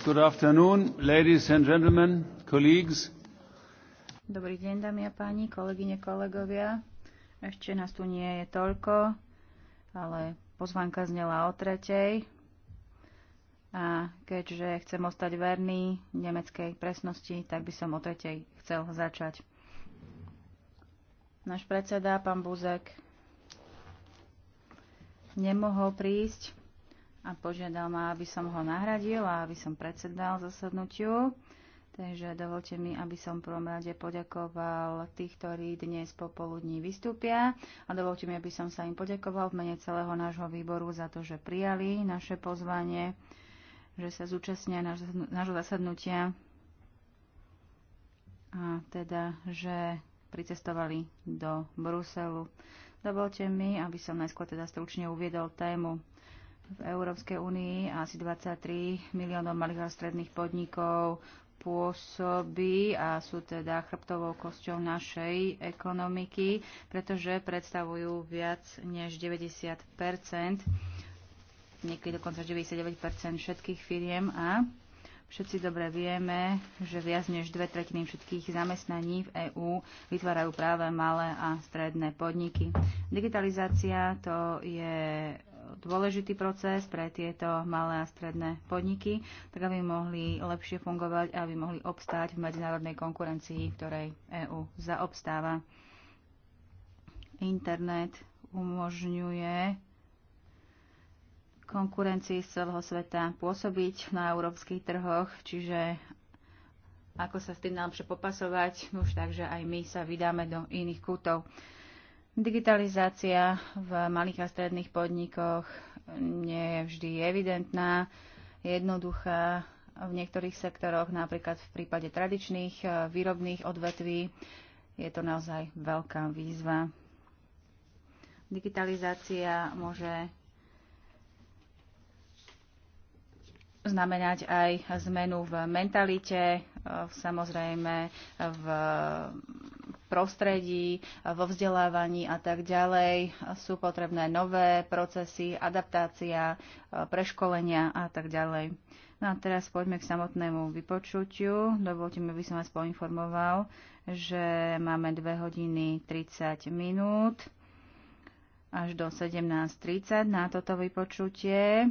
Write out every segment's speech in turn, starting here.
Good afternoon, ladies and gentlemen, colleagues. Dobrý deň, dámy a páni, kolegyne, kolegovia. Ešte nás tu nie je toľko, ale pozvanka znela o tretej. A keďže chcem ostať verný nemeckej presnosti, tak by som o tretej chcel začať. Náš predseda, pán Buzek, nemohol prísť a požiadal ma, aby som ho nahradil a aby som predsedal zasadnutiu. Takže dovolte mi, aby som v prvom rade poďakoval tých, ktorí dnes popoludní vystúpia a dovolte mi, aby som sa im poďakoval v mene celého nášho výboru za to, že prijali naše pozvanie, že sa zúčastnia nášho zasadnutia a teda, že pricestovali do Bruselu. Dovolte mi, aby som najskôr teda stručne uviedol tému v Európskej únii asi 23 miliónov malých a stredných podnikov pôsobí a sú teda chrbtovou kosťou našej ekonomiky, pretože predstavujú viac než 90 niekedy dokonca 99 všetkých firiem a všetci dobre vieme, že viac než dve tretiny všetkých zamestnaní v EÚ vytvárajú práve malé a stredné podniky. Digitalizácia to je dôležitý proces pre tieto malé a stredné podniky, tak aby mohli lepšie fungovať a aby mohli obstáť v medzinárodnej konkurencii, v ktorej EÚ zaobstáva. Internet umožňuje konkurencii z celého sveta pôsobiť na európskych trhoch, čiže ako sa s tým najlepšie popasovať, už takže aj my sa vydáme do iných kútov. Digitalizácia v malých a stredných podnikoch nie je vždy evidentná, jednoduchá. V niektorých sektoroch, napríklad v prípade tradičných eh, výrobných odvetví, je to naozaj veľká výzva. Digitalizácia môže znamenať aj zmenu v mentalite, eh, samozrejme v prostredí, vo vzdelávaní a tak ďalej. Sú potrebné nové procesy, adaptácia, preškolenia a tak ďalej. No a teraz poďme k samotnému vypočutiu. Dovolte mi, aby som vás poinformoval, že máme 2 hodiny 30 minút až do 17.30 na toto vypočutie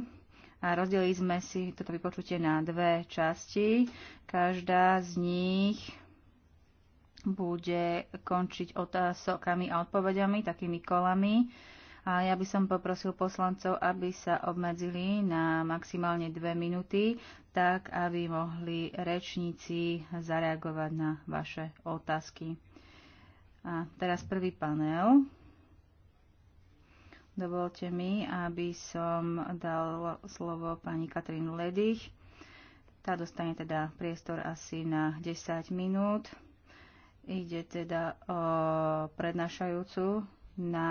a rozdelili sme si toto vypočutie na dve časti. Každá z nich bude končiť otázokami a odpovediami, takými kolami. A ja by som poprosil poslancov, aby sa obmedzili na maximálne dve minúty, tak aby mohli rečníci zareagovať na vaše otázky. A teraz prvý panel. Dovolte mi, aby som dal slovo pani Katrin Ledich. Tá dostane teda priestor asi na 10 minút Ide teda o prednášajúcu na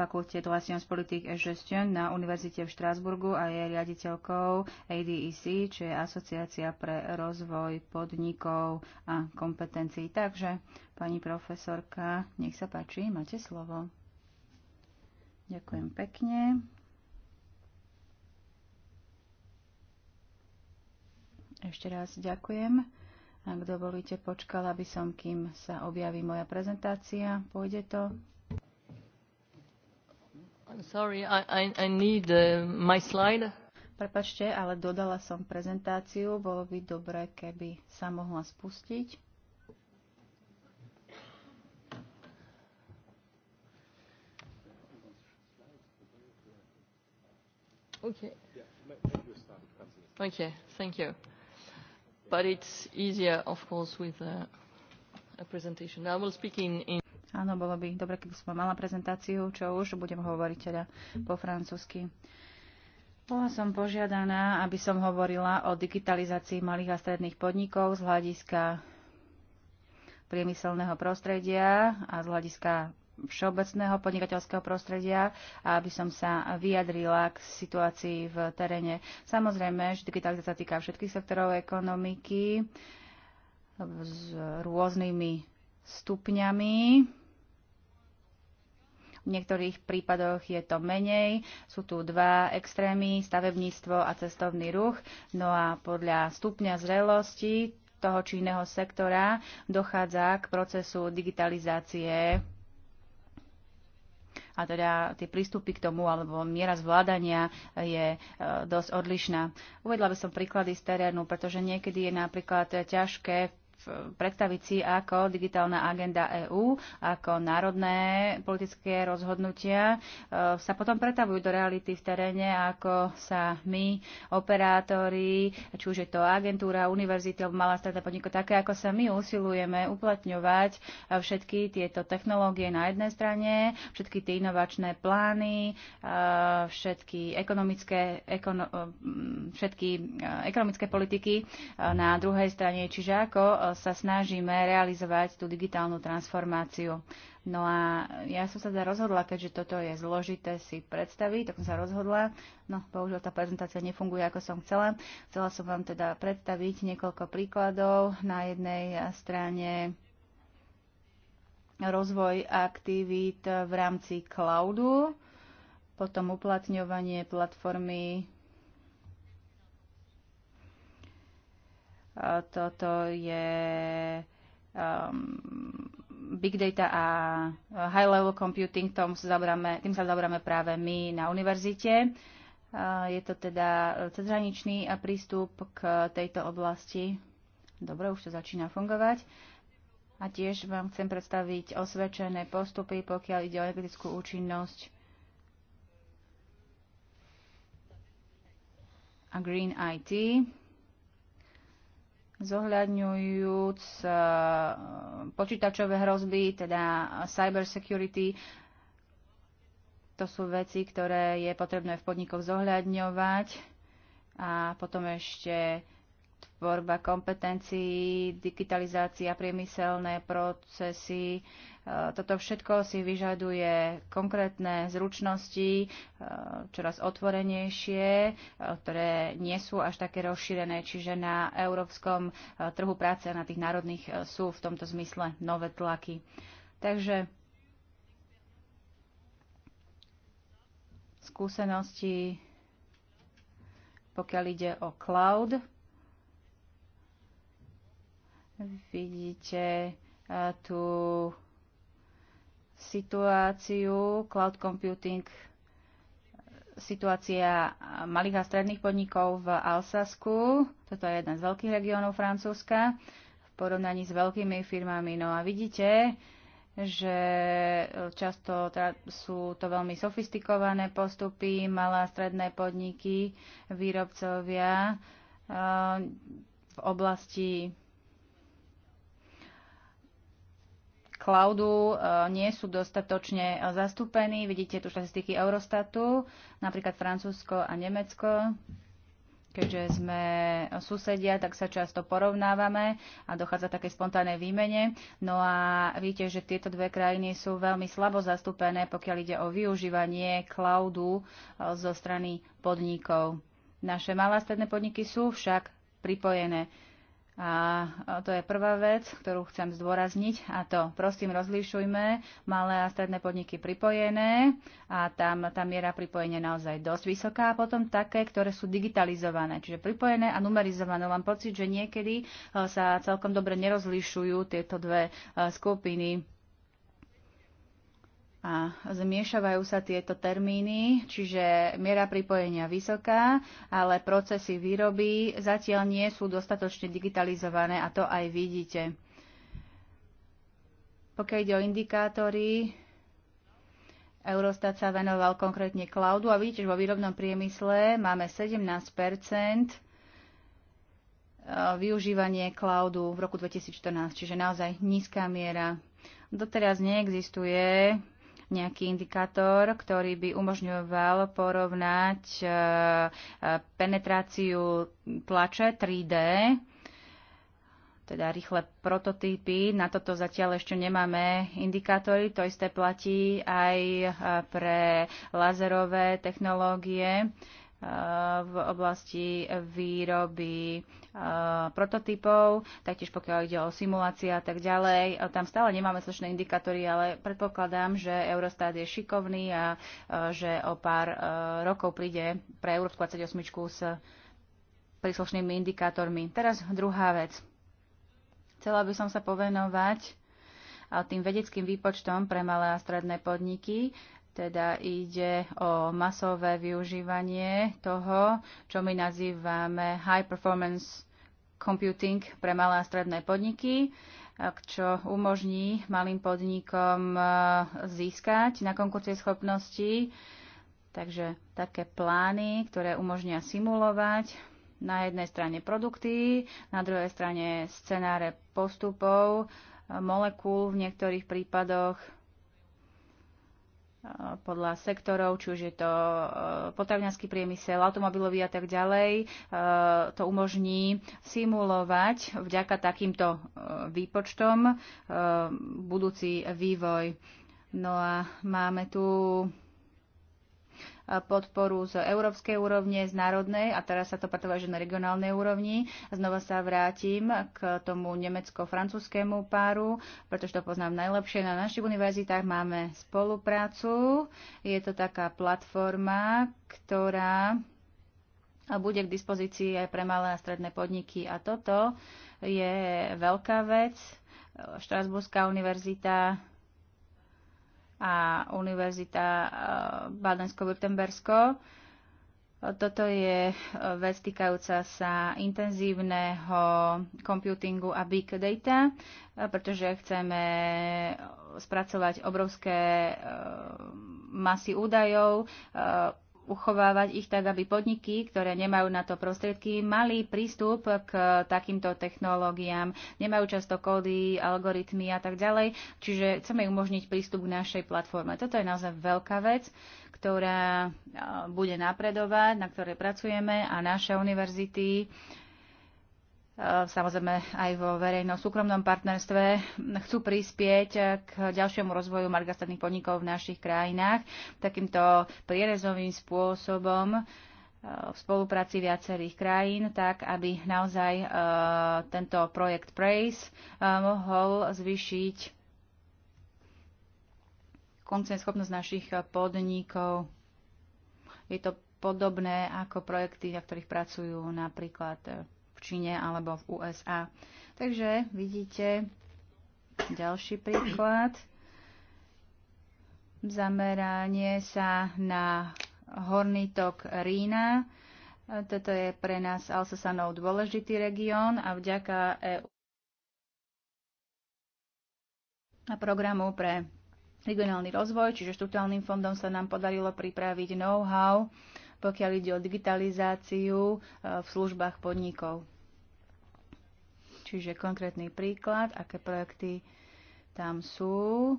Fakulte Science Politik et Gestion na Univerzite v Štrásburgu a je riaditeľkou ADEC, čo je Asociácia pre rozvoj podnikov a kompetencií. Takže, pani profesorka, nech sa páči, máte slovo. Ďakujem pekne. Ešte raz ďakujem. Ak dovolíte, počkala by som, kým sa objaví moja prezentácia. Pôjde to? I'm sorry, I, I, I need uh, my slide. Prepačte, ale dodala som prezentáciu. Bolo by dobré, keby sa mohla spustiť. Okay. Okay, thank you. But it's easier, of course, with uh, presentation. I will speak in Áno, bolo by dobre, keby som mala prezentáciu, čo už budem hovoriť teda po francúzsky. Bola som požiadaná, aby som hovorila o digitalizácii malých a stredných podnikov z hľadiska priemyselného prostredia a z hľadiska všeobecného podnikateľského prostredia a aby som sa vyjadrila k situácii v teréne. Samozrejme, že digitalizácia týka všetkých sektorov ekonomiky s rôznymi stupňami. V niektorých prípadoch je to menej. Sú tu dva extrémy, stavebníctvo a cestovný ruch. No a podľa stupňa zrelosti toho či iného sektora dochádza k procesu digitalizácie a teda tie prístupy k tomu alebo miera zvládania je e, dosť odlišná. Uvedla by som príklady z terénu, pretože niekedy je napríklad ťažké predstaviť si, ako digitálna agenda EÚ, ako národné politické rozhodnutia e, sa potom pretavujú do reality v teréne, ako sa my, operátori, či už je to agentúra, univerzita alebo malá stredná podniku, také ako sa my usilujeme uplatňovať e, všetky tieto technológie na jednej strane, všetky tie inovačné plány, e, všetky ekonomické, ekono, všetky ekonomické politiky na druhej strane, čiže ako sa snažíme realizovať tú digitálnu transformáciu. No a ja som sa teda rozhodla, keďže toto je zložité si predstaviť, tak som sa rozhodla. No, bohužiaľ tá prezentácia nefunguje, ako som chcela. Chcela som vám teda predstaviť niekoľko príkladov. Na jednej strane rozvoj aktivít v rámci cloudu, potom uplatňovanie platformy Toto je um, big data a high level computing, tom sa zabráme, tým sa zaoberáme práve my na univerzite. Je to teda cezhraničný prístup k tejto oblasti. Dobre, už to začína fungovať. A tiež vám chcem predstaviť osvedčené postupy, pokiaľ ide o energetickú účinnosť a Green IT zohľadňujúc eh, počítačové hrozby, teda cyber security. To sú veci, ktoré je potrebné v podnikoch zohľadňovať. A potom ešte tvorba kompetencií, digitalizácia, priemyselné procesy, toto všetko si vyžaduje konkrétne zručnosti, e, čoraz otvorenejšie, e, ktoré nie sú až také rozšírené, čiže na európskom e, trhu práce a na tých národných sú v tomto zmysle nové tlaky. Takže skúsenosti, pokiaľ ide o cloud. Vidíte tu situáciu cloud computing situácia malých a stredných podnikov v Alsasku. Toto je jeden z veľkých regiónov Francúzska v porovnaní s veľkými firmami. No a vidíte, že často sú to veľmi sofistikované postupy, malé a stredné podniky, výrobcovia eh, v oblasti cloudu e, nie sú dostatočne zastúpení. Vidíte tu štatistiky Eurostatu, napríklad Francúzsko a Nemecko. Keďže sme susedia, tak sa často porovnávame a dochádza také spontánnej výmene. No a víte, že tieto dve krajiny sú veľmi slabo zastúpené, pokiaľ ide o využívanie cloudu e, zo strany podnikov. Naše malé stredné podniky sú však pripojené a to je prvá vec, ktorú chcem zdôrazniť a to prosím rozlišujme malé a stredné podniky pripojené a tam tá miera pripojenia naozaj dosť vysoká a potom také, ktoré sú digitalizované, čiže pripojené a numerizované. Mám pocit, že niekedy e, sa celkom dobre nerozlišujú tieto dve e, skupiny a zmiešavajú sa tieto termíny, čiže miera pripojenia vysoká, ale procesy výroby zatiaľ nie sú dostatočne digitalizované a to aj vidíte. Pokiaľ ide o indikátory, Eurostat sa venoval konkrétne cloudu a vidíte, že vo výrobnom priemysle máme 17 e, využívanie cloudu v roku 2014, čiže naozaj nízka miera. Doteraz neexistuje nejaký indikátor, ktorý by umožňoval porovnať e, e, penetráciu tlače 3D, teda rýchle prototypy. Na toto zatiaľ ešte nemáme indikátory. To isté platí aj e, pre lazerové technológie v oblasti výroby eh, prototypov, taktiež pokiaľ ide o simulácie a tak ďalej. Eh, tam stále nemáme slušné indikátory, ale predpokladám, že Eurostat je šikovný a eh, že o pár rokov príde pre Európsku 28 s príslušnými indikátormi. Teraz druhá vec. Chcela by som sa povenovať tým vedeckým výpočtom pre malé a stredné podniky teda ide o masové využívanie toho, čo my nazývame high performance computing pre malé a stredné podniky, čo umožní malým podnikom e, získať na konkurcie schopnosti. Takže také plány, ktoré umožnia simulovať na jednej strane produkty, na druhej strane scenáre postupov, e, molekúl v niektorých prípadoch podľa sektorov, či už je to e, potravňanský priemysel, automobilový a tak ďalej, e, to umožní simulovať vďaka takýmto e, výpočtom budúci vývoj. No a máme tu podporu z európskej úrovne, z národnej a teraz sa to že na regionálnej úrovni. Znova sa vrátim k tomu nemecko-francúzskému páru, pretože to poznám najlepšie. Na našich univerzitách máme spoluprácu. Je to taká platforma, ktorá a bude k dispozícii aj pre malé a stredné podniky. A toto je veľká vec. Štrasburská univerzita a Univerzita e, Badensko-Württembersko. Toto je e, vec týkajúca sa intenzívneho computingu a big data, e, pretože chceme spracovať obrovské masy údajov, uchovávať ich tak, aby podniky, ktoré nemajú na to prostriedky, mali prístup k takýmto technológiám. Nemajú často kódy, algoritmy a tak ďalej, čiže chceme umožniť prístup k našej platforme. Toto je naozaj veľká vec, ktorá bude napredovať, na ktorej pracujeme a naše univerzity Eh, samozrejme aj vo verejnom súkromnom partnerstve, chcú prispieť eh, k ďalšiemu rozvoju margastatných podnikov v našich krajinách takýmto prierezovým spôsobom eh, v spolupráci viacerých krajín, tak aby naozaj tento projekt PRACE mohol zvýšiť koncenschopnosť našich podnikov. Je to podobné ako projekty, na ktorých pracujú napríklad Číne alebo v USA. Takže vidíte ďalší príklad. Zameranie sa na horný tok Rína. Toto je pre nás Alsasanov dôležitý región a vďaka EU a programu pre regionálny rozvoj, čiže štruktúrnym fondom sa nám podarilo pripraviť know-how, pokiaľ ide o digitalizáciu e, v službách podnikov čiže konkrétny príklad, aké projekty tam sú.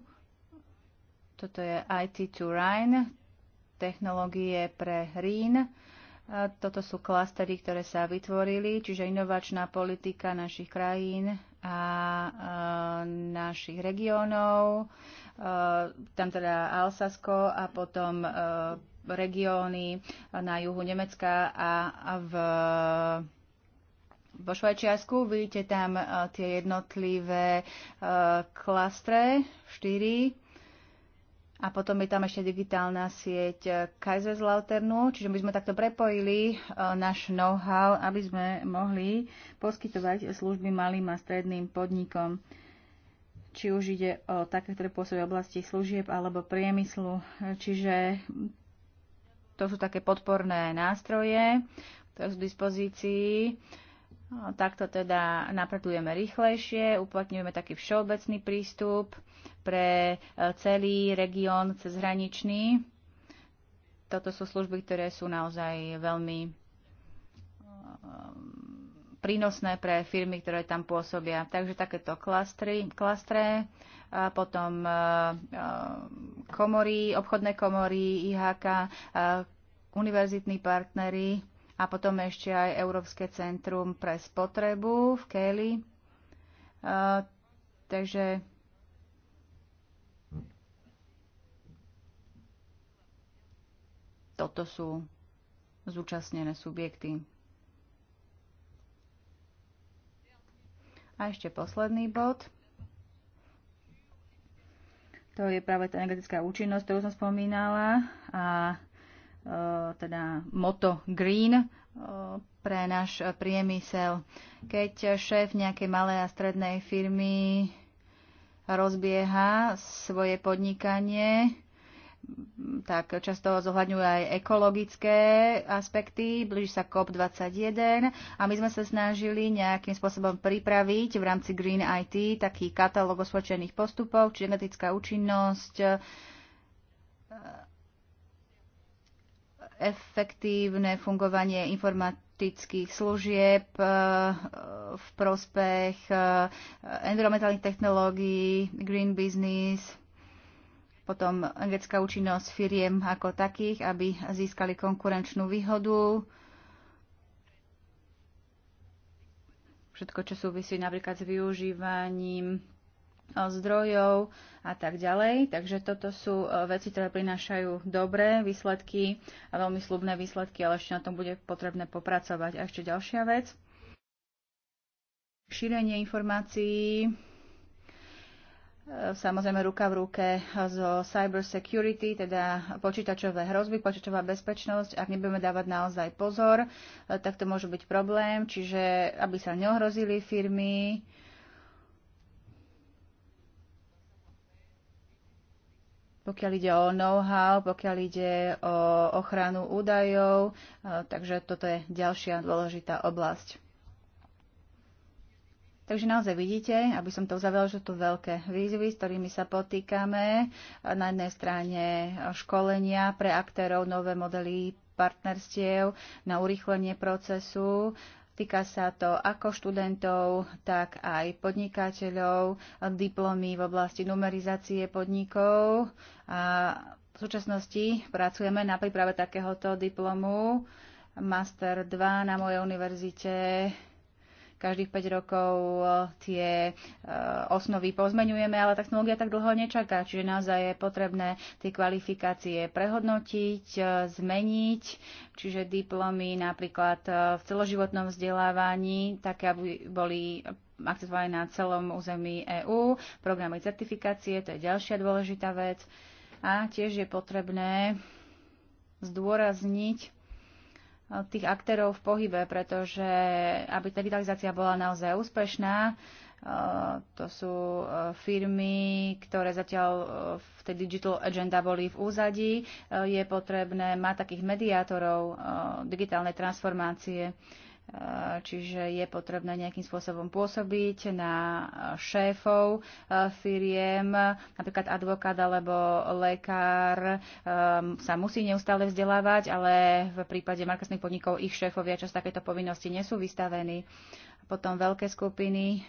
Toto je IT to RIN, technológie pre Rín. E, toto sú klastery, ktoré sa vytvorili, čiže inovačná politika našich krajín a e, našich regiónov. E, tam teda Alsasko a potom regióny na juhu Nemecka a, v vo Švajčiarsku. Vidíte tam e, tie jednotlivé e, klastre, štyri A potom je tam ešte digitálna sieť e, Kaiserslauternu, čiže by sme takto prepojili náš know-how, aby sme mohli poskytovať služby malým a stredným podnikom či už ide o také, ktoré pôsobia v oblasti služieb alebo priemyslu. Čiže to sú také podporné nástroje, ktoré sú v dispozícii. No, takto teda napredujeme rýchlejšie, uplatňujeme taký všeobecný prístup pre e, celý región cezhraničný. Toto sú služby, ktoré sú naozaj veľmi e, prínosné pre firmy, ktoré tam pôsobia. Takže takéto klastry, klastre, a potom e, komory, obchodné komory, IHK, univerzitní partnery, a potom ešte aj Európske centrum pre spotrebu v Kelly. Uh, takže toto sú zúčastnené subjekty. A ešte posledný bod. To je práve tá energetická účinnosť, ktorú som spomínala. A Eh, teda moto green eh, pre náš priemysel. Keď šéf nejakej malej a strednej firmy rozbieha svoje podnikanie, tak často zohľadňujú aj ekologické aspekty. Blíži sa COP21 a my sme sa snažili nejakým spôsobom pripraviť v rámci Green IT taký katalóg osvedčených postupov, či genetická účinnosť, efektívne fungovanie informatických služieb eh, v prospech eh, environmentálnych technológií, green business, potom energetická účinnosť firiem ako takých, aby získali konkurenčnú výhodu. Všetko, čo súvisí napríklad s využívaním zdrojov a tak ďalej. Takže toto sú e, veci, ktoré prinášajú dobré výsledky a veľmi slubné výsledky, ale ešte na tom bude potrebné popracovať. A ešte ďalšia vec. Šírenie informácií e, samozrejme ruka v ruke so cyber security, teda počítačové hrozby, počítačová bezpečnosť. Ak nebudeme dávať naozaj pozor, e, tak to môže byť problém, čiže aby sa neohrozili firmy, pokiaľ ide o know-how, pokiaľ ide o ochranu údajov, takže toto je ďalšia dôležitá oblasť. Takže naozaj vidíte, aby som to uzavrela, že tu veľké výzvy, s ktorými sa potýkame. Na jednej strane školenia pre aktérov, nové modely partnerstiev na urýchlenie procesu, Týka sa to ako študentov, tak aj podnikateľov, diplomy v oblasti numerizácie podnikov. A v súčasnosti pracujeme na príprave takéhoto diplomu. Master 2 na mojej univerzite každých 5 rokov e, tie e, osnovy pozmeňujeme, ale technológia tak dlho nečaká, čiže naozaj je potrebné tie kvalifikácie prehodnotiť, e, zmeniť, čiže diplomy napríklad v celoživotnom vzdelávaní, také, aby boli akceptované na celom území EÚ, programy certifikácie, to je ďalšia dôležitá vec. A tiež je potrebné zdôrazniť tých aktérov v pohybe, pretože aby tá digitalizácia bola naozaj úspešná, e, to sú e, firmy, ktoré zatiaľ e, v tej digital agenda boli v úzadí. Je potrebné mať takých mediátorov digitálnej transformácie. Eh, čiže je potrebné nejakým spôsobom pôsobiť na šéfov eh, firiem, napríklad advokát alebo lekár ehm, sa musí neustále vzdelávať, ale v prípade markastných podnikov ich šéfovia čas takéto povinnosti nie sú vystavení. Potom veľké skupiny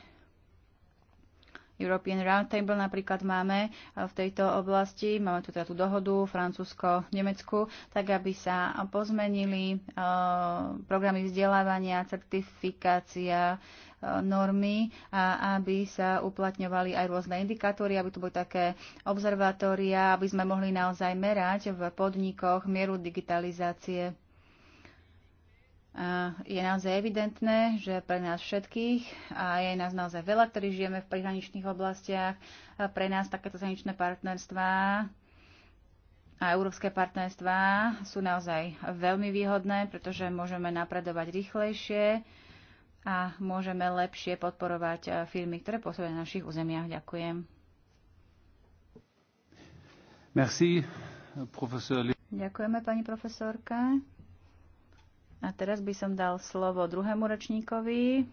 European Roundtable napríklad máme v tejto oblasti, máme tu teda tú dohodu Francúzsko-Nemecku, tak aby sa pozmenili e, programy vzdelávania, certifikácia, e, normy a aby sa uplatňovali aj rôzne indikátory, aby tu boli také observatória, aby sme mohli naozaj merať v podnikoch mieru digitalizácie Eh, je naozaj evidentné, že pre nás všetkých, a je nás naozaj veľa, ktorí žijeme v prihraničných oblastiach, pre nás takéto zahraničné partnerstvá a európske partnerstvá sú naozaj veľmi výhodné, pretože môžeme napredovať rýchlejšie a môžeme lepšie podporovať eh, firmy, ktoré pôsobia na našich územiach. Ďakujem. Merci, profesor. Ďakujeme, pani profesorka. A teraz by som dal slovo druhému ročníkovi,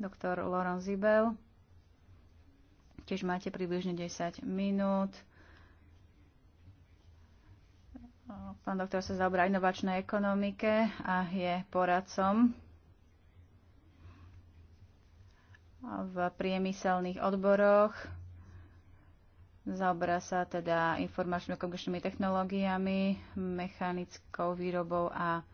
doktor Loron Zibel. Tiež máte približne 10 minút. Pán doktor sa zaoberá inovačnej ekonomike a je poradcom v priemyselných odboroch. Zaoberá sa teda informačnými komunikačnými technológiami, mechanickou výrobou a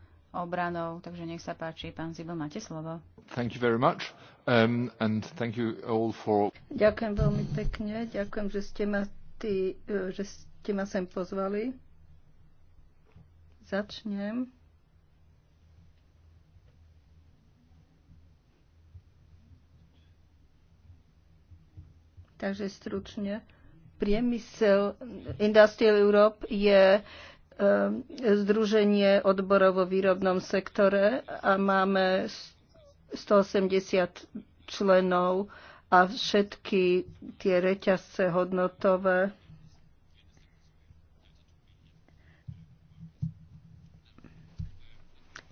obranou. Takže nech sa páči, pán Zibel, máte slovo. Thank you very much. Um, and thank you all for... Ďakujem veľmi pekne. Ďakujem, že ste ma, tý, e, že ste ma sem pozvali. Začnem. Takže stručne. Priemysel Industrial Europe je E, združenie odborov vo výrobnom sektore a máme 180 členov a všetky tie reťazce hodnotové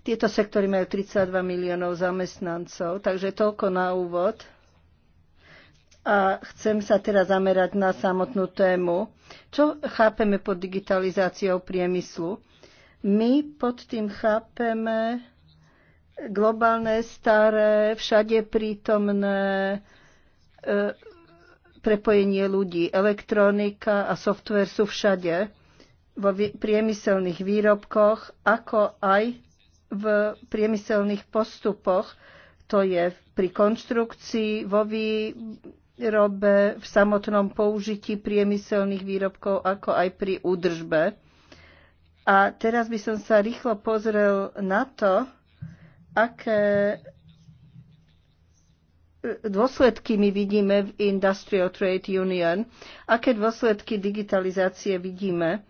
Tieto sektory majú 32 miliónov zamestnancov, takže toľko na úvod a chcem sa teraz zamerať na samotnú tému. Čo chápeme pod digitalizáciou priemyslu? My pod tým chápeme globálne, staré, všade prítomné e, prepojenie ľudí. Elektronika a software sú všade vo priemyselných výrobkoch, ako aj v priemyselných postupoch. To je pri konštrukcii, vo vý výrobe, v samotnom použití priemyselných výrobkov, ako aj pri údržbe. A teraz by som sa rýchlo pozrel na to, aké e, dôsledky my vidíme v Industrial Trade Union, aké dôsledky digitalizácie vidíme.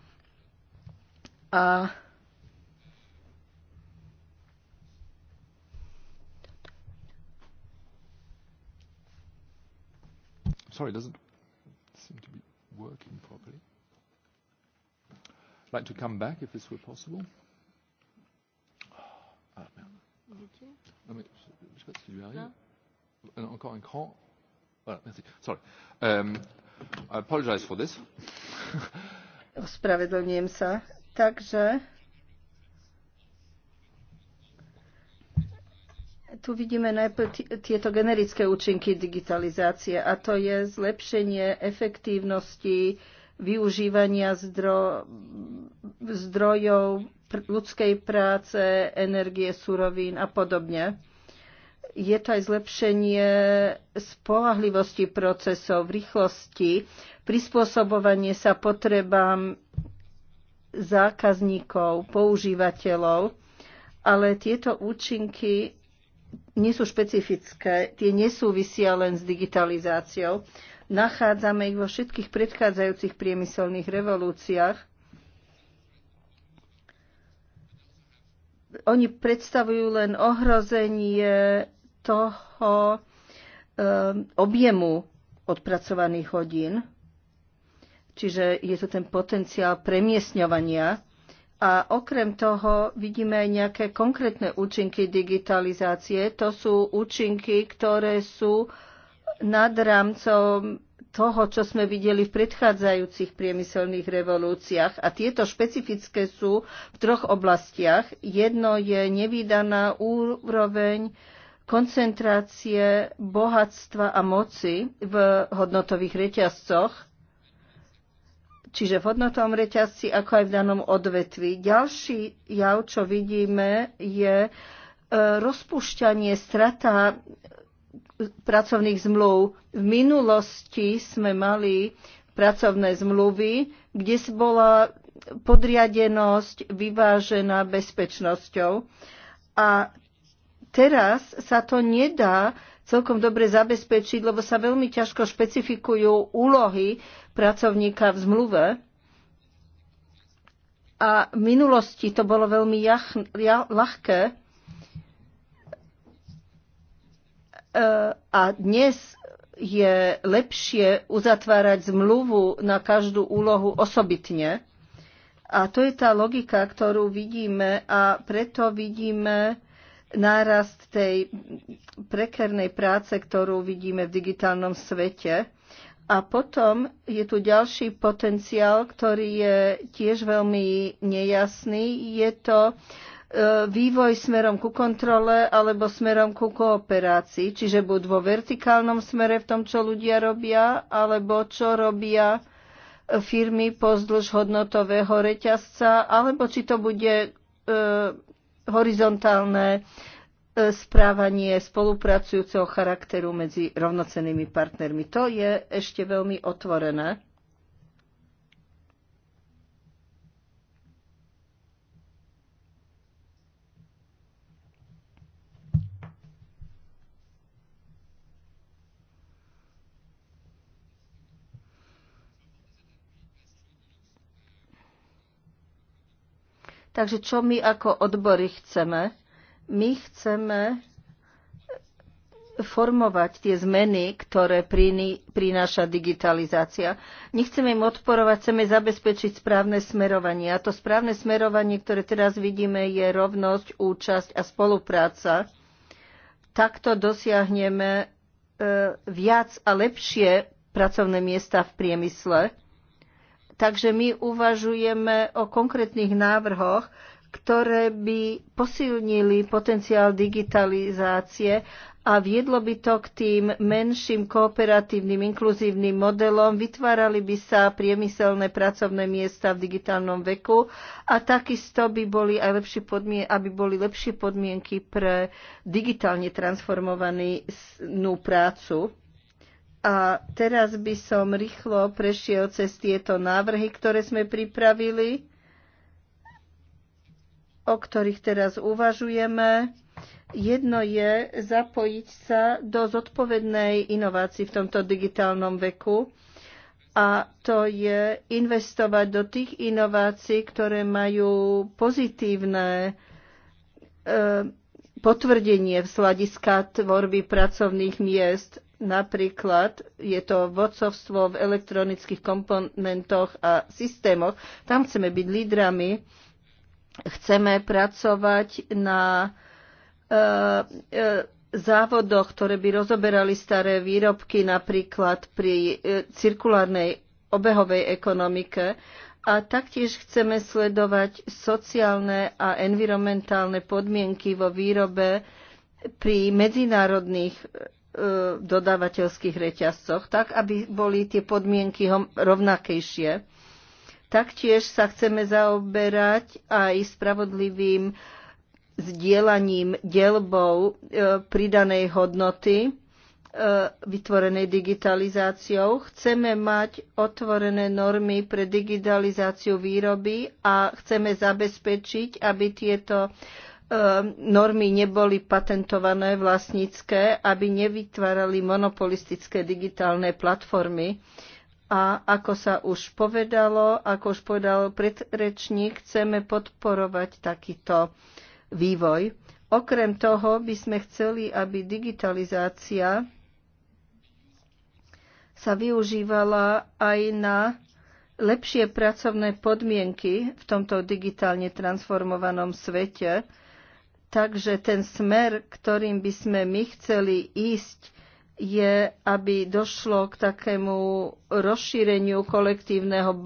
A Sorry, it doesn't seem to be working properly. I'd like to come back if this were possible. Ah, merde. Non, mais je sais pas si je vais arriver. Encore un cran. Voilà, merci. Sorry. Um, I apologize for this. Ospravedlňujem sa. Takže Tu vidíme najprv tieto generické účinky digitalizácie a to je zlepšenie efektívnosti využívania zdro, zdrojov ľudskej práce, energie, surovín a podobne. Je to aj zlepšenie spolahlivosti procesov, rýchlosti, prispôsobovanie sa potrebám zákazníkov, používateľov, ale tieto účinky nie sú špecifické, tie nesúvisia len s digitalizáciou. Nachádzame ich vo všetkých predchádzajúcich priemyselných revolúciách. Oni predstavujú len ohrozenie toho ehm, objemu odpracovaných hodín, čiže je to ten potenciál premiesňovania a okrem toho vidíme aj nejaké konkrétne účinky digitalizácie. To sú účinky, ktoré sú nad rámcom toho, čo sme videli v predchádzajúcich priemyselných revolúciách. A tieto špecifické sú v troch oblastiach. Jedno je nevýdaná úroveň koncentrácie bohatstva a moci v hodnotových reťazcoch čiže v hodnotovom reťazci, ako aj v danom odvetvi. Ďalší jav, čo vidíme, je e, rozpúšťanie, strata e, pracovných zmluv. V minulosti sme mali pracovné zmluvy, kde bola podriadenosť vyvážená bezpečnosťou. A teraz sa to nedá celkom dobre zabezpečiť, lebo sa veľmi ťažko špecifikujú úlohy pracovníka v zmluve. A v minulosti to bolo veľmi jach, ja, ľahké. E, a dnes je lepšie uzatvárať zmluvu na každú úlohu osobitne. A to je tá logika, ktorú vidíme a preto vidíme nárast tej prekernej práce, ktorú vidíme v digitálnom svete. A potom je tu ďalší potenciál, ktorý je tiež veľmi nejasný. Je to e, vývoj smerom ku kontrole alebo smerom ku kooperácii, čiže buď vo vertikálnom smere v tom, čo ľudia robia, alebo čo robia firmy pozdĺž hodnotového reťazca, alebo či to bude e, horizontálne e, správanie spolupracujúceho charakteru medzi rovnocennými partnermi. To je ešte veľmi otvorené. Takže čo my ako odbory chceme? My chceme formovať tie zmeny, ktoré prináša digitalizácia. Nechceme im odporovať, chceme zabezpečiť správne smerovanie. A to správne smerovanie, ktoré teraz vidíme, je rovnosť, účasť a spolupráca. Takto dosiahneme e, viac a lepšie pracovné miesta v priemysle Takže my uvažujeme o konkrétnych návrhoch, ktoré by posilnili potenciál digitalizácie a viedlo by to k tým menším kooperatívnym, inkluzívnym modelom, vytvárali by sa priemyselné pracovné miesta v digitálnom veku a takisto by boli aj lepšie podmien- aby boli lepšie podmienky pre digitálne transformovanú prácu. A teraz by som rýchlo prešiel cez tieto návrhy, ktoré sme pripravili, o ktorých teraz uvažujeme. Jedno je zapojiť sa do zodpovednej inovácii v tomto digitálnom veku a to je investovať do tých inovácií, ktoré majú pozitívne e, potvrdenie v sladiska tvorby pracovných miest. Napríklad je to vodcovstvo v elektronických komponentoch a systémoch. Tam chceme byť lídrami. Chceme pracovať na e, e, závodoch, ktoré by rozoberali staré výrobky, napríklad pri e, cirkulárnej obehovej ekonomike. A taktiež chceme sledovať sociálne a environmentálne podmienky vo výrobe pri medzinárodných v e, dodávateľských reťazcoch, tak aby boli tie podmienky rovnakejšie. Taktiež sa chceme zaoberať aj spravodlivým zdieľaním delbou e, pridanej hodnoty e, vytvorenej digitalizáciou. Chceme mať otvorené normy pre digitalizáciu výroby a chceme zabezpečiť, aby tieto Ehm, normy neboli patentované vlastnícke, aby nevytvárali monopolistické digitálne platformy. A ako sa už povedalo, ako už povedal predrečník, chceme podporovať takýto vývoj. Okrem toho by sme chceli, aby digitalizácia sa využívala aj na lepšie pracovné podmienky v tomto digitálne transformovanom svete, Takže ten smer, ktorým by sme my chceli ísť, je, aby došlo k takému rozšíreniu kolektívneho e,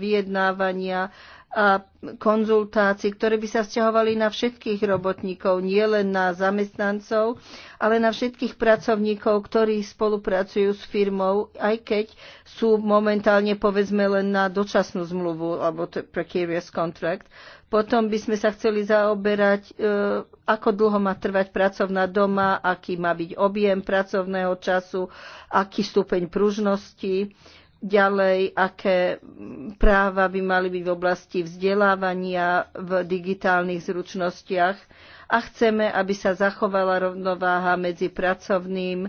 vyjednávania a konzultácií, ktoré by sa vzťahovali na všetkých robotníkov, nie len na zamestnancov, ale na všetkých pracovníkov, ktorí spolupracujú s firmou, aj keď sú momentálne povedzme len na dočasnú zmluvu alebo precarious contract. Potom by sme sa chceli zaoberať, e, ako dlho má trvať pracovná doma, aký má byť objem pracovného času, aký stupeň pružnosti, ďalej, aké práva by mali byť v oblasti vzdelávania v digitálnych zručnostiach a chceme, aby sa zachovala rovnováha medzi pracovným e,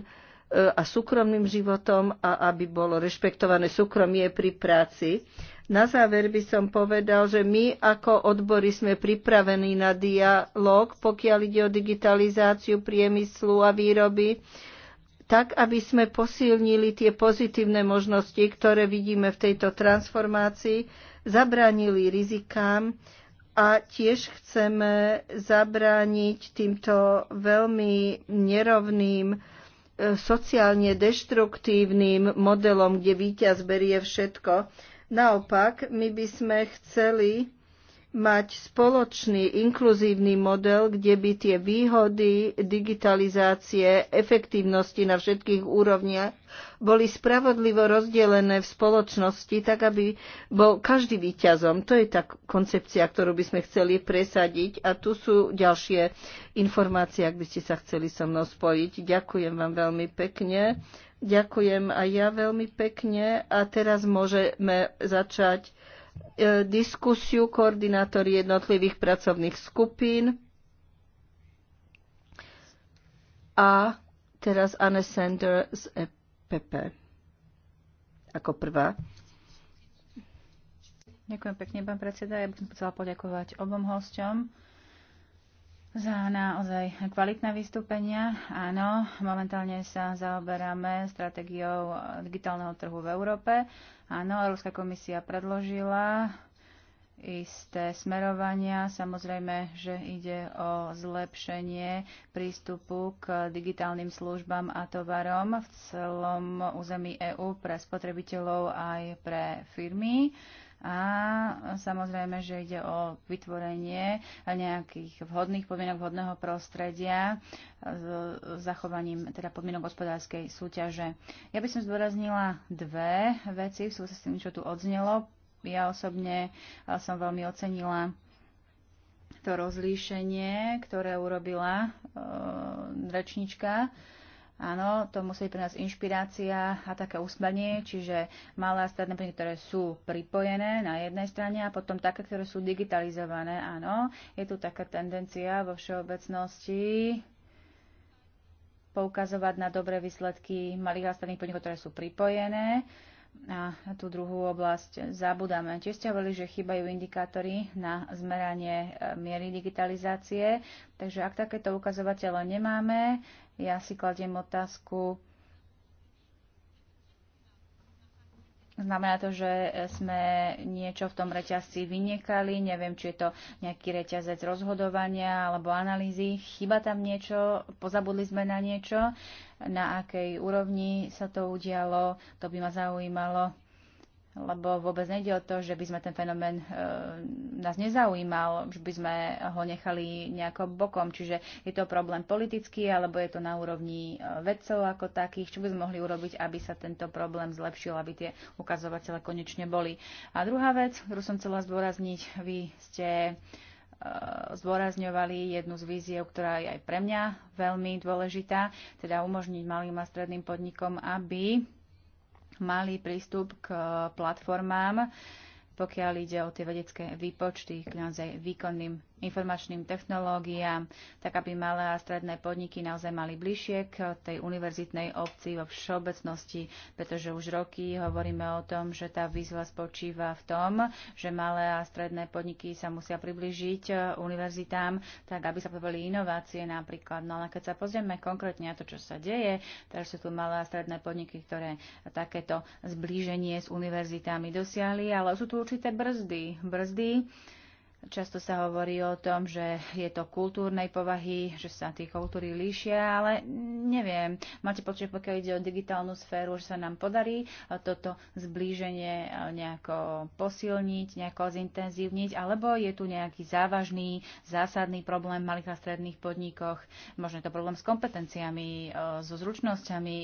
a súkromným životom a aby bolo rešpektované súkromie pri práci. Na záver by som povedal, že my ako odbory sme pripravení na dialog, pokiaľ ide o digitalizáciu priemyslu a výroby, tak aby sme posilnili tie pozitívne možnosti, ktoré vidíme v tejto transformácii, zabránili rizikám a tiež chceme zabrániť týmto veľmi nerovným e, sociálne deštruktívnym modelom, kde víťaz berie všetko. Naopak, my by sme chceli mať spoločný inkluzívny model, kde by tie výhody digitalizácie, efektívnosti na všetkých úrovniach boli spravodlivo rozdelené v spoločnosti, tak aby bol každý výťazom. To je tá koncepcia, ktorú by sme chceli presadiť. A tu sú ďalšie informácie, ak by ste sa chceli so mnou spojiť. Ďakujem vám veľmi pekne. Ďakujem aj ja veľmi pekne a teraz môžeme začať e, diskusiu koordinátor jednotlivých pracovných skupín. A teraz Anne Sander z EPP ako prvá. Ďakujem pekne, pán predseda. Ja by som chcela poďakovať obom hosťom za naozaj kvalitné vystúpenia. Áno, momentálne sa zaoberáme stratégiou digitálneho trhu v Európe. Áno, Európska komisia predložila isté smerovania. Samozrejme, že ide o zlepšenie prístupu k digitálnym službám a tovarom v celom území EÚ pre spotrebiteľov aj pre firmy a samozrejme, že ide o vytvorenie nejakých vhodných podmienok, vhodného prostredia s zachovaním teda podmienok hospodárskej súťaže. Ja by som zdôraznila dve veci v súvislosti s tým, čo tu odznelo. Ja osobne som veľmi ocenila to rozlíšenie, ktoré urobila e, rečnička. E, Áno, to musí byť pre nás inšpirácia a také úsmenie, čiže malé a stredné podniky, ktoré sú pripojené na jednej strane a potom také, ktoré sú digitalizované. Áno, je tu taká tendencia vo všeobecnosti poukazovať na dobré výsledky malých a stredných podnikov, ktoré sú pripojené. Uh, na tú druhú oblasť zabudáme. Tiež ste hovorili, že chýbajú indikátory na zmeranie e, miery digitalizácie, takže ak takéto ukazovatele nemáme, ja si kladiem otázku, Znamená to, že sme niečo v tom reťazci vynekali, neviem, či je to nejaký reťazec rozhodovania alebo analýzy, chyba tam niečo, pozabudli sme na niečo, na akej úrovni sa to udialo, to by ma zaujímalo lebo vôbec nejde o to, že by sme ten fenomén e, nás nezaujímal, že by sme ho nechali nejako bokom. Čiže je to problém politický, alebo je to na úrovni e, vedcov ako takých, čo by sme mohli urobiť, aby sa tento problém zlepšil, aby tie ukazovatele konečne boli. A druhá vec, ktorú som chcela zdôrazniť, vy ste e, zdôrazňovali jednu z víziev, ktorá je aj pre mňa veľmi dôležitá, teda umožniť malým a stredným podnikom, aby malý prístup k platformám, pokiaľ ide o tie vedecké výpočty, k naozaj výkonným informačným technológiám, tak aby malé a stredné podniky naozaj mali bližšie k tej univerzitnej obci vo všeobecnosti, pretože už roky hovoríme o tom, že tá výzva spočíva v tom, že malé a stredné podniky sa musia približiť eh, univerzitám, tak aby sa povedali inovácie napríklad. No ale keď sa pozrieme konkrétne na to, čo sa deje, teraz sú tu malé a stredné podniky, ktoré takéto zblíženie s univerzitami dosiahli, ale sú tu určité brzdy. Brzdy, Často sa hovorí o tom, že je to kultúrnej povahy, že sa tie kultúry líšia, ale neviem. Máte počet, pokiaľ ide o digitálnu sféru, že sa nám podarí eh, toto zblíženie eh, nejako posilniť, nejako zintenzívniť, alebo je tu nejaký závažný, zásadný problém v malých a stredných podnikoch, možno je to problém s kompetenciami, eh, so zručnosťami,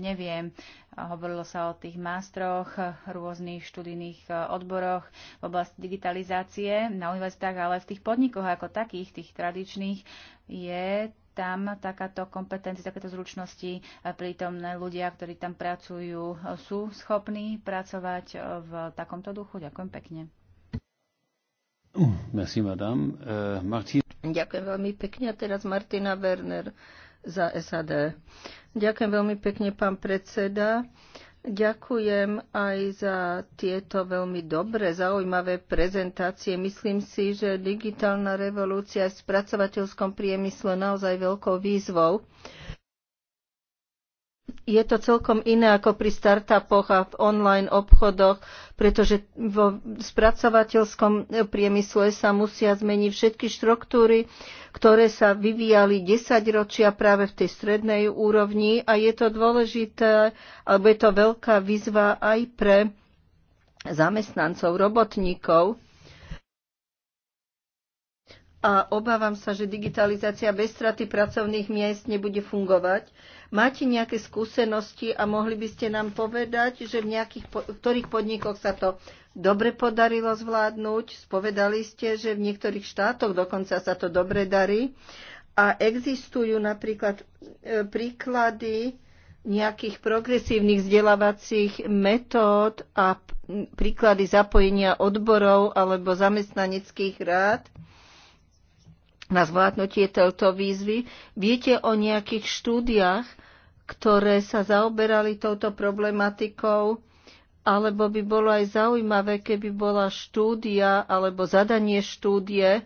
neviem. Hovorilo sa o tých mástroch, rôznych študijných odboroch v oblasti digitalizácie. Na univerzitách, ale v tých podnikoch ako takých, tých tradičných, je tam takáto kompetencia, takéto zručnosti e, prítomné ľudia, ktorí tam pracujú, e, sú schopní pracovať e, v takomto duchu? Ďakujem pekne. Merci, madame. Uh, Martin. Ďakujem veľmi pekne. A teraz Martina Werner za SAD. Ďakujem veľmi pekne, pán predseda. Uh, Ďakujem aj za tieto veľmi dobre zaujímavé prezentácie. Myslím si, že digitálna revolúcia je v spracovateľskom priemysle naozaj veľkou výzvou je to celkom iné ako pri startupoch a v online obchodoch, pretože vo spracovateľskom priemysle sa musia zmeniť všetky štruktúry, ktoré sa vyvíjali 10 ročia práve v tej strednej úrovni a je to dôležité, alebo je to veľká výzva aj pre zamestnancov, robotníkov. A obávam sa, že digitalizácia bez straty pracovných miest nebude fungovať. Máte nejaké skúsenosti a mohli by ste nám povedať, že v nejakých, v ktorých podnikoch sa to dobre podarilo zvládnuť? Spovedali ste, že v niektorých štátoch dokonca sa to dobre darí. A existujú napríklad e, príklady nejakých progresívnych vzdelávacích metód a príklady zapojenia odborov alebo zamestnaneckých rád na zvládnutie tejto výzvy. Viete o nejakých štúdiách, ktoré sa zaoberali touto problematikou, alebo by bolo aj zaujímavé, keby bola štúdia alebo zadanie štúdie,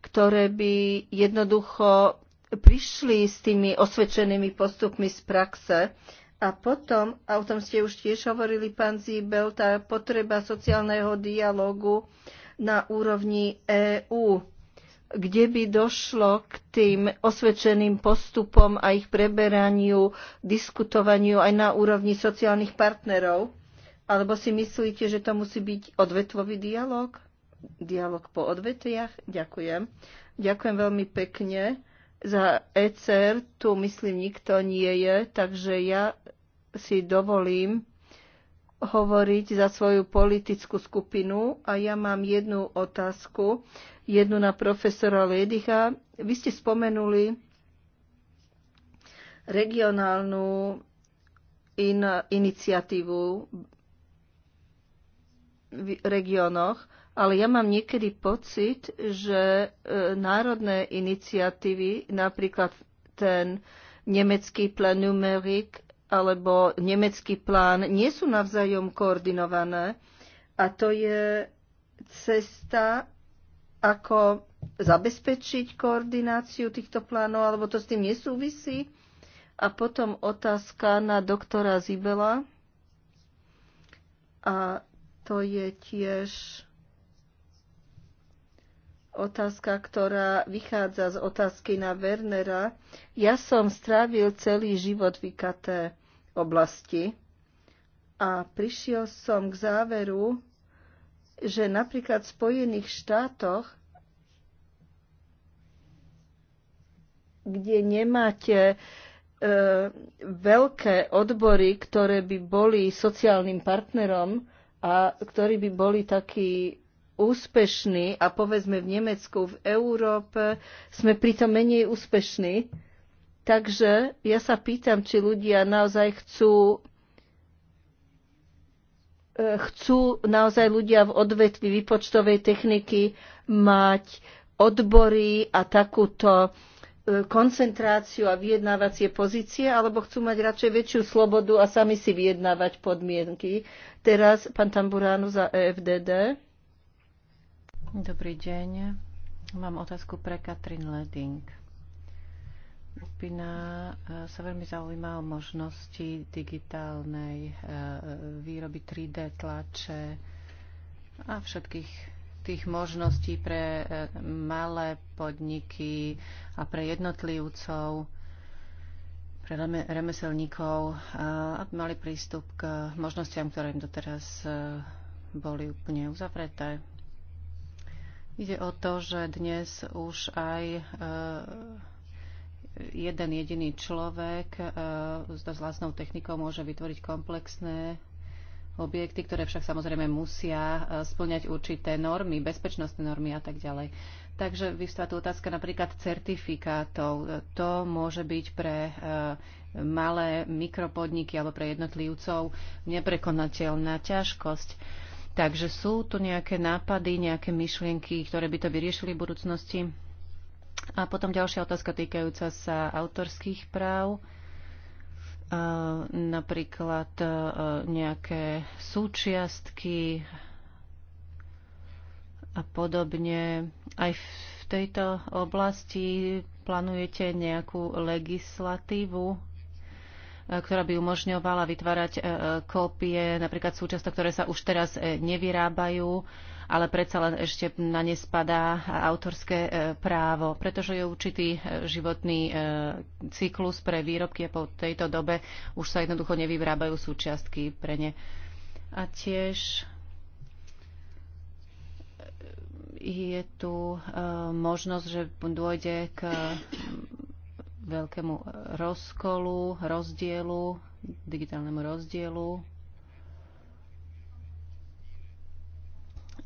ktoré by jednoducho prišli s tými osvedčenými postupmi z praxe. A potom, a o tom ste už tiež hovorili, pán Zíbel, tá potreba sociálneho dialogu na úrovni EÚ kde by došlo k tým osvedčeným postupom a ich preberaniu, diskutovaniu aj na úrovni sociálnych partnerov? Alebo si myslíte, že to musí byť odvetvový dialog? Dialog po odvetviach? Ďakujem. Ďakujem veľmi pekne. Za ECR tu, myslím, nikto nie je, takže ja si dovolím hovoriť za svoju politickú skupinu a ja mám jednu otázku jednu na profesora Ledicha. Vy ste spomenuli regionálnu in, iniciatívu v regiónoch, ale ja mám niekedy pocit, že e, národné iniciatívy, napríklad ten nemecký plán numerik alebo nemecký plán, nie sú navzájom koordinované. A to je cesta, ako zabezpečiť koordináciu týchto plánov, alebo to s tým nesúvisí? A potom otázka na doktora Zibela. A to je tiež otázka, ktorá vychádza z otázky na Wernera. Ja som strávil celý život v IKT oblasti a prišiel som k záveru, že napríklad v Spojených štátoch, kde nemáte e, veľké odbory, ktoré by boli sociálnym partnerom a ktorí by boli takí úspešní a povedzme v Nemecku, v Európe sme pritom menej úspešní. Takže ja sa pýtam, či ľudia naozaj chcú E, chcú naozaj ľudia v odvetvi výpočtovej techniky mať odbory a takúto e, koncentráciu a vyjednávacie pozície, alebo chcú mať radšej väčšiu slobodu a sami si vyjednávať podmienky. Teraz pán Tamburánu za EFDD. Dobrý deň. Mám otázku pre Katrin Leding. Skupina eh, sa veľmi zaujíma o možnosti digitálnej eh, výroby 3D tlače a všetkých tých možností pre eh, malé podniky a pre jednotlivcov pre remeselníkov, aby mali prístup k možnostiam, ktoré im doteraz boli úplne uzavreté. Ide o to, že dnes už aj jeden jediný človek e, s vlastnou technikou môže vytvoriť komplexné objekty, ktoré však samozrejme musia e, splňať určité normy, bezpečnostné normy a tak ďalej. Takže vyvstá tu otázka napríklad certifikátov. E, to môže byť pre malé mikropodniky alebo pre jednotlivcov neprekonateľná ťažkosť. Takže sú tu nejaké nápady, nejaké myšlienky, ktoré by to vyriešili v budúcnosti? A potom ďalšia otázka týkajúca sa autorských práv e, napríklad e, nejaké súčiastky a podobne. Aj v tejto oblasti plánujete nejakú legislatívu, e, ktorá by umožňovala vytvárať kópie, napríklad súčiastok, ktoré sa už teraz nevyrábajú ale predsa len ešte na ne spadá autorské e, právo, pretože je určitý e, životný e, cyklus pre výrobky a po tejto dobe už sa jednoducho nevyvrábajú súčiastky pre ne. A tiež je tu možnosť, že dôjde k veľkému rozkolu, rozdielu, digitálnemu rozdielu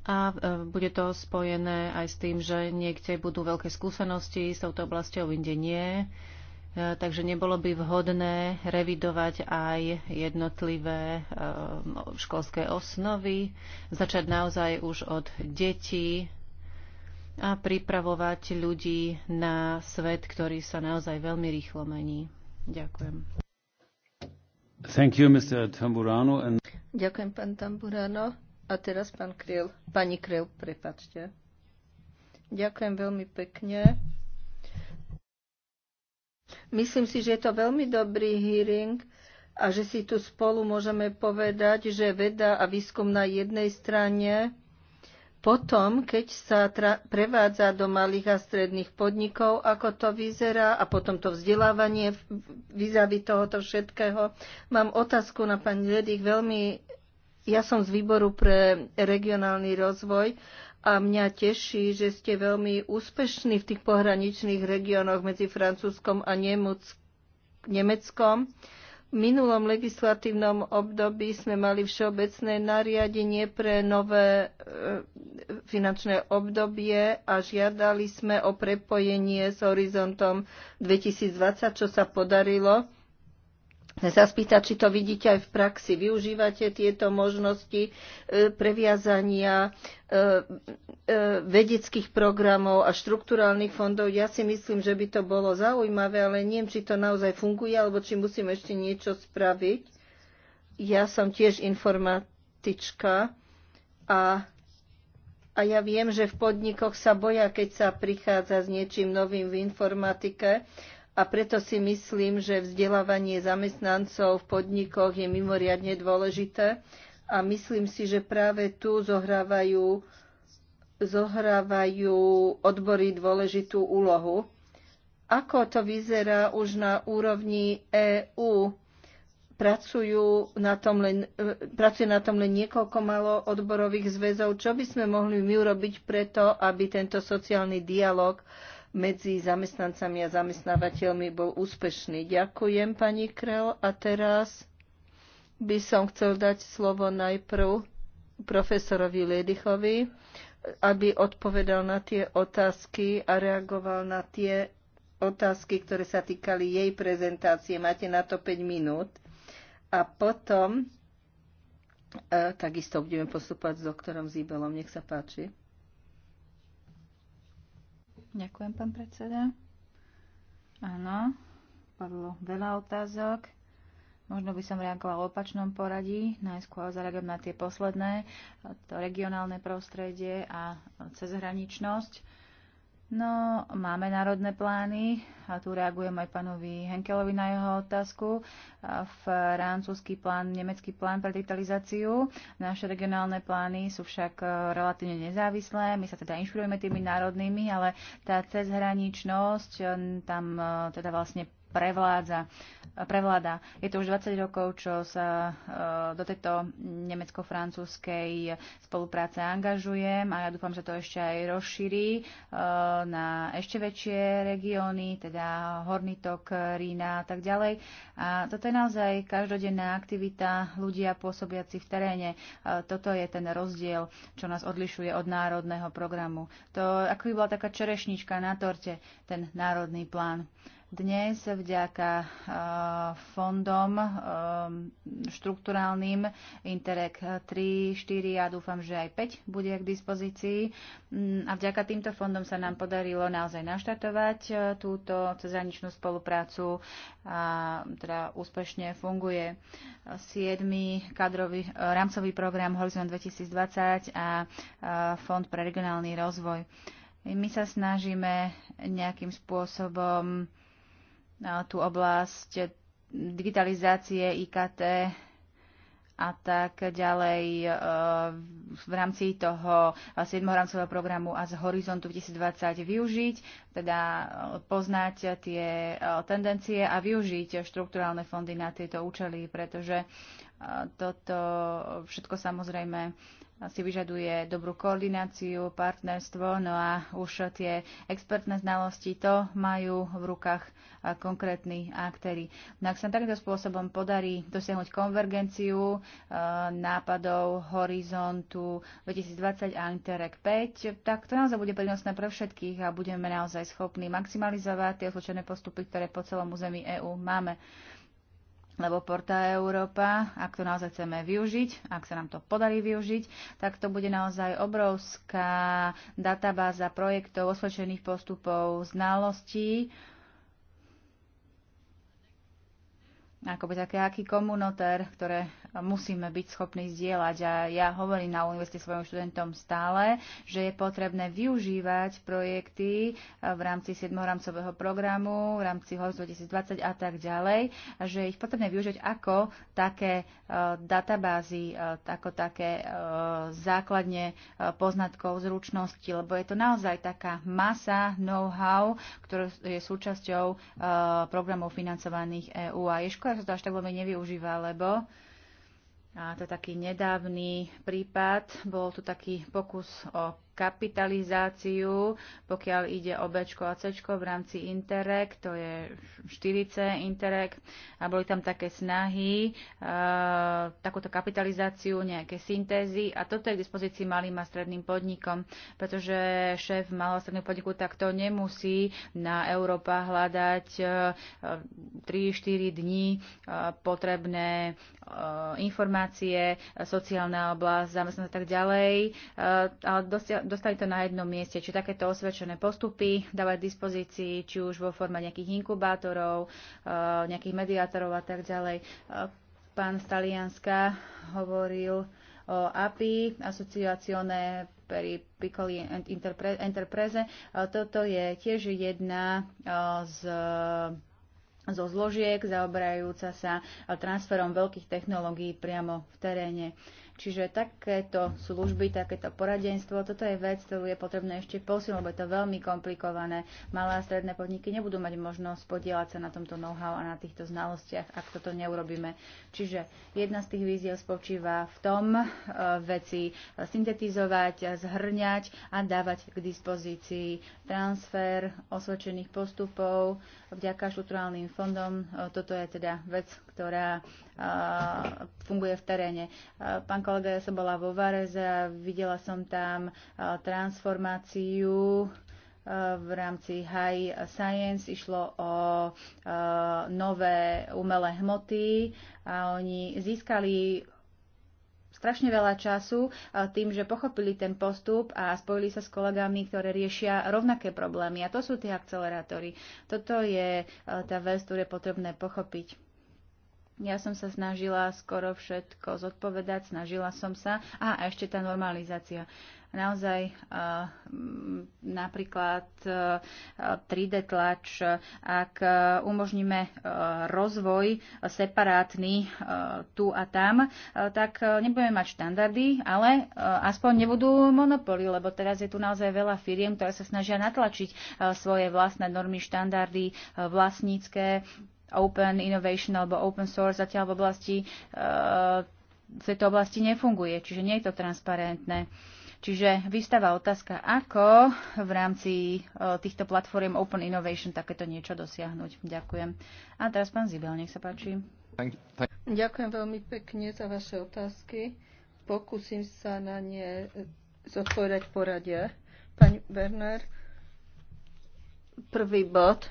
a e, bude to spojené aj s tým, že niekde budú veľké skúsenosti s touto oblasťou, inde nie. E, takže nebolo by vhodné revidovať aj jednotlivé e, školské osnovy, začať naozaj už od detí a pripravovať ľudí na svet, ktorý sa naozaj veľmi rýchlo mení. Ďakujem. Thank you, Mr. Tamburano. And... Ďakujem, pán Tamburano. A teraz pán Kriel, pani Kriel, prepačte. Ďakujem veľmi pekne. Myslím si, že je to veľmi dobrý hearing a že si tu spolu môžeme povedať, že veda a výskum na jednej strane, potom, keď sa prevádza do malých a stredných podnikov, ako to vyzerá a potom to vzdelávanie vizavi tohoto všetkého. Mám otázku na pani Ledich, veľmi ja som z výboru pre regionálny rozvoj a mňa teší, že ste veľmi úspešní v tých pohraničných regiónoch medzi Francúzskom a Nemeckom. V minulom legislatívnom období sme mali všeobecné nariadenie pre nové e, finančné obdobie a žiadali sme o prepojenie s horizontom 2020, čo sa podarilo sa spýtať, či to vidíte aj v praxi. Využívate tieto možnosti e, previazania e, e, vedeckých programov a štrukturálnych fondov. Ja si myslím, že by to bolo zaujímavé, ale neviem, či to naozaj funguje, alebo či musím ešte niečo spraviť. Ja som tiež informatička a a ja viem, že v podnikoch sa boja, keď sa prichádza s niečím novým v informatike, a preto si myslím, že vzdelávanie zamestnancov v podnikoch je mimoriadne dôležité a myslím si, že práve tu zohrávajú, zohrávajú odbory dôležitú úlohu. Ako to vyzerá už na úrovni EÚ? Pracujú na tom len, pracuje na tom len niekoľko malo odborových zväzov. Čo by sme mohli my urobiť preto, aby tento sociálny dialog medzi zamestnancami a zamestnávateľmi bol úspešný. Ďakujem, pani Krel. A teraz by som chcel dať slovo najprv profesorovi Ledichovi, aby odpovedal na tie otázky a reagoval na tie otázky, ktoré sa týkali jej prezentácie. Máte na to 5 minút. A potom e, takisto budeme postupovať s doktorom Zíbelom. Nech sa páči. Ďakujem, pán predseda. Áno, padlo veľa otázok. Možno by som reagoval v opačnom poradí. Najskôr zareagujem na tie posledné, to regionálne prostredie a cezhraničnosť. No, máme národné plány a tu reagujem aj pánovi Henkelovi na jeho otázku. Francúzsky plán, nemecký plán pre digitalizáciu. Naše regionálne plány sú však e, relatívne nezávislé. My sa teda inšpirujeme tými národnými, ale tá cezhraničnosť e, tam e, teda vlastne prevládza, prevláda. Je to už 20 rokov, čo sa e, do tejto nemecko-francúzskej spolupráce angažujem a ja dúfam, že to ešte aj rozšíri e, na ešte väčšie regióny, teda Horný tok, Rína a tak ďalej. A toto je naozaj každodenná aktivita ľudia pôsobiaci v teréne. E, toto je ten rozdiel, čo nás odlišuje od národného programu. To ako by bola taká čerešnička na torte, ten národný plán. Dnes vďaka eh, fondom eh, štruktúrálnym Interreg 3, 4 a dúfam, že aj 5 bude k dispozícii. Mm, a vďaka týmto fondom sa nám podarilo naozaj naštartovať eh, túto cezhraničnú spoluprácu a teda úspešne funguje 7. kadrový rámcový program Horizon 2020 a Fond pre regionálny rozvoj. My sa snažíme nejakým spôsobom tú oblasť digitalizácie IKT a tak ďalej e, v rámci toho 7. rámcového programu a z Horizontu 2020 využiť, teda e, poznať tie e, tendencie a využiť štruktúrálne fondy na tieto účely, pretože toto všetko samozrejme si vyžaduje dobrú koordináciu, partnerstvo, no a už tie expertné znalosti to majú v rukách konkrétni aktéry. No ak sa takýmto spôsobom podarí dosiahnuť konvergenciu e, nápadov Horizontu 2020 a Interreg 5, tak to naozaj bude prínosné pre všetkých a budeme naozaj schopní maximalizovať tie zločené postupy, ktoré po celom území EÚ máme lebo Porta Európa, ak to naozaj chceme využiť, ak sa nám to podarí využiť, tak to bude naozaj obrovská databáza projektov, osvedčených postupov, znalostí, ako by také aký komunotér, ktoré musíme byť schopní zdieľať. A ja hovorím na univerzite svojim študentom stále, že je potrebné využívať projekty e, v rámci 7. rámcového programu, v rámci HORS 2020 a tak ďalej, a že ich potrebné využiť ako také e, databázy, e, ako také základne poznatkov, zručnosti, lebo je to naozaj taká masa know-how, ktorá je súčasťou programov financovaných EÚ. A je škoda, že to až tak veľmi nevyužíva, lebo a to je taký nedávny prípad. Bol tu taký pokus o kapitalizáciu, pokiaľ ide o B a C v rámci Interreg, to je 4C Interreg a boli tam také snahy, e, takúto kapitalizáciu, nejaké syntézy a toto je k dispozícii malým a stredným podnikom, pretože šéf malého stredného podniku takto nemusí na Európa hľadať e, 3-4 dní e, potrebné e, informácie, sociálna oblasť, zamestnanosť a tak ďalej, eh, ale dostali to na jednom mieste, či takéto osvedčené postupy dávať dispozícii, či už vo forme nejakých inkubátorov, eh, nejakých mediátorov a tak ďalej. Eh, pán Stalianska hovoril o API, asociacione peri Piccoli Enterprese. Eh, toto je tiež jedna z zo zložiek zaoberajúca sa transferom veľkých technológií priamo v teréne. Uh, Čiže takéto služby, takéto poradenstvo, toto je vec, ktorú je potrebné ešte posilniť, lebo je to veľmi komplikované. Malé a stredné podniky nebudú mať možnosť podielať sa na tomto know-how a na týchto znalostiach, ak toto neurobíme. Čiže jedna z tých víziev spočíva v tom e, veci syntetizovať, zhrňať a dávať k dispozícii transfer osvedčených postupov, vďaka štruktúrálnym fondom. E, toto je teda vec, ktorá e, funguje v teréne. E, pán kolega, ja som bola vo Vareze a videla som tam transformáciu v rámci High Science išlo o nové umelé hmoty a oni získali strašne veľa času eh, tým, že pochopili ten postup a spojili sa s kolegami, ktoré riešia rovnaké problémy. A to sú tie akcelerátory. Toto je eh, tá vec, ktorú je potrebné pochopiť. Ja som sa snažila skoro všetko zodpovedať, snažila som sa. A, a ešte tá normalizácia. Uh, Naozaj eh, napríklad 3D eh, tlač, ak eh, umožníme rozvoj separátny tu a tam, tak nebudeme mať štandardy, ale aspoň nebudú monopoly, lebo teraz je tu naozaj veľa firiem, ktoré sa snažia natlačiť svoje vlastné normy, štandardy vlastnícke, open innovation alebo open source zatiaľ v oblasti v tejto oblasti nefunguje, čiže nie je to transparentné. Uh, Čiže vystáva otázka, ako v rámci e, týchto platform Open Innovation takéto niečo dosiahnuť. Ďakujem. A teraz pán Zibel, nech sa páči. Ďakujem veľmi pekne za vaše otázky. Pokúsim sa na ne e, zodpovedať poradie. Pani Werner, prvý bod.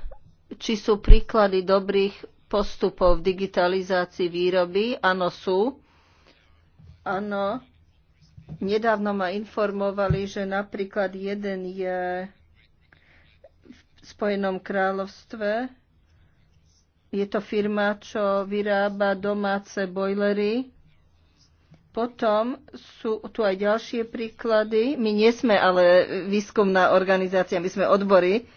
Či sú príklady dobrých postupov v digitalizácii výroby? Áno, sú. Áno, Nedávno ma informovali, že napríklad jeden je v Spojenom kráľovstve. Je to firma, čo vyrába domáce bojlery. Potom sú tu aj ďalšie príklady. My nie sme ale výskumná organizácia, my sme odbory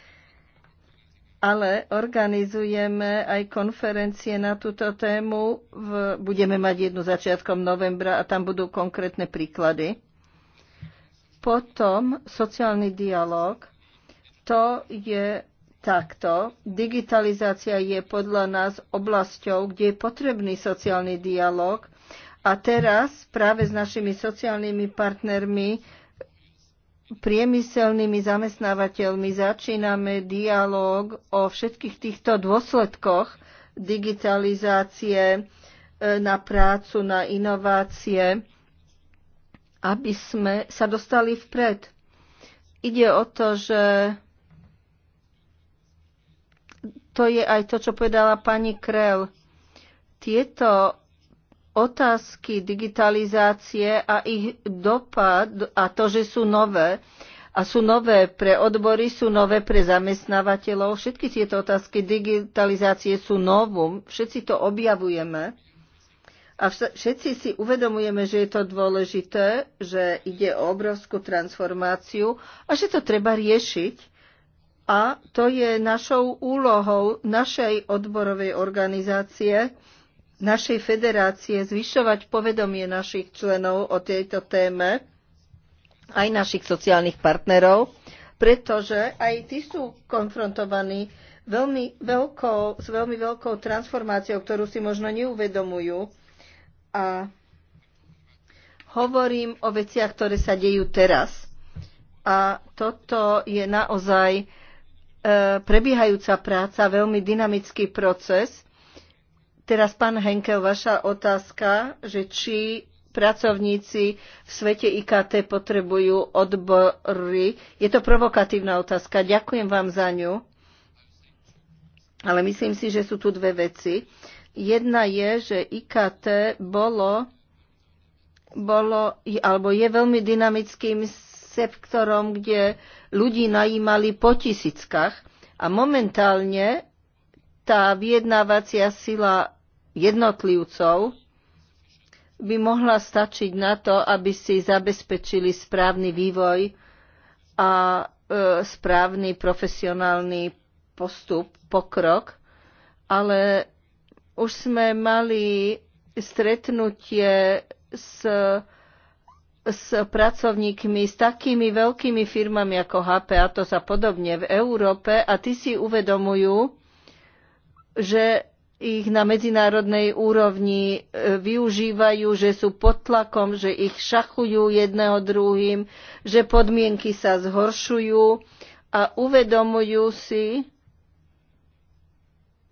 ale organizujeme aj konferencie na túto tému. V, budeme mať jednu začiatkom novembra a tam budú konkrétne príklady. Potom sociálny dialog. To je takto. Digitalizácia je podľa nás oblasťou, kde je potrebný sociálny dialog. A teraz práve s našimi sociálnymi partnermi priemyselnými zamestnávateľmi začíname dialog o všetkých týchto dôsledkoch digitalizácie e, na prácu, na inovácie, aby sme sa dostali vpred. Ide o to, že to je aj to, čo povedala pani Krell. Tieto otázky digitalizácie a ich dopad a to, že sú nové a sú nové pre odbory, sú nové pre zamestnávateľov. Všetky tieto otázky digitalizácie sú novum, všetci to objavujeme a všetci si uvedomujeme, že je to dôležité, že ide o obrovskú transformáciu a že to treba riešiť. A to je našou úlohou našej odborovej organizácie, našej federácie zvyšovať povedomie našich členov o tejto téme, aj našich sociálnych partnerov, pretože aj tí sú konfrontovaní veľmi veľkou, s veľmi veľkou transformáciou, ktorú si možno neuvedomujú. A hovorím o veciach, ktoré sa dejú teraz. A toto je naozaj e, prebiehajúca práca, veľmi dynamický proces – Teraz, pán Henkel, vaša otázka, že či pracovníci v svete IKT potrebujú odbory. Je to provokatívna otázka. Ďakujem vám za ňu. Ale myslím si, že sú tu dve veci. Jedna je, že IKT bolo, bolo alebo je veľmi dynamickým sektorom, kde ľudí najímali po tisíckach. A momentálne tá vyjednávacia sila jednotlivcov by mohla stačiť na to, aby si zabezpečili správny vývoj a e, správny profesionálny postup, pokrok, ale už sme mali stretnutie s, s pracovníkmi, s takými veľkými firmami ako HP, a to sa podobne v Európe a tí si uvedomujú, že ich na medzinárodnej úrovni e, využívajú, že sú pod tlakom, že ich šachujú jedného druhým, že podmienky sa zhoršujú a uvedomujú si,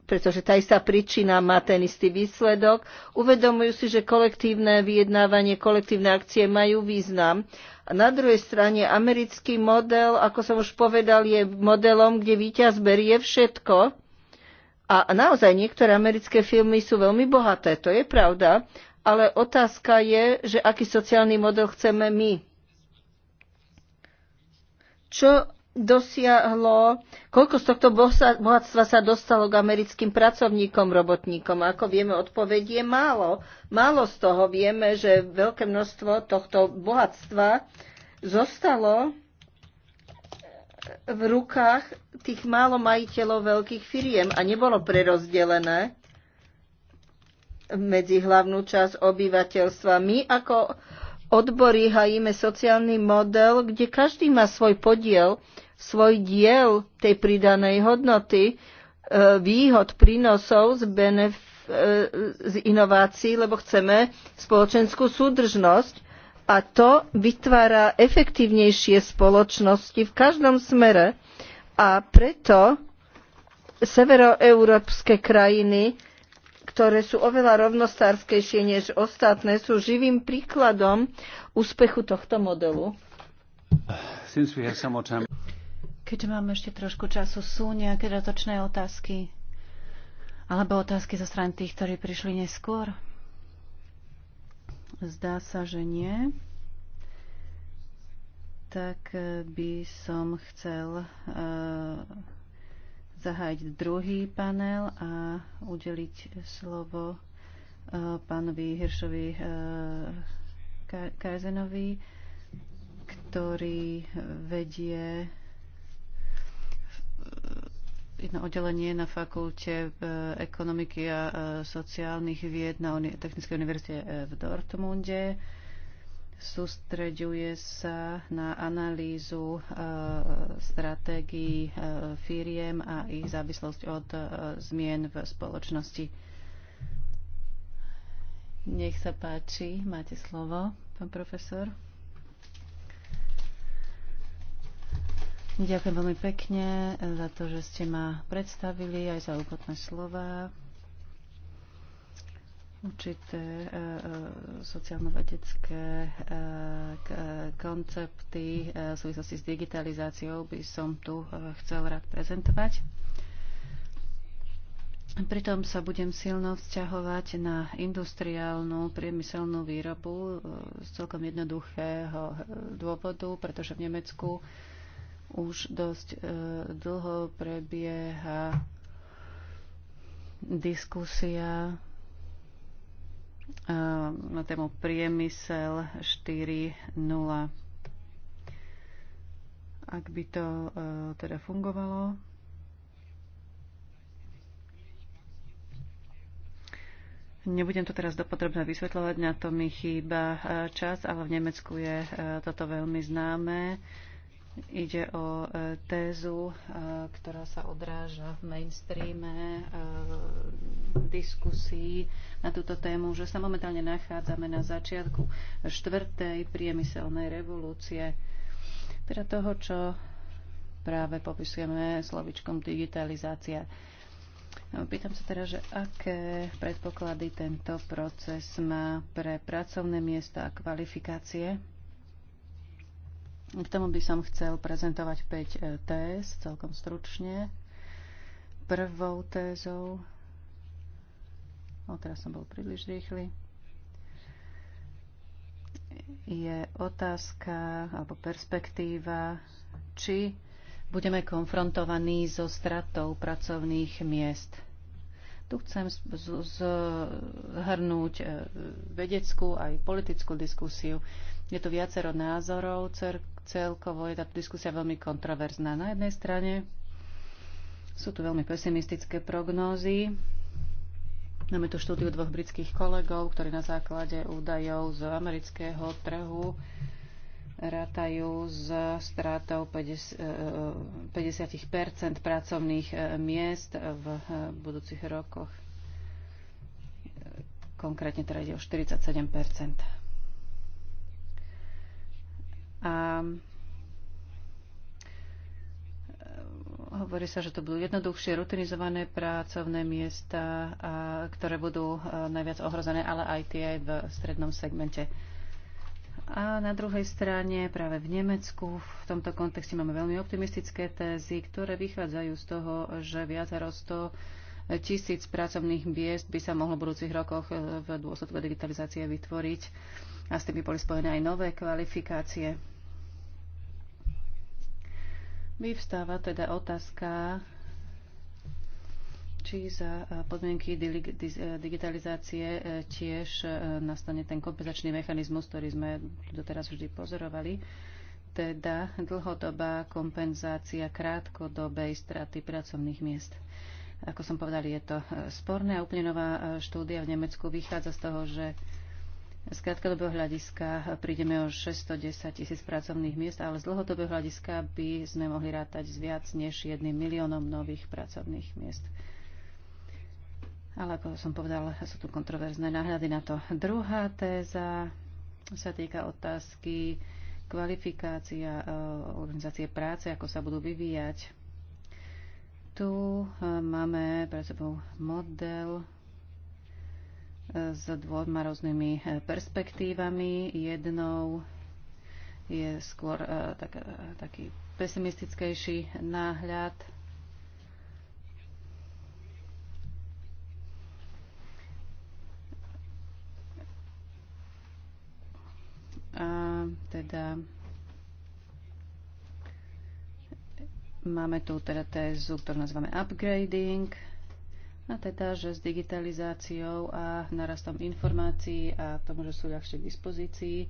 pretože tá istá príčina má ten istý výsledok, uvedomujú si, že kolektívne vyjednávanie, kolektívne akcie majú význam. A na druhej strane americký model, ako som už povedal, je modelom, kde víťaz berie všetko a naozaj niektoré americké filmy sú veľmi bohaté, to je pravda, ale otázka je, že aký sociálny model chceme my. Čo dosiahlo, koľko z tohto bohatstva sa dostalo k americkým pracovníkom, robotníkom. Ako vieme, odpoveď je málo. Málo z toho vieme, že veľké množstvo tohto bohatstva zostalo v rukách tých málo majiteľov veľkých firiem a nebolo prerozdelené medzi hlavnú časť obyvateľstva. My ako odbory hajíme sociálny model, kde každý má svoj podiel, svoj diel tej pridanej hodnoty, e, výhod, prínosov z, benef- e, z inovácií, lebo chceme spoločenskú súdržnosť a to vytvára efektívnejšie spoločnosti v každom smere a preto severoeurópske krajiny, ktoré sú oveľa rovnostárskejšie než ostatné, sú živým príkladom úspechu tohto modelu. Keďže máme ešte trošku času, sú nejaké dotočné otázky? Alebo otázky zo strany tých, ktorí prišli neskôr? Zdá sa, že nie. Tak eh, by som chcel eh, zahájiť druhý panel a udeliť slovo eh, pánovi Hiršovi Kajzenovi, ktorý vedie jedno oddelenie na fakulte e, ekonomiky a e, sociálnych vied na Technickej univerzite e, v Dortmunde. Sústreďuje sa na analýzu stratégií firiem a ich závislosť od zmien v spoločnosti. Nech sa páči, máte slovo, pán profesor. Ďakujem veľmi pekne za to, že ste ma predstavili aj za úvodné slova. Určité e, e sociálno-vedecké e, koncepty e, v súvislosti s digitalizáciou by som tu e, chcel rád prezentovať. Pritom sa budem silno vzťahovať na industriálnu priemyselnú výrobu e, z celkom jednoduchého e, dôvodu, pretože v Nemecku e, už dosť e, dlho prebieha diskusia e, na tému priemysel 4.0. Ak by to e, teda fungovalo, Nebudem to teraz dopodrobne vysvetľovať, na to mi chýba čas, ale v Nemecku je toto veľmi známe. Ide o e, tézu, e, ktorá sa odráža v mainstreame e, diskusí na túto tému, že sa momentálne nachádzame na začiatku štvrtej priemyselnej revolúcie, teda toho, čo práve popisujeme slovičkom digitalizácia. No, pýtam sa teraz, že aké predpoklady tento proces má pre pracovné miesta a kvalifikácie k tomu by som chcel prezentovať 5 e, téz, celkom stručne. Prvou tézou, o no, teraz som bol príliš rýchly, je otázka alebo perspektíva, či budeme konfrontovaní so stratou pracovných miest. Tu chcem zhrnúť e, vedeckú aj politickú diskusiu. Je tu viacero názorov, celkovo je tá diskusia veľmi kontroverzná. Na jednej strane sú tu veľmi pesimistické prognózy. Máme tu štúdiu dvoch britských kolegov, ktorí na základe údajov z amerického trhu rátajú s strátou 50, 50 pracovných e, miest v e, budúcich rokoch. Konkrétne teda ide o 47 a e, Hovorí sa, že to budú jednoduchšie, rutinizované pracovné miesta, ktoré budú e, najviac ohrozené, ale aj tie aj v strednom segmente. A na druhej strane, práve v Nemecku, v tomto kontexte máme veľmi optimistické tézy, ktoré vychádzajú z toho, že viac 100 tisíc pracovných miest by sa mohlo v budúcich rokoch e, v dôsledku digitalizácie vytvoriť a s tým by boli spojené aj nové kvalifikácie. Vyvstáva teda otázka, či za podmienky digitalizácie e, tiež e, nastane ten kompenzačný mechanizmus, ktorý sme doteraz vždy pozorovali, teda dlhodobá kompenzácia krátkodobej straty pracovných miest. Ako som povedal, je to e, sporné a úplne nová štúdia v Nemecku vychádza z toho, že z krátkodobého hľadiska prídeme o 610 tisíc pracovných miest, ale z dlhodobého hľadiska by sme mohli rátať s viac než 1 miliónom nových pracovných miest. Ale ako som povedal, sú tu kontroverzné náhľady na to. Druhá téza sa týka otázky kvalifikácia e, organizácie práce, ako sa budú vyvíjať. Tu e, máme pre sebou model s dvoma rôznymi eh, perspektívami. Jednou je skôr eh, tak, eh, taký pesimistickejší náhľad A teda máme tu teda tézu, ktorú nazývame upgrading a teda, že s digitalizáciou a narastom informácií a tomu, že sú ľahšie k dispozícii, e,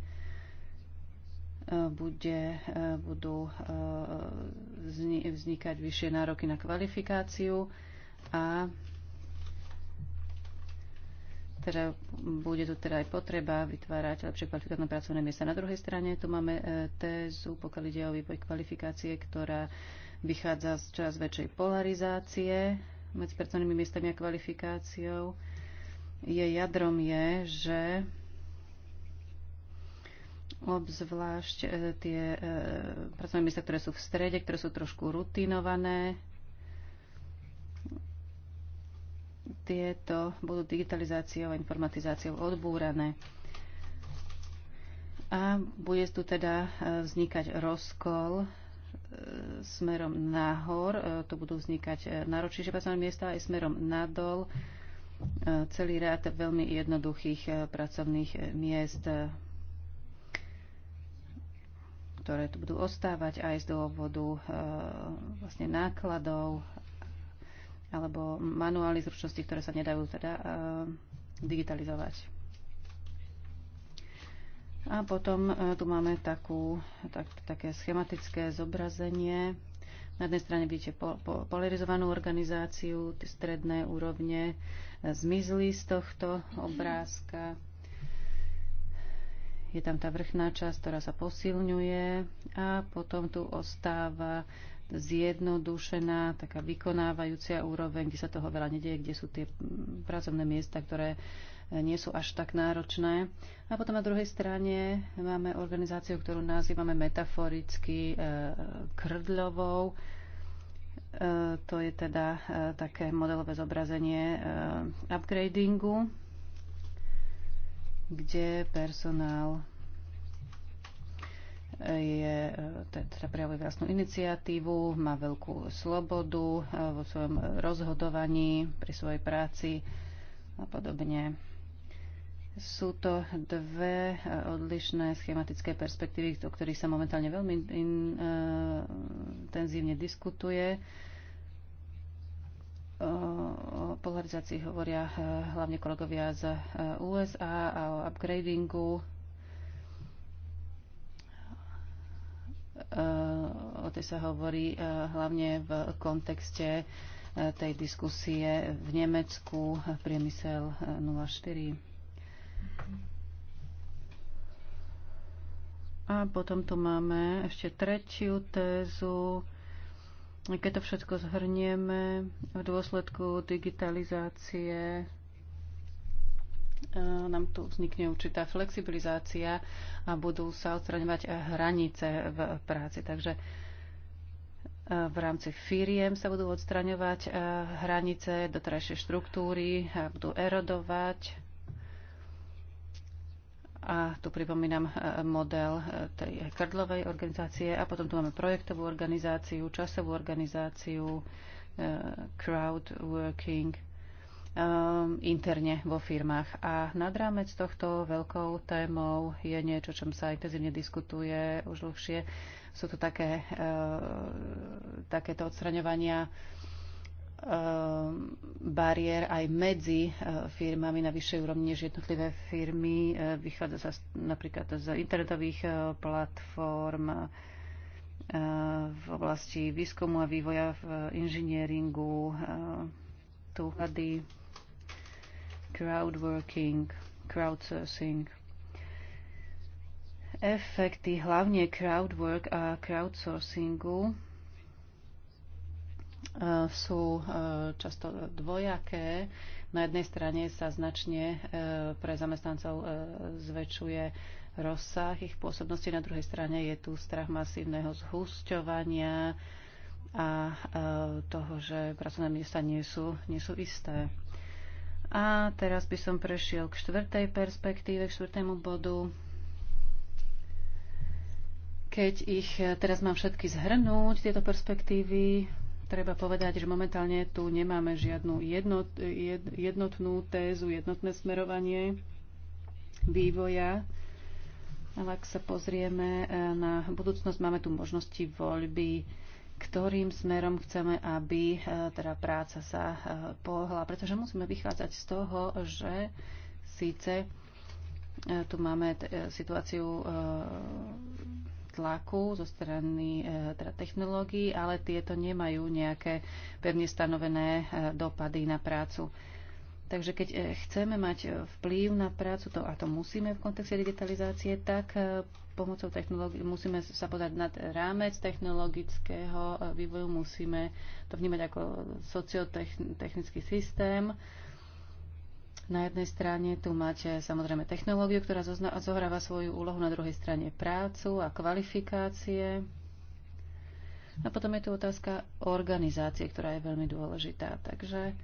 bude, e, budú e, vznikať vyššie nároky na kvalifikáciu a teda bude tu teda aj potreba vytvárať lepšie kvalifikované pracovné miesta. Na druhej strane tu máme tézu, pokiaľ ide o vývoj kvalifikácie, ktorá vychádza z čas väčšej polarizácie medzi pracovnými miestami a kvalifikáciou, je jadrom je, že obzvlášť e, tie e, pracovné miesta, ktoré sú v strede, ktoré sú trošku rutinované, tieto budú digitalizáciou a informatizáciou odbúrané. A bude tu teda e, vznikať rozkol E, smerom nahor, e, tu budú vznikať e, náročnejšie pracovné miesta, aj smerom nadol, celý rád veľmi jednoduchých pracovných miest, ktoré tu budú ostávať aj z dôvodu vlastne nákladov alebo manuály zručnosti, ktoré sa nedajú teda digitalizovať. A potom e, tu máme takú, tak, také schematické zobrazenie. Na jednej strane vidíte po, po, polarizovanú organizáciu, stredné úrovne e, zmizli z tohto obrázka. Je tam tá vrchná časť, ktorá sa posilňuje a potom tu ostáva zjednodušená, taká vykonávajúcia úroveň, kde sa toho veľa nedieje, kde sú tie pracovné miesta, ktoré nie sú až tak náročné. A potom na druhej strane máme organizáciu, ktorú nazývame metaforicky e, krdľovou. E, to je teda e, také modelové zobrazenie upgradingu, kde personál je, teda prejavuje vlastnú iniciatívu, má veľkú slobodu vo svojom rozhodovaní, pri svojej práci a podobne. Sú to dve e, odlišné schematické perspektívy, o ktorých sa momentálne veľmi e, intenzívne diskutuje. O polarizácii hovoria e, hlavne kolegovia z USA a o upgradingu o tej sa hovorí hlavne v kontexte tej diskusie v Nemecku priemysel 04. A potom tu máme ešte tretiu tézu. Keď to všetko zhrnieme v dôsledku digitalizácie, e, nám tu vznikne určitá flexibilizácia a budú sa odstraňovať hranice v práci. Takže e, v rámci firiem sa budú odstraňovať e, hranice, dotrajšie štruktúry budú erodovať a tu pripomínam e, model e, tej krdlovej organizácie. A potom tu máme projektovú organizáciu, časovú organizáciu, e, crowdworking interne vo firmách. A nad rámec tohto veľkou témou je niečo, čom sa intenzívne diskutuje už dlhšie. Sú to také, takéto odstraňovania Eh, bariér aj medzi eh, firmami na vyššej úrovni než jednotlivé firmy. Eh, vychádza sa napríklad z internetových platform v oblasti výskumu a vývoja v inžinieringu, túhady, crowdworking, crowdsourcing. Efekty hlavne crowdwork a crowdsourcingu Eh, sú eh, často dvojaké. Na jednej strane sa značne eh, pre zamestnancov zväčšuje rozsah ich pôsobnosti, na druhej strane je tu strach masívneho zhusťovania a toho, že pracovné miesta nie sú, nie sú isté. A teraz by som prešiel k štvrtej perspektíve, k štvrtému bodu, keď ich teraz mám všetky zhrnúť, tieto perspektívy, Treba povedať, že momentálne tu nemáme žiadnu jednot, jednotnú tézu, jednotné smerovanie vývoja. Ale ak sa pozrieme e, na budúcnosť, máme tu možnosti voľby, ktorým smerom chceme, aby e, teda práca sa e, pohla. Pretože musíme vychádzať z toho, že síce tu máme situáciu tlaku zo strany e, teda technológií, ale tieto nemajú nejaké pevne stanovené e, dopady na prácu. Takže keď e, chceme mať vplyv na prácu, to, a to musíme v kontexte digitalizácie, tak pomocou technológií musíme sa podať nad rámec technologického vývoju, musíme to vnímať ako sociotechnický systém, na jednej strane tu máte samozrejme technológiu, ktorá zohráva svoju úlohu, na druhej strane prácu a kvalifikácie. A potom je tu otázka organizácie, ktorá je veľmi dôležitá. Takže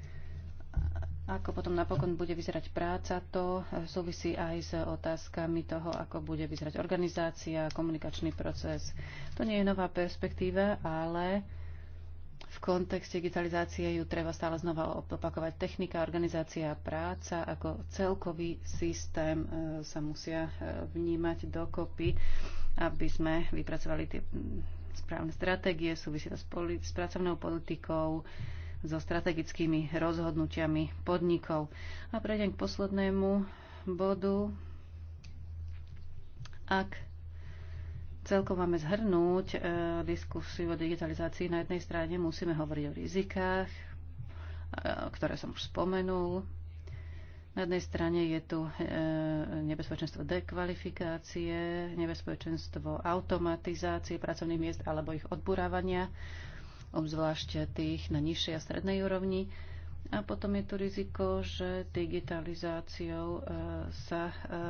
ako potom napokon bude vyzerať práca, to súvisí aj s otázkami toho, ako bude vyzerať organizácia, komunikačný proces. To nie je nová perspektíva, ale v kontexte digitalizácie ju treba stále znova opakovať. Technika, organizácia a práca ako celkový systém e, sa musia e, vnímať dokopy, aby sme vypracovali tie správne stratégie, súvisí to s, poli- s pracovnou politikou, so strategickými rozhodnutiami podnikov. A prejdem k poslednému bodu. Ak celkom máme zhrnúť e, diskusiu o digitalizácii. Na jednej strane musíme hovoriť o rizikách, e, ktoré som už spomenul. Na jednej strane je tu e, nebezpečenstvo dekvalifikácie, nebezpečenstvo automatizácie pracovných miest alebo ich odburávania, obzvlášť tých na nižšej a strednej úrovni. E, a potom je tu riziko, že digitalizáciou e, sa e, e,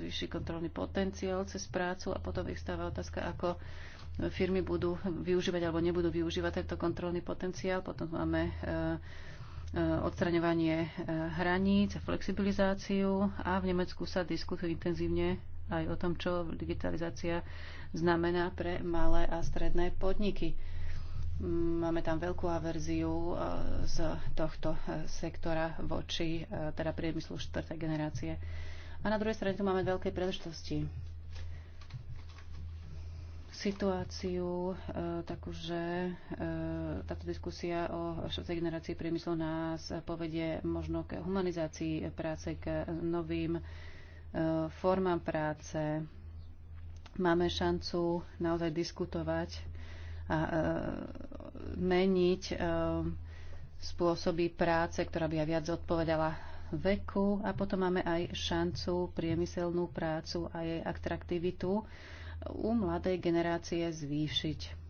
zvýši kontrolný potenciál cez prácu a potom vystáva otázka, ako firmy budú využívať alebo nebudú využívať tento kontrolný potenciál. Potom máme odstraňovanie hraníc a flexibilizáciu a v Nemecku sa diskutuje intenzívne aj o tom, čo digitalizácia znamená pre malé a stredné podniky. Máme tam veľkú averziu e, z tohto e, sektora voči e, teda priemyslu štvrtej generácie. A na druhej strane tu máme veľké príležitosti. Situáciu takú, že táto diskusia o štvrtej generácii priemyslu nás povedie možno k humanizácii práce, k novým formám práce. Máme šancu naozaj diskutovať a e, meniť e, spôsoby práce, ktorá by aj viac odpovedala veku a potom máme aj šancu priemyselnú prácu a jej atraktivitu u mladej generácie zvýšiť.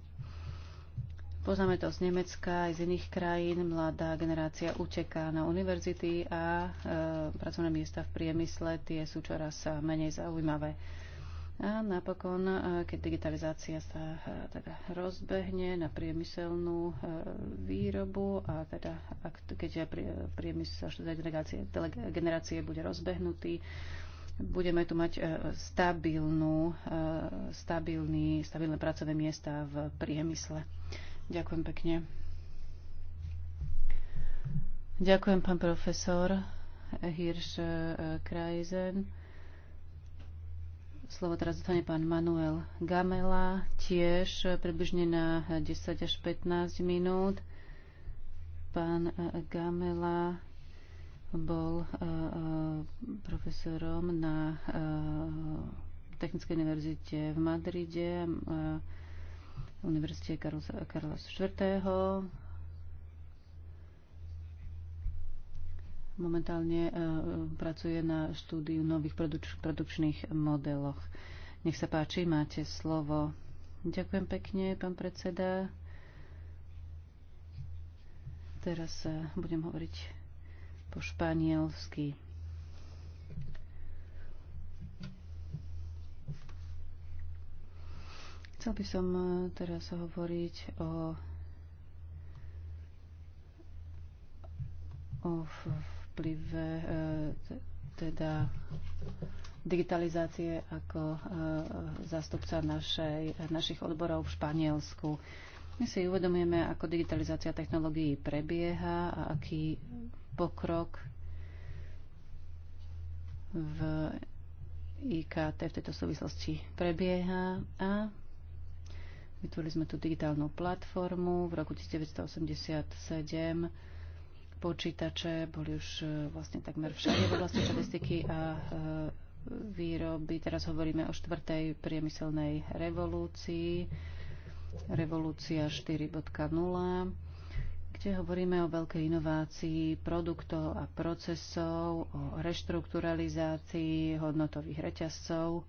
Poznáme to z Nemecka aj z iných krajín. Mladá generácia uteká na univerzity a e, pracovné miesta v priemysle tie sú čoraz menej zaujímavé. A napokon, e, keď digitalizácia sa e, teda rozbehne na priemyselnú e, výrobu a teda keď priemysel generácie, bude rozbehnutý, budeme tu mať stabilnú, stabilný, stabilné pracovné miesta v priemysle. Ďakujem pekne. Ďakujem, pán profesor Hirsch Kreisen. Slovo teraz dostane pán Manuel Gamela, tiež približne na 10 až 15 minút. Pán e, Gamela bol e, e, profesorom na Technickej univerzite v Madride, Univerzite Karla IV momentálne e, e, pracuje na štúdiu nových produč- produkčných modeloch. Nech sa páči, máte slovo. Ďakujem pekne, pán predseda. Teraz e, budem hovoriť po španielsky. Chcel by som teraz hovoriť o, o vplyve e, teda digitalizácie ako e, zástupca našej, našich odborov v Španielsku. My si uvedomujeme, ako digitalizácia technológií prebieha a aký pokrok v IKT v tejto súvislosti prebieha a vytvorili sme tú digitálnu platformu v roku 1987 počítače boli už e, vlastne takmer všade v oblasti štatistiky a e, výroby. Teraz hovoríme o štvrtej priemyselnej revolúcii, revolúcia 4.0, kde hovoríme o veľkej inovácii produktov a procesov, o reštrukturalizácii hodnotových reťazcov,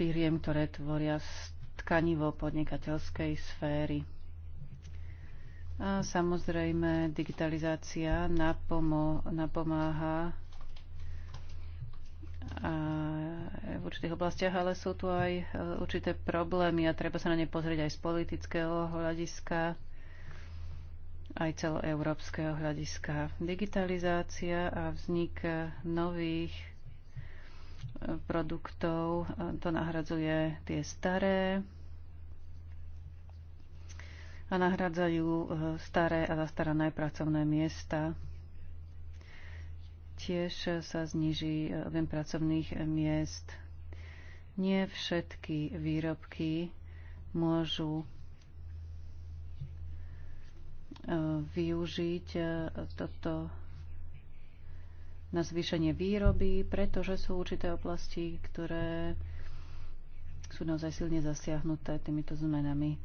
firiem, ktoré tvoria tkanivo podnikateľskej sféry. Samozrejme, digitalizácia napomáha e, v určitých oblastiach, ale sú tu aj e, určité problémy a treba sa na ne pozrieť aj z politického hľadiska, aj celoeurópskeho hľadiska. Digitalizácia a vznik nových e, produktov to nahradzuje tie staré, a nahradzajú e, staré a zastarané pracovné miesta. Tiež sa zniží e, objem pracovných miest. Nie všetky výrobky môžu e, využiť toto na zvýšenie výroby, pretože sú určité oblasti, ktoré sú naozaj silne zasiahnuté týmito zmenami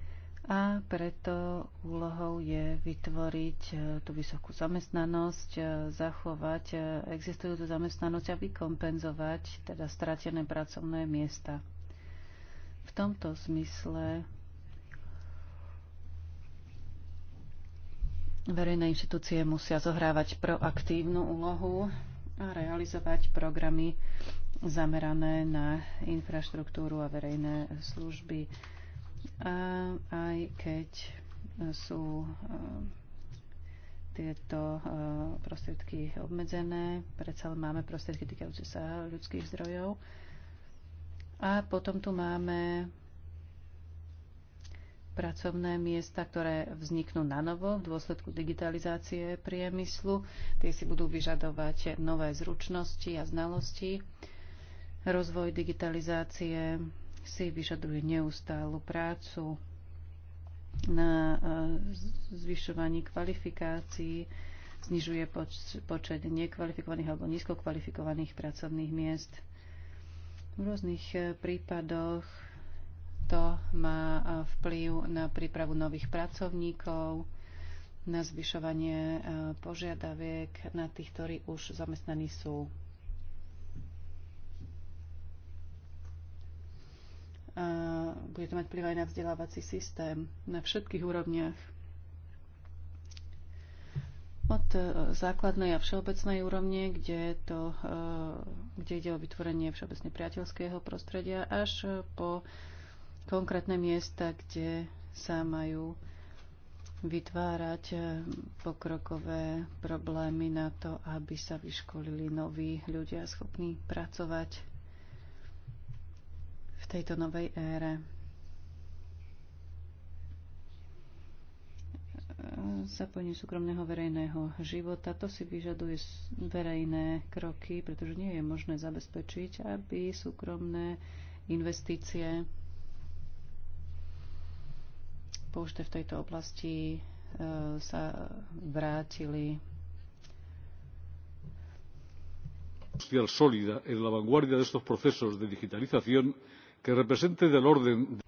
a preto úlohou je vytvoriť e, tú vysokú zamestnanosť, e, zachovať e, existujúcu zamestnanosť a vykompenzovať teda stratené pracovné miesta. V tomto zmysle verejné inštitúcie musia zohrávať proaktívnu úlohu a realizovať programy zamerané na infraštruktúru a verejné služby aj keď sú e, tieto e, prostriedky obmedzené. Predsa máme prostriedky týkajúce sa ľudských zdrojov. A potom tu máme pracovné miesta, ktoré vzniknú na novo v dôsledku digitalizácie priemyslu. Tie si budú vyžadovať nové zručnosti a znalosti, rozvoj digitalizácie, si vyžaduje neustálu prácu na e, zvyšovaní kvalifikácií, znižuje poč počet nekvalifikovaných alebo nízkokvalifikovaných pracovných miest. V rôznych e, prípadoch to má e, vplyv na prípravu nových pracovníkov, na zvyšovanie požiadaviek na tých, ktorí už zamestnaní sú. bude to mať vplyv aj na vzdelávací systém na všetkých úrovniach. Od e, základnej a všeobecnej úrovne, kde, to, e, kde ide o vytvorenie všeobecne priateľského prostredia, až po konkrétne miesta, kde sa majú vytvárať e, pokrokové problémy na to, aby sa vyškolili noví ľudia schopní pracovať v tejto novej ére. Zapojenie súkromného verejného života, to si vyžaduje verejné kroky, pretože nie je možné zabezpečiť, aby súkromné investície použité v tejto oblasti e, sa vrátili social sólida en la vanguardia de estos procesos de digitalización que represente del orden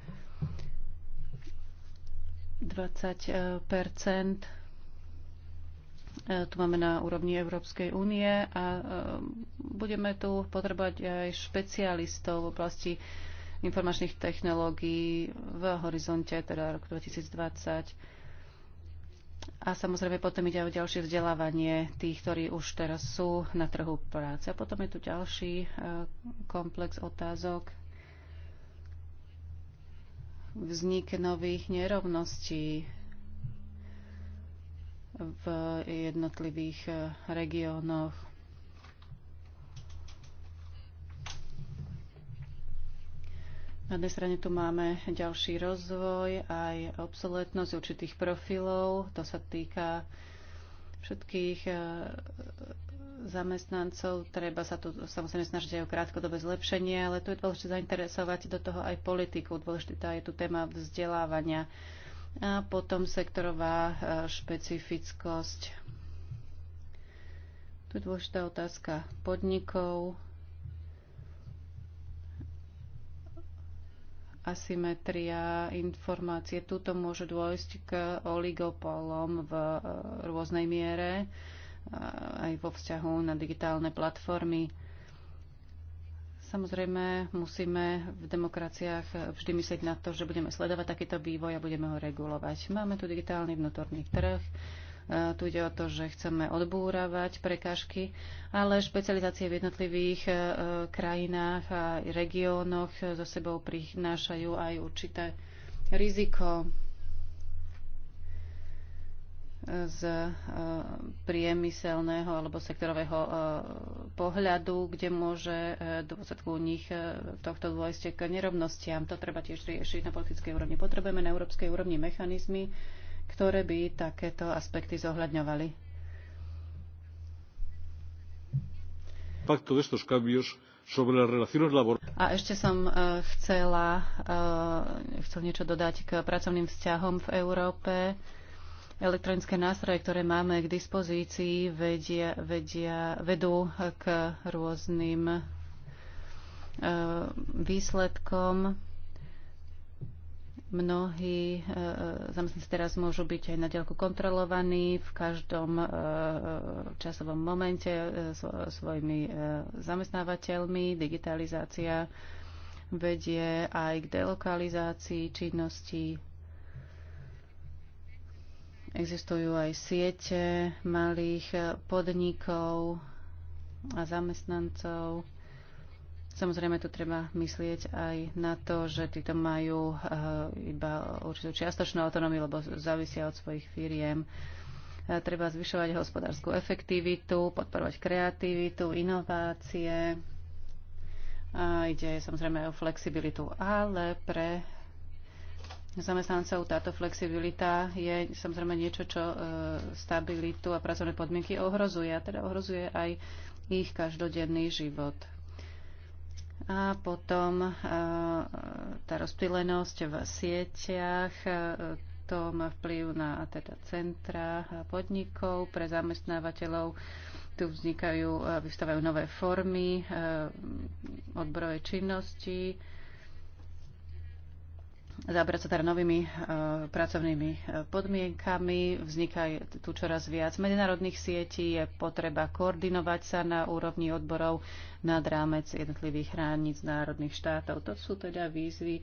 20 eh, tu máme na úrovni Európskej únie a eh, budeme tu potrebovať aj špecialistov v oblasti informačných technológií v horizonte, teda rok 2020. A samozrejme potom ide o ďalšie vzdelávanie tých, ktorí už teraz sú na trhu práce. A potom je tu ďalší eh, komplex otázok, vznik nových nerovností v jednotlivých eh, regiónoch. Na jednej strane tu máme ďalší rozvoj, aj obsoletnosť určitých profilov. To sa týka všetkých eh, zamestnancov. Treba sa tu samozrejme snažiť aj o krátkodobé zlepšenie, ale tu je dôležité zainteresovať do toho aj politiku. Dôležitá je tu téma vzdelávania a potom sektorová e, špecifickosť. Tu je dôležitá otázka podnikov, asymetria informácie. Tuto môže dôjsť k oligopolom v e, rôznej miere aj vo vzťahu na digitálne platformy. Samozrejme, musíme v demokraciách vždy myslieť na to, že budeme sledovať takýto vývoj a budeme ho regulovať. Máme tu digitálny vnútorný trh, e, tu ide o to, že chceme odbúravať prekážky, ale špecializácie v jednotlivých e, krajinách a regiónoch so sebou prinášajú aj určité riziko z e, priemyselného alebo sektorového e, pohľadu, kde môže e, dôsledku nich tohto dôjsť k nerovnostiam. To treba tiež riešiť na politickej úrovni. Potrebujeme na európskej úrovni mechanizmy, ktoré by takéto aspekty zohľadňovali. A ešte som chcela, chcel niečo dodať k pracovným vzťahom v Európe elektronické nástroje, ktoré máme k dispozícii, vedia, vedia, vedú k rôznym e, výsledkom. Mnohí e, e, zamestnanci teraz môžu byť aj na diaľku kontrolovaní v každom časovom momente svojimi zamestnávateľmi. Digitalizácia vedie aj k delokalizácii činností Existujú aj siete malých podnikov a zamestnancov. Samozrejme, tu treba myslieť aj na to, že títo majú eh, iba určitú čiastočnú autonómiu, lebo závisia od svojich firiem. Eh, treba zvyšovať hospodárskú efektivitu, podporovať kreativitu, inovácie. A ide samozrejme aj o flexibilitu, ale pre zamestnancov. Táto flexibilita je samozrejme niečo, čo e, stabilitu a pracovné podmienky ohrozuje a teda ohrozuje aj ich každodenný život. A potom e, tá rozptýlenosť v sieťach, e, to má vplyv na teda centra podnikov pre zamestnávateľov. Tu vznikajú, vystávajú nové formy odborové činnosti, zabrať sa teda novými uh, pracovnými e, podmienkami. Vzniká tu čoraz viac medzinárodných sietí, je potreba koordinovať sa na úrovni odborov nad rámec jednotlivých hraníc národných štátov. To sú teda výzvy,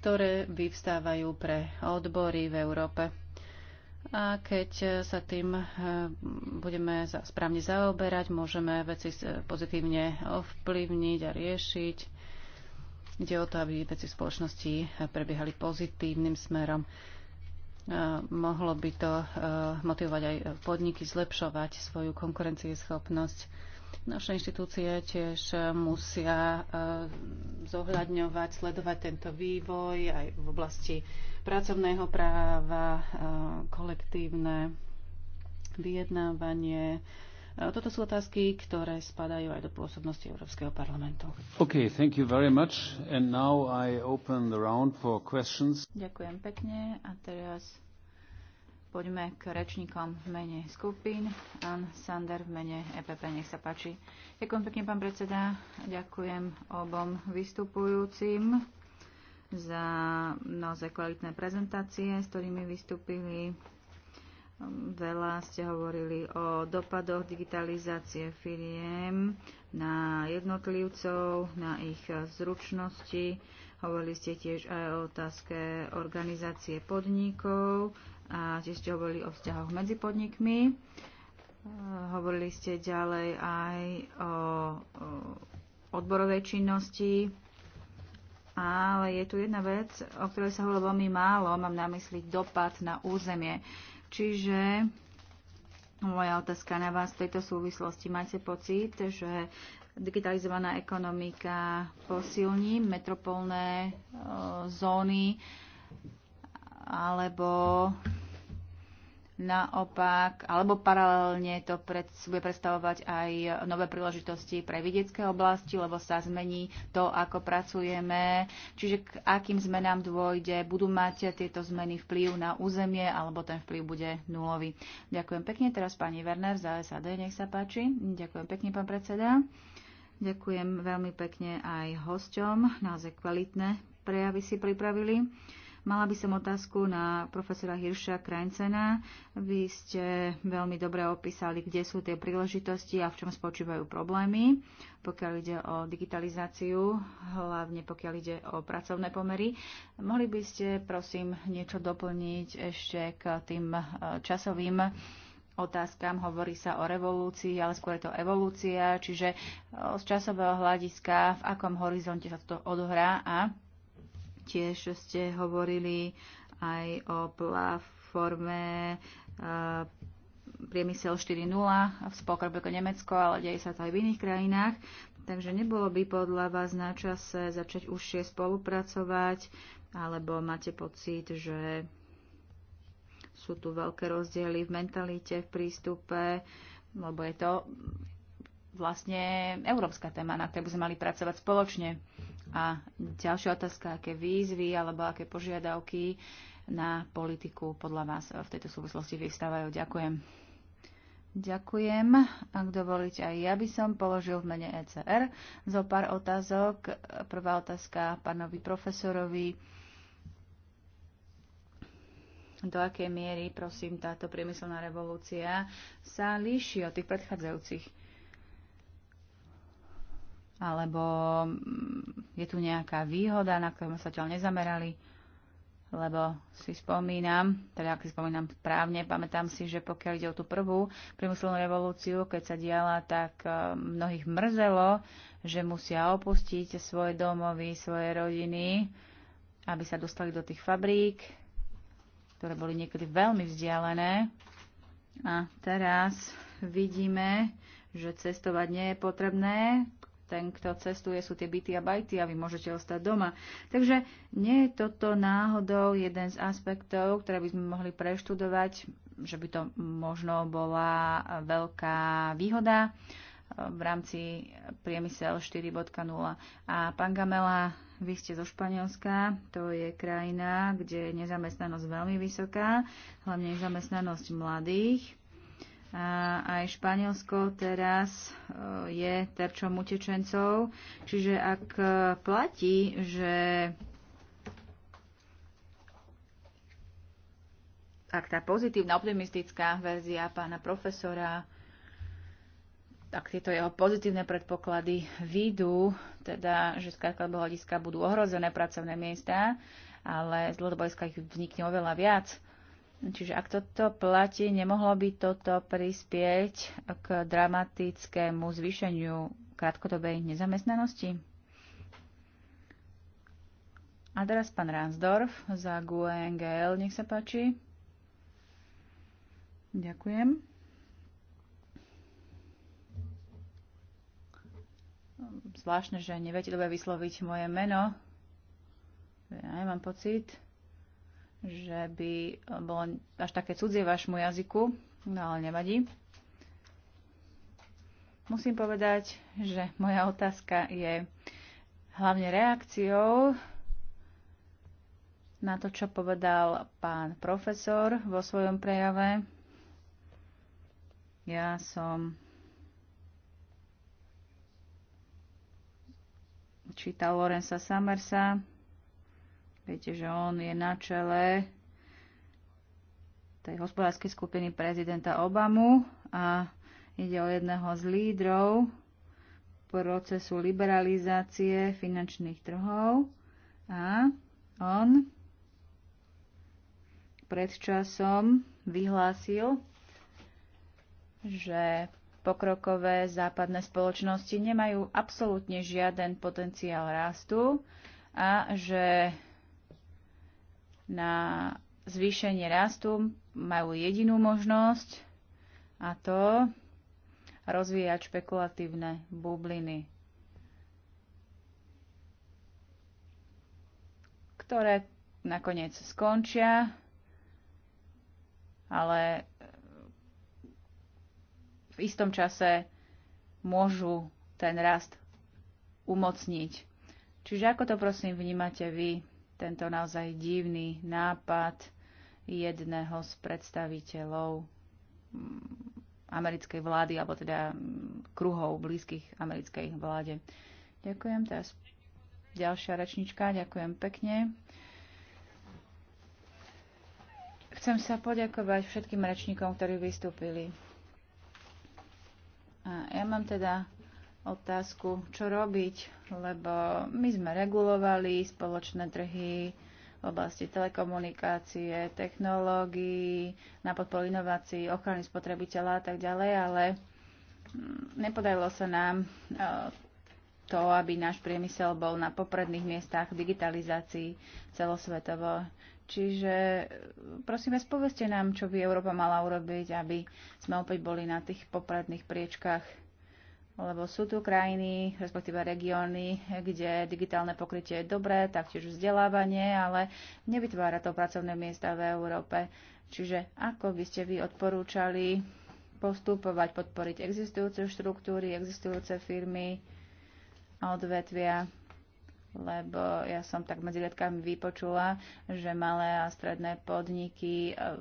ktoré vyvstávajú pre odbory v Európe. A keď sa tým e, budeme správne zaoberať, môžeme veci pozitívne ovplyvniť a riešiť Ide o to, aby veci spoločnosti eh, prebiehali pozitívnym smerom. Eh, mohlo by to eh, motivovať aj podniky zlepšovať svoju konkurencieschopnosť. Naše inštitúcie tiež musia zohľadňovať, sledovať tento vývoj aj v oblasti pracovného práva, kolektívne vyjednávanie, toto sú otázky, ktoré spadajú aj do pôsobnosti Európskeho parlamentu. Okay, Ďakujem pekne a teraz poďme k rečníkom v mene skupín. Ann Sander v mene EPP, nech sa páči. Ďakujem pekne, pán predseda. Ďakujem obom vystupujúcim za naozaj kvalitné prezentácie, s ktorými vystúpili Hm, veľa ste hovorili o dopadoch digitalizácie firiem na jednotlivcov, na ich zručnosti. Hovorili ste tiež aj o otázke organizácie podnikov a tiež ste hovorili o vzťahoch medzi podnikmi. Hm, hovorili ste ďalej aj o, o odborovej činnosti, ale je tu jedna vec, o ktorej sa hovorilo veľmi málo, mám na mysli dopad na územie. Čiže moja otázka na vás v tejto súvislosti. Máte pocit, že digitalizovaná ekonomika posilní metropolné e, zóny alebo Naopak, alebo paralelne to pred, bude predstavovať aj nové príležitosti pre vidiecké oblasti, lebo sa zmení to, ako pracujeme. Čiže k akým zmenám dôjde, budú mať tieto zmeny vplyv na územie, alebo ten vplyv bude nulový. Ďakujem pekne. Teraz pani Werner za SAD, nech sa páči. Ďakujem pekne, pán predseda. Ďakujem veľmi pekne aj hosťom. Naozaj kvalitné prejavy si pripravili. Mala by som otázku na profesora Hirša Krajncena. Vy ste veľmi dobre opísali, kde sú tie príležitosti a v čom spočívajú problémy, pokiaľ ide o digitalizáciu, hlavne pokiaľ ide o pracovné pomery. Mohli by ste, prosím, niečo doplniť ešte k tým e, časovým otázkam, hovorí sa o revolúcii, ale skôr je to evolúcia, čiže e, z časového hľadiska, v akom horizonte sa to odohrá a Tiež ste hovorili aj o platforme e, priemysel 4.0 v Spolkom Nemecko, ale deje sa to aj v iných krajinách. Takže nebolo by podľa vás na čase začať užšie spolupracovať, alebo máte pocit, že sú tu veľké rozdiely v mentalite, v prístupe, lebo je to vlastne európska téma, na ktorej by sme mali pracovať spoločne. A ďalšia otázka, aké výzvy alebo aké požiadavky na politiku podľa vás v tejto súvislosti vyvstávajú. Ďakujem. Ďakujem. Ak dovolíte, aj ja by som položil v mene ECR zo pár otázok. Prvá otázka pánovi profesorovi. Do akej miery, prosím, táto priemyselná revolúcia sa líši od tých predchádzajúcich? alebo mm, je tu nejaká výhoda, na ktorú sa ťa nezamerali, lebo si spomínam, teda ak si spomínam správne, pamätám si, že pokiaľ ide o tú prvú priemyselnú revolúciu, keď sa diala, tak eh, mnohých mrzelo, že musia opustiť svoje domovy, svoje rodiny, aby sa dostali do tých fabrík, ktoré boli niekedy veľmi vzdialené. A teraz vidíme, že cestovať nie je potrebné, ten, kto cestuje, sú tie byty a bajty a vy môžete ostať doma. Takže nie je toto náhodou jeden z aspektov, ktoré by sme mohli preštudovať, že by to možno bola veľká výhoda e, v rámci priemysel 4.0. A pán Gamela, vy ste zo Španielska, to je krajina, kde je nezamestnanosť veľmi vysoká, hlavne nezamestnanosť mladých a aj Španielsko teraz e, je terčom utečencov. Čiže ak e, platí, že ak tá pozitívna, optimistická verzia pána profesora, ak tieto jeho pozitívne predpoklady výjdu, teda, že z krátkodobého hľadiska budú ohrozené pracovné miesta, ale z dlhodobého hľadiska ich vznikne oveľa viac, Čiže ak toto platí, nemohlo by toto prispieť k dramatickému zvýšeniu krátkodobej nezamestnanosti? A teraz pán Ransdorf za GUNGL, nech sa páči. Ďakujem. Zvláštne, že neviete dobre vysloviť moje meno. Ja nemám pocit že by eh, bolo až také cudzie vášmu jazyku, no ale nevadí. Musím povedať, že moja otázka je hlavne reakciou na to, čo povedal pán profesor vo svojom prejave. Ja som čítal Lorenza Summersa, Viete, že on je na čele tej hospodárskej skupiny prezidenta Obamu a ide o jedného z lídrov procesu liberalizácie finančných trhov a on pred časom vyhlásil, že pokrokové západné spoločnosti nemajú absolútne žiaden potenciál rastu a že na zvýšenie rastu majú jedinú možnosť a to rozvíjať špekulatívne bubliny, ktoré nakoniec skončia, ale v istom čase môžu ten rast umocniť. Čiže ako to prosím vnímate vy? tento naozaj divný nápad jedného z predstaviteľov mm, americkej vlády, alebo teda mm, kruhov blízkych americkej vláde. Ďakujem. Teraz ďalšia rečnička. Ďakujem pekne. Chcem sa poďakovať všetkým rečníkom, ktorí vystúpili. A ja mám teda otázku, čo robiť, lebo my sme regulovali spoločné trhy v oblasti telekomunikácie, technológií, na podporu inovácií, ochrany spotrebiteľa a tak ďalej, ale mm, nepodarilo sa nám e, to, aby náš priemysel bol na popredných miestach digitalizácií celosvetovo. Čiže e, prosím vás, nám, čo by Európa mala urobiť, aby sme opäť boli na tých popredných priečkách lebo sú tu krajiny, respektíve regióny, kde digitálne pokrytie je dobré, taktiež vzdelávanie, ale nevytvára to pracovné miesta v Európe. Čiže ako by ste vy odporúčali postupovať, podporiť existujúce štruktúry, existujúce firmy a odvetvia, lebo ja som tak medzi riadkami vypočula, že malé a stredné podniky eh,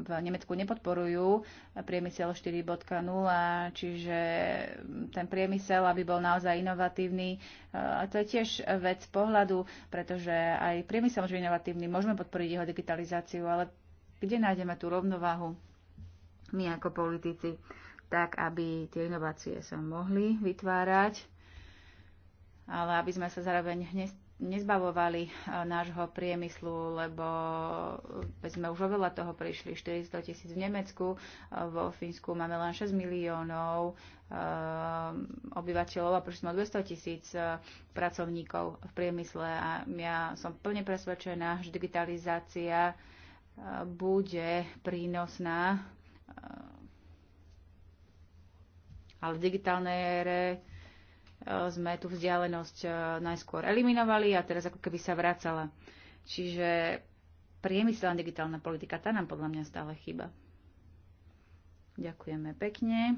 v Nemecku nepodporujú priemysel 4.0, čiže ten priemysel, aby bol naozaj inovatívny, eh, a to je tiež vec pohľadu, pretože aj priemysel môže inovatívny, môžeme podporiť jeho digitalizáciu, ale kde nájdeme tú rovnováhu my ako politici, tak aby tie inovácie sa mohli vytvárať, ale aby sme sa zároveň nezbavovali eh, nášho priemyslu, lebo eh, sme už oveľa toho prišli. 400 tisíc v Nemecku, eh, vo Fínsku máme len 6 miliónov obyvateľov a prišli sme 200 tisíc pracovníkov v priemysle a ja som plne presvedčená, že digitalizácia bude prínosná ale v digitálnej ére E, sme tú vzdialenosť e, najskôr eliminovali a teraz ako keby sa vracala. Čiže priemyselná digitálna politika, tá nám podľa mňa stále chyba. Ďakujeme pekne.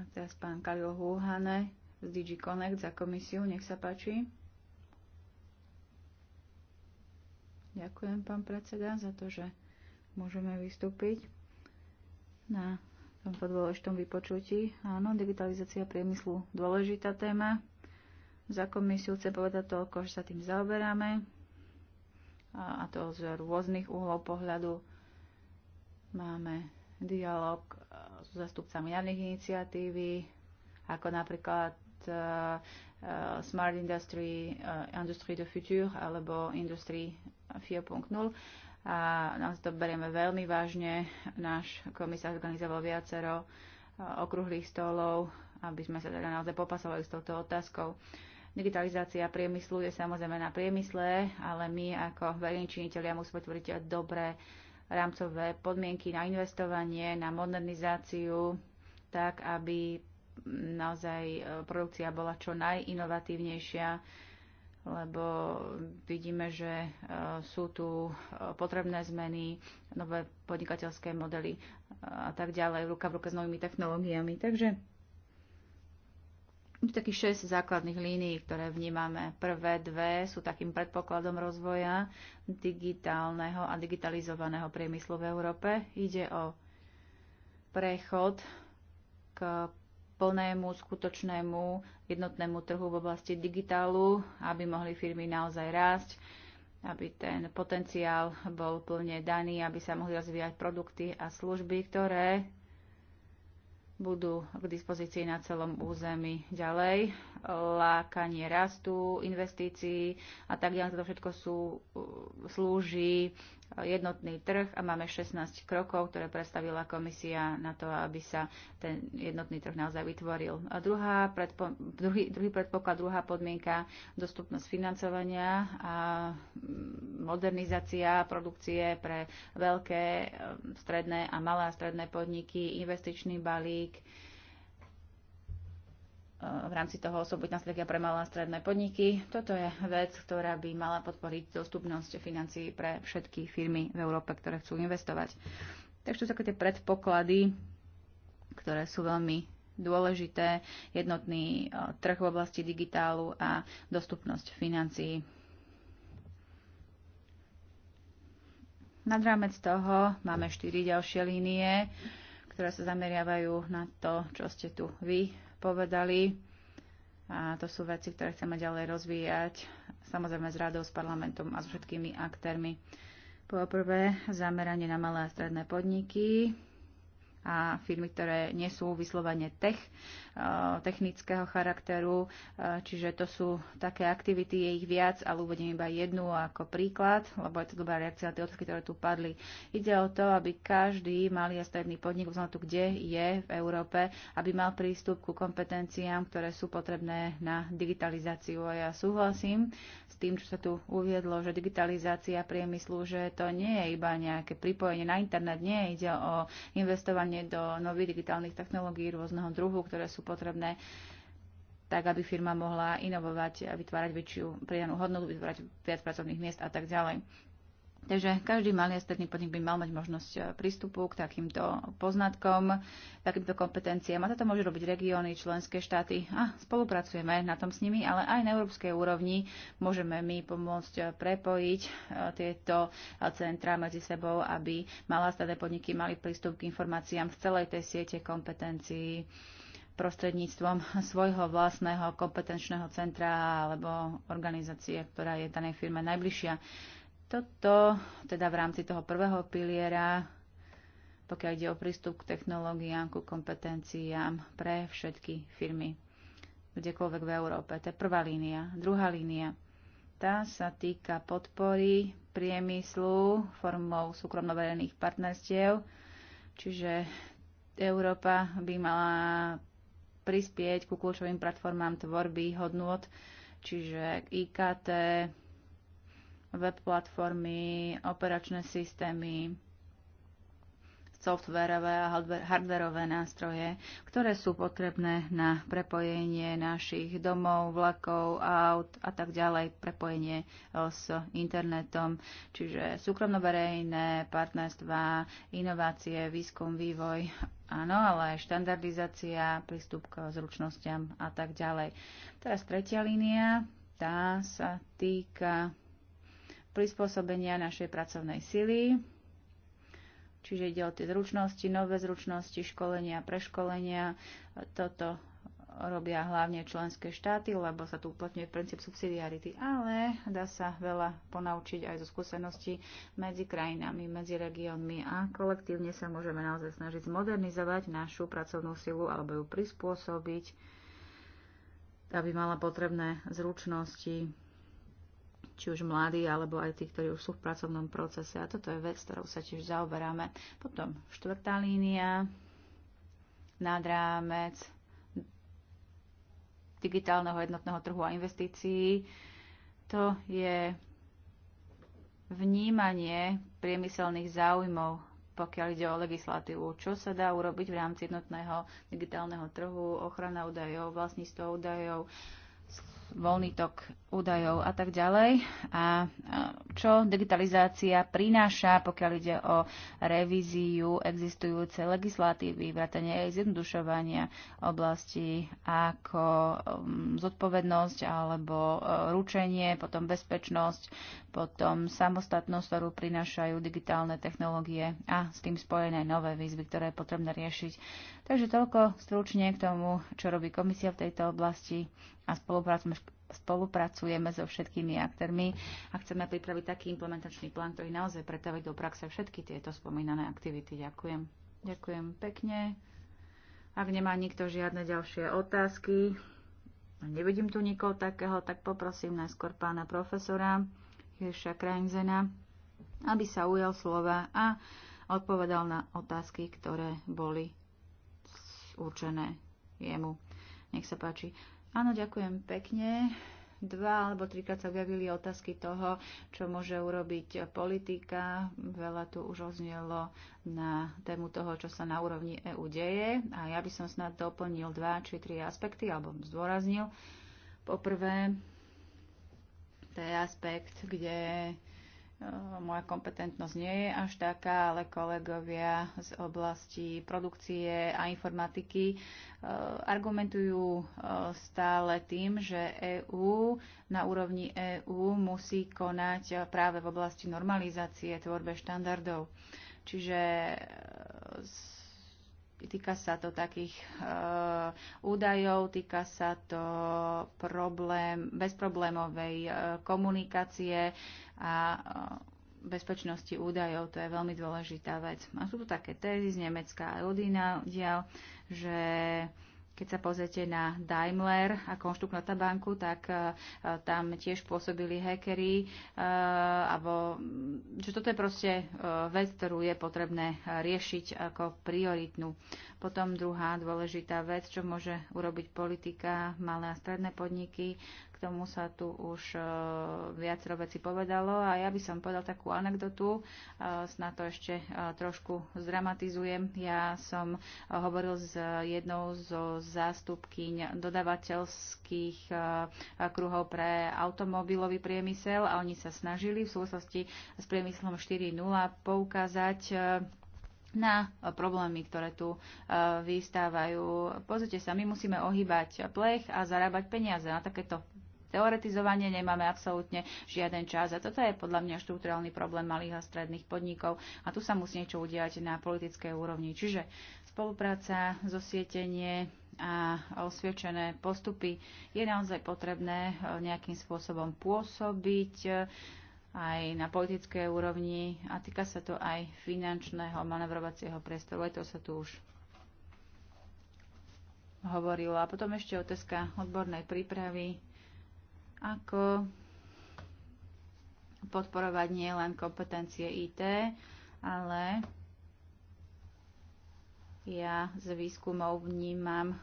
A teraz pán Kalil Húhane z Digiconnect za komisiu, nech sa páči. Ďakujem, pán predseda, za to, že môžeme vystúpiť na tomto dôležitom vypočutí. Áno, digitalizácia priemyslu dôležitá téma. Za komisiu chcem povedať toľko, že sa tým zaoberáme a to z rôznych uhlov pohľadu. Máme dialog e, s zastupcami javných iniciatívy, ako napríklad e, e, Smart Industry, Industrie de Future alebo Industry 4.0 a nás to berieme veľmi vážne. Náš komisár organizoval viacero e, okrúhlych stolov, aby sme sa teda naozaj popasovali s touto otázkou. Digitalizácia priemyslu je samozrejme na priemysle, ale my ako verejní činiteľia musíme tvoriť dobré rámcové podmienky na investovanie, na modernizáciu, tak aby naozaj e, produkcia bola čo najinovatívnejšia, lebo vidíme, že e, sú tu e, potrebné zmeny, nové podnikateľské modely e, a tak ďalej, ruka v ruke s novými technológiami. Takže takých 6 základných línií, ktoré vnímame. Prvé dve sú takým predpokladom rozvoja digitálneho a digitalizovaného priemyslu v Európe. Ide o prechod k plnému, skutočnému jednotnému trhu v oblasti digitálu, aby mohli firmy naozaj rásť, aby ten potenciál bol plne daný, aby sa mohli rozvíjať produkty a služby, ktoré budú k dispozícii na celom území ďalej. Lákanie rastu, investícií a tak ďalej, to všetko sú, slúži jednotný trh a máme 16 krokov, ktoré predstavila komisia na to, aby sa ten jednotný trh naozaj vytvoril. A druhá predpo, druhý, druhý predpoklad, druhá podmienka, dostupnosť financovania a modernizácia produkcie pre veľké, stredné a malé a stredné podniky, investičný balík, v rámci toho osobitná strategia pre malé a stredné podniky. Toto je vec, ktorá by mala podporiť dostupnosť financií pre všetky firmy v Európe, ktoré chcú investovať. Takže to sú také tie predpoklady, ktoré sú veľmi dôležité. Jednotný eh, trh v oblasti digitálu a dostupnosť financií. Nad rámec toho máme štyri ďalšie línie, ktoré sa zameriavajú na to, čo ste tu vy povedali. A to sú veci, ktoré chceme ďalej rozvíjať, samozrejme s radou, s parlamentom a s všetkými aktérmi. Poprvé, zameranie na malé a stredné podniky a firmy, ktoré nie sú vyslovene tech, e, technického charakteru, e, čiže to sú také aktivity, je ich viac, ale uvedem iba jednu ako príklad, lebo je to dobrá reakcia na tie otázky, ktoré tu padli. Ide o to, aby každý malý a stredný podnik, vzhľadom tu, kde je v Európe, aby mal prístup ku kompetenciám, ktoré sú potrebné na digitalizáciu. A ja súhlasím s tým, čo sa tu uviedlo, že digitalizácia priemyslu, že to nie je iba nejaké pripojenie na internet, nie ide o investovanie investovanie do nových digitálnych technológií rôzneho druhu, ktoré sú potrebné tak, aby firma mohla inovovať a vytvárať väčšiu pridanú hodnotu, vytvárať viac pracovných miest a tak ďalej. Takže každý malý a stredný podnik by mal mať možnosť e, prístupu k takýmto poznatkom, takýmto kompetenciám. A toto môžu robiť regióny, členské štáty. A spolupracujeme na tom s nimi, ale aj na európskej úrovni môžeme my pomôcť e, prepojiť e, tieto centra medzi sebou, aby malé a stredné podniky mali prístup k informáciám z celej tej siete kompetencií prostredníctvom svojho vlastného kompetenčného centra alebo organizácie, ktorá je danej firme najbližšia. Toto teda v rámci toho prvého piliera, pokiaľ ide o prístup k technológiám, ku kompetenciám pre všetky firmy kdekoľvek v Európe. To je prvá línia. Druhá línia. Tá sa týka podpory priemyslu formou súkromnoverejných partnerstiev, čiže Európa by mala prispieť ku kľúčovým platformám tvorby hodnôt, čiže IKT, web platformy, operačné systémy, softwareové a hardwareové nástroje, ktoré sú potrebné na prepojenie našich domov, vlakov, aut a tak ďalej, prepojenie e, s internetom, čiže súkromnoverejné partnerstvá, inovácie, výskum, vývoj, áno, ale aj štandardizácia, prístup k zručnostiam a tak ďalej. Teraz tretia línia, tá sa týka prispôsobenia našej pracovnej sily, čiže ide o tie zručnosti, nové zručnosti, školenia, preškolenia. Toto robia hlavne členské štáty, lebo sa tu uplatňuje princíp subsidiarity, ale dá sa veľa ponaučiť aj zo skúseností medzi krajinami, medzi regiónmi a kolektívne sa môžeme naozaj snažiť zmodernizovať našu pracovnú silu alebo ju prispôsobiť, aby mala potrebné zručnosti, či už mladí, alebo aj tí, ktorí už sú v pracovnom procese. A toto je vec, ktorou sa tiež zaoberáme. Potom štvrtá línia, nadrámec digitálneho jednotného trhu a investícií. To je vnímanie priemyselných záujmov, pokiaľ ide o legislatívu. Čo sa dá urobiť v rámci jednotného digitálneho trhu, ochrana údajov, vlastníctvo údajov, voľný tok údajov a tak ďalej. A čo digitalizácia prináša, pokiaľ ide o revíziu existujúcej legislatívy, vrátanie aj zjednodušovania oblasti ako um, zodpovednosť alebo e, ručenie, potom bezpečnosť, potom samostatnosť, ktorú prinášajú digitálne technológie a s tým spojené nové výzvy, ktoré je potrebné riešiť Takže toľko stručne k tomu, čo robí komisia v tejto oblasti a spolupracujeme, spolupracujeme so všetkými aktérmi a chceme pripraviť taký implementačný plán, ktorý naozaj pretaví do praxe všetky tieto spomínané aktivity. Ďakujem. Ďakujem pekne. Ak nemá nikto žiadne ďalšie otázky, nevidím tu nikoho takého, tak poprosím najskôr pána profesora Hirša Krajnzena, aby sa ujal slova a odpovedal na otázky, ktoré boli určené jemu. Nech sa páči. Áno, ďakujem pekne. Dva alebo trikrát sa objavili otázky toho, čo môže urobiť politika. Veľa tu už oznielo na tému toho, čo sa na úrovni EU deje. A ja by som snad doplnil dva či tri aspekty, alebo zdôraznil. Poprvé, to je aspekt, kde moja kompetentnosť nie je až taká, ale kolegovia z oblasti produkcie a informatiky eh, argumentujú eh, stále tým, že EÚ na úrovni EÚ musí konať eh, práve v oblasti normalizácie tvorbe štandardov. Čiže Týka sa to takých e, údajov, týka sa to problém, bezproblémovej e, komunikácie a e, bezpečnosti údajov, to je veľmi dôležitá vec. A sú tu také tézy z Nemecka a od dial, že keď sa pozrite na Daimler a konštruktnota banku, tak e, tam tiež pôsobili hackery. E, Alebo, toto je proste e, vec, ktorú je potrebné riešiť ako prioritnú. Potom druhá dôležitá vec, čo môže urobiť politika, malé a stredné podniky. K tomu sa tu už e, viacero veci povedalo a ja by som povedal takú anekdotu, e, snad to ešte e, trošku zdramatizujem. Ja som hovoril s jednou zo zástupkyň dodavateľských kruhov pre automobilový priemysel a oni sa snažili v súvislosti s priemyslom 4.0 poukázať na problémy, ktoré tu e, vystávajú. Pozrite sa, my musíme ohýbať plech a zarábať peniaze na takéto teoretizovanie, nemáme absolútne žiaden čas. A toto je podľa mňa štruktúrálny problém malých a stredných podnikov a tu sa musí niečo udiať na politickej úrovni. Čiže spolupráca, zosietenie a osviečené postupy je naozaj potrebné e, nejakým spôsobom pôsobiť e, aj na politické úrovni a týka sa to aj finančného manevrovacieho priestoru. Aj to sa tu už hovorilo. A potom ešte otázka odbornej prípravy. Ako podporovať nie len kompetencie IT, ale ja z výskumov vnímam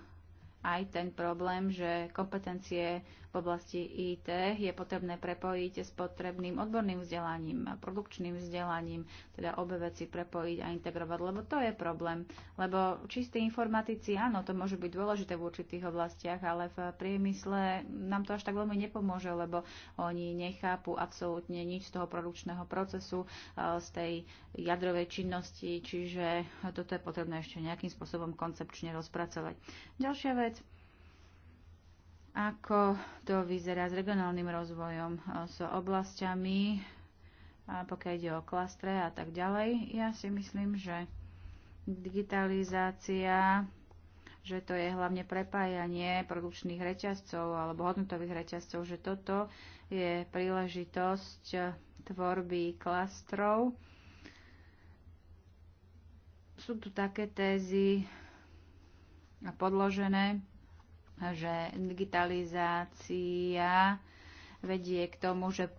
aj ten problém, že kompetencie v oblasti IT je potrebné prepojiť s potrebným odborným vzdelaním a produkčným vzdelaním, teda obe veci prepojiť a integrovať, lebo to je problém. Lebo čistí informatici, áno, to môže byť dôležité v určitých oblastiach, ale v priemysle nám to až tak veľmi nepomôže, lebo oni nechápu absolútne nič z toho produkčného procesu, e, z tej jadrovej činnosti, čiže toto je potrebné ešte nejakým spôsobom koncepčne rozpracovať. Ďalšia vec, ako to vyzerá s regionálnym rozvojom, eh, s oblastiami, pokiaľ ide o klastre a tak ďalej, ja si myslím, že digitalizácia, že to je hlavne prepájanie produkčných reťazcov alebo hodnotových reťazcov, že toto je príležitosť eh, tvorby klastrov. Sú tu také tézy podložené, že digitalizácia vedie k tomu, že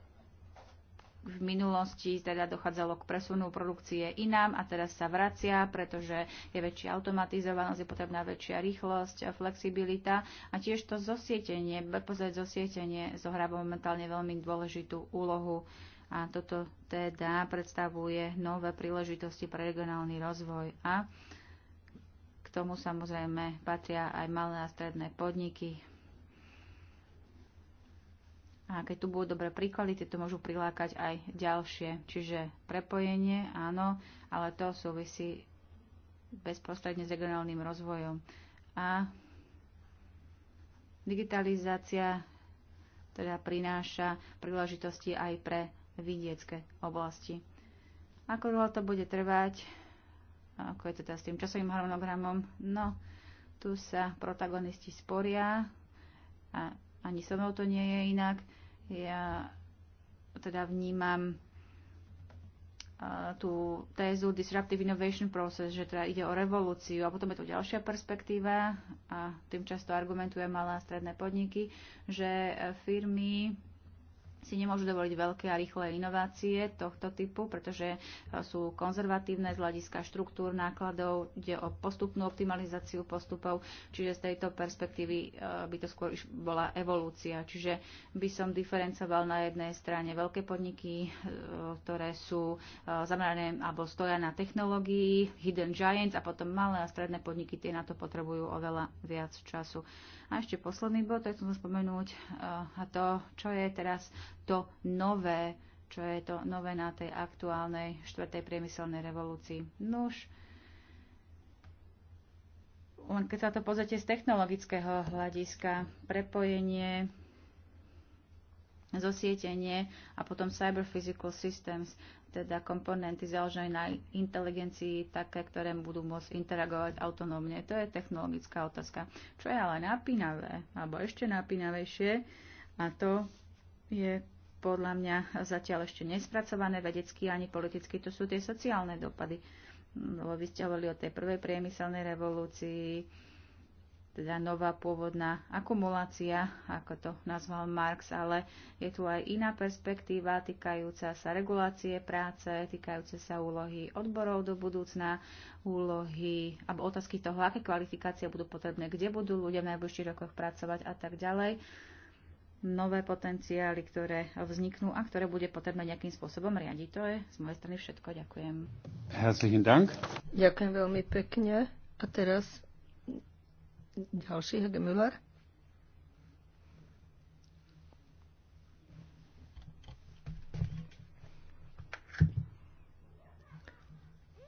v minulosti teda dochádzalo k presunu produkcie inám a teraz sa vracia, pretože je väčšia automatizovanosť, je potrebná väčšia rýchlosť, a flexibilita a tiež to zosietenie, pozrieť zosietenie zohráva momentálne veľmi dôležitú úlohu a toto teda predstavuje nové príležitosti pre regionálny rozvoj a tomu samozrejme patria aj malé a stredné podniky. A keď tu budú dobré príklady, tieto môžu prilákať aj ďalšie. Čiže prepojenie, áno, ale to súvisí bezprostredne s regionálnym rozvojom. A digitalizácia teda prináša príležitosti aj pre vidiecké oblasti. Ako dlho to bude trvať, ako je teda s tým časovým harmonogramom. No, tu sa protagonisti sporia a ani so mnou to nie je inak. Ja teda vnímam tú tézu Disruptive Innovation Process, že teda ide o revolúciu a potom je tu ďalšia perspektíva a tým často argumentuje malé a stredné podniky, že firmy si nemôžu dovoliť veľké a rýchle inovácie tohto typu, pretože e, sú konzervatívne z hľadiska štruktúr nákladov, ide o postupnú optimalizáciu postupov, čiže z tejto perspektívy e, by to skôr bola evolúcia. Čiže by som diferencoval na jednej strane veľké podniky, e, ktoré sú zamerané alebo stoja na technológii, hidden giants a potom malé a stredné podniky, tie na to potrebujú oveľa viac času. A ešte posledný bod, to chcem spomenúť, a to, čo je teraz to nové, čo je to nové na tej aktuálnej štvrtej priemyselnej revolúcii. Nuž, len keď sa to pozrite z technologického hľadiska, prepojenie, zosietenie a potom cyber physical systems, teda komponenty založené na inteligencii, také, ktoré budú môcť interagovať autonómne. To je technologická otázka. Čo je ale napínavé, alebo ešte napínavejšie, a to je podľa mňa zatiaľ ešte nespracované vedecky ani politicky. To sú tie sociálne dopady. Lebo vy ste hovorili o tej prvej priemyselnej revolúcii, teda nová pôvodná akumulácia, ako to nazval Marx, ale je tu aj iná perspektíva týkajúca sa regulácie práce, týkajúce sa úlohy odborov do budúcna, úlohy alebo otázky toho, aké kvalifikácie budú potrebné, kde budú ľudia v najbližších rokoch pracovať a tak ďalej nové potenciály, ktoré vzniknú a ktoré bude potrebné nejakým spôsobom riadiť. To je z mojej strany všetko. Ďakujem. Herzlichen Dank. Ďakujem veľmi pekne. A teraz ďalší Hege Müller.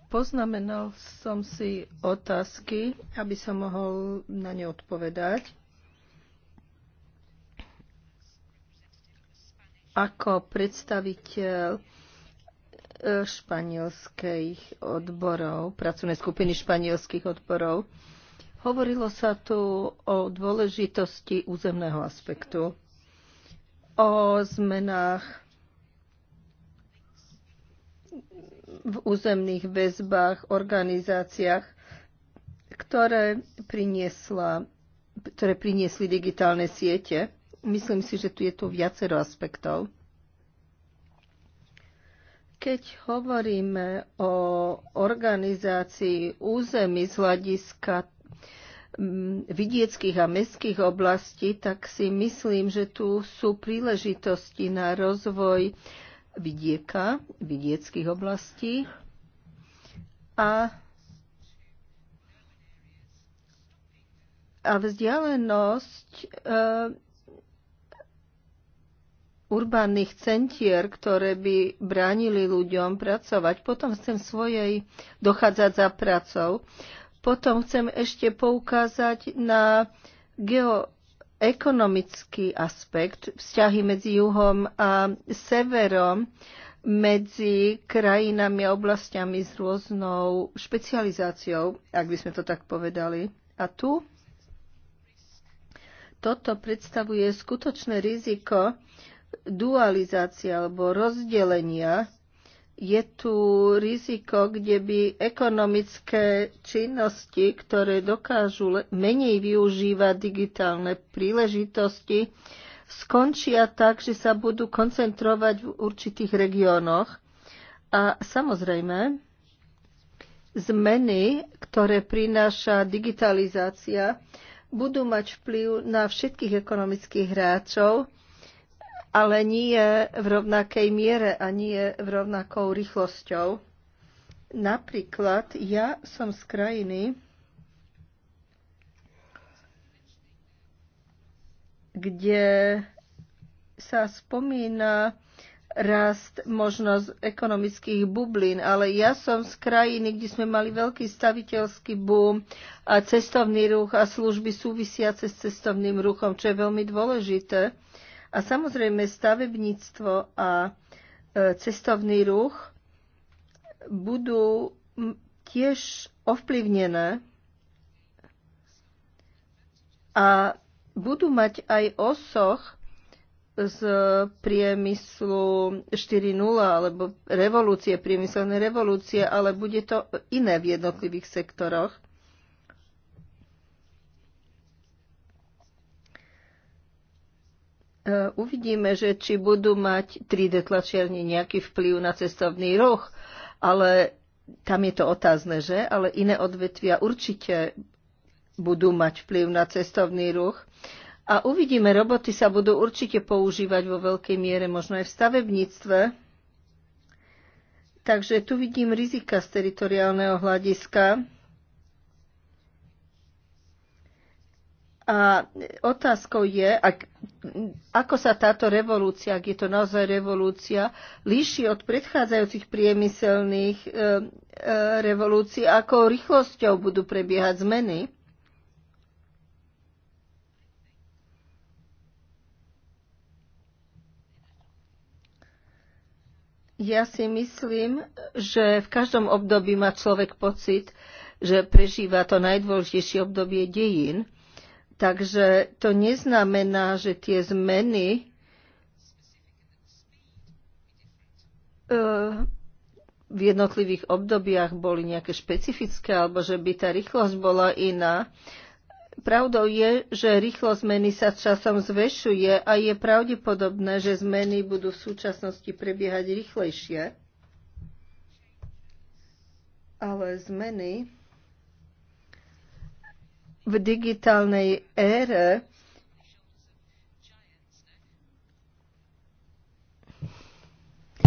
Poznamenal som si otázky, aby som mohol na ne odpovedať. ako predstaviteľ e, španielských odborov, pracovnej skupiny španielských odborov. Hovorilo sa tu o dôležitosti územného aspektu, o zmenách v územných väzbách, organizáciách, ktoré, priniesla, ktoré priniesli digitálne siete. Myslím si, že tu je tu viacero aspektov. Keď hovoríme o organizácii území z hľadiska mm, vidieckých a mestských oblastí, tak si myslím, že tu sú príležitosti na rozvoj vidieka, vidieckých oblastí a, a vzdialenosť e, urbánnych centier, ktoré by bránili ľuďom pracovať. Potom chcem svojej dochádzať za pracou. Potom chcem ešte poukázať na geoekonomický aspekt, vzťahy medzi juhom a severom, medzi krajinami a oblastiami s rôznou špecializáciou, ak by sme to tak povedali. A tu toto predstavuje skutočné riziko, dualizácia alebo rozdelenia. Je tu riziko, kde by ekonomické činnosti, ktoré dokážu menej využívať digitálne príležitosti, skončia tak, že sa budú koncentrovať v určitých regiónoch. A samozrejme, zmeny, ktoré prináša digitalizácia, budú mať vplyv na všetkých ekonomických hráčov, ale nie v rovnakej miere a nie v rovnakou rýchlosťou. Napríklad ja som z krajiny, kde sa spomína rast možnosť ekonomických bublín, ale ja som z krajiny, kde sme mali veľký staviteľský boom a cestovný ruch a služby súvisiace s cestovným ruchom, čo je veľmi dôležité. A samozrejme stavebníctvo a e, cestovný ruch budú tiež ovplyvnené a budú mať aj osoch z priemyslu 4.0 alebo revolúcie, priemyselné revolúcie, ale bude to iné v jednotlivých sektoroch. E, uvidíme, že či budú mať 3D tlačiarne nejaký vplyv na cestovný ruch, ale tam je to otázne, že? Ale iné odvetvia určite budú mať vplyv na cestovný ruch. A uvidíme, roboty sa budú určite používať vo veľkej miere, možno aj v stavebníctve. Takže tu vidím rizika z teritoriálneho hľadiska. A otázkou je, ak, ako sa táto revolúcia, ak je to naozaj revolúcia, líši od predchádzajúcich priemyselných e, e, revolúcií, ako rýchlosťou budú prebiehať zmeny. Ja si myslím, že v každom období má človek pocit, že prežíva to najdôležitejšie obdobie dejín Takže to neznamená, že tie zmeny eh, v jednotlivých obdobiach boli nejaké špecifické, alebo že by tá rýchlosť bola iná. Pravdou je, že rýchlosť zmeny sa časom zväšuje a je pravdepodobné, že zmeny budú v súčasnosti prebiehať rýchlejšie. Ale zmeny v digitálnej ére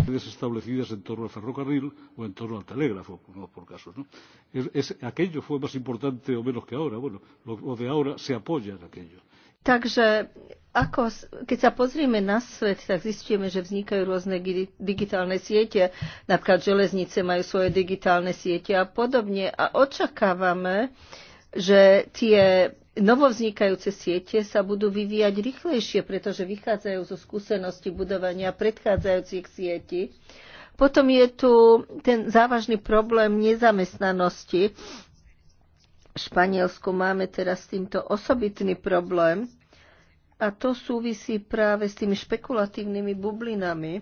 redes establecidas en torno al ferrocarril o en torno al telégrafo, no por casos. ¿no? Es, es, aquello fue más importante o menos que ahora. Bueno, lo, lo de ahora se apoya en aquello. Takže ako, keď sa pozrieme na svet, tak zistíme, že vznikajú rôzne digitálne siete. Napríklad železnice majú svoje digitálne siete a podobne. A očakávame, uh, že tie novovznikajúce siete sa budú vyvíjať rýchlejšie, pretože vychádzajú zo skúsenosti budovania predchádzajúcich sietí. Potom je tu ten závažný problém nezamestnanosti. V Španielsku máme teraz týmto osobitný problém a to súvisí práve s tými špekulatívnymi bublinami.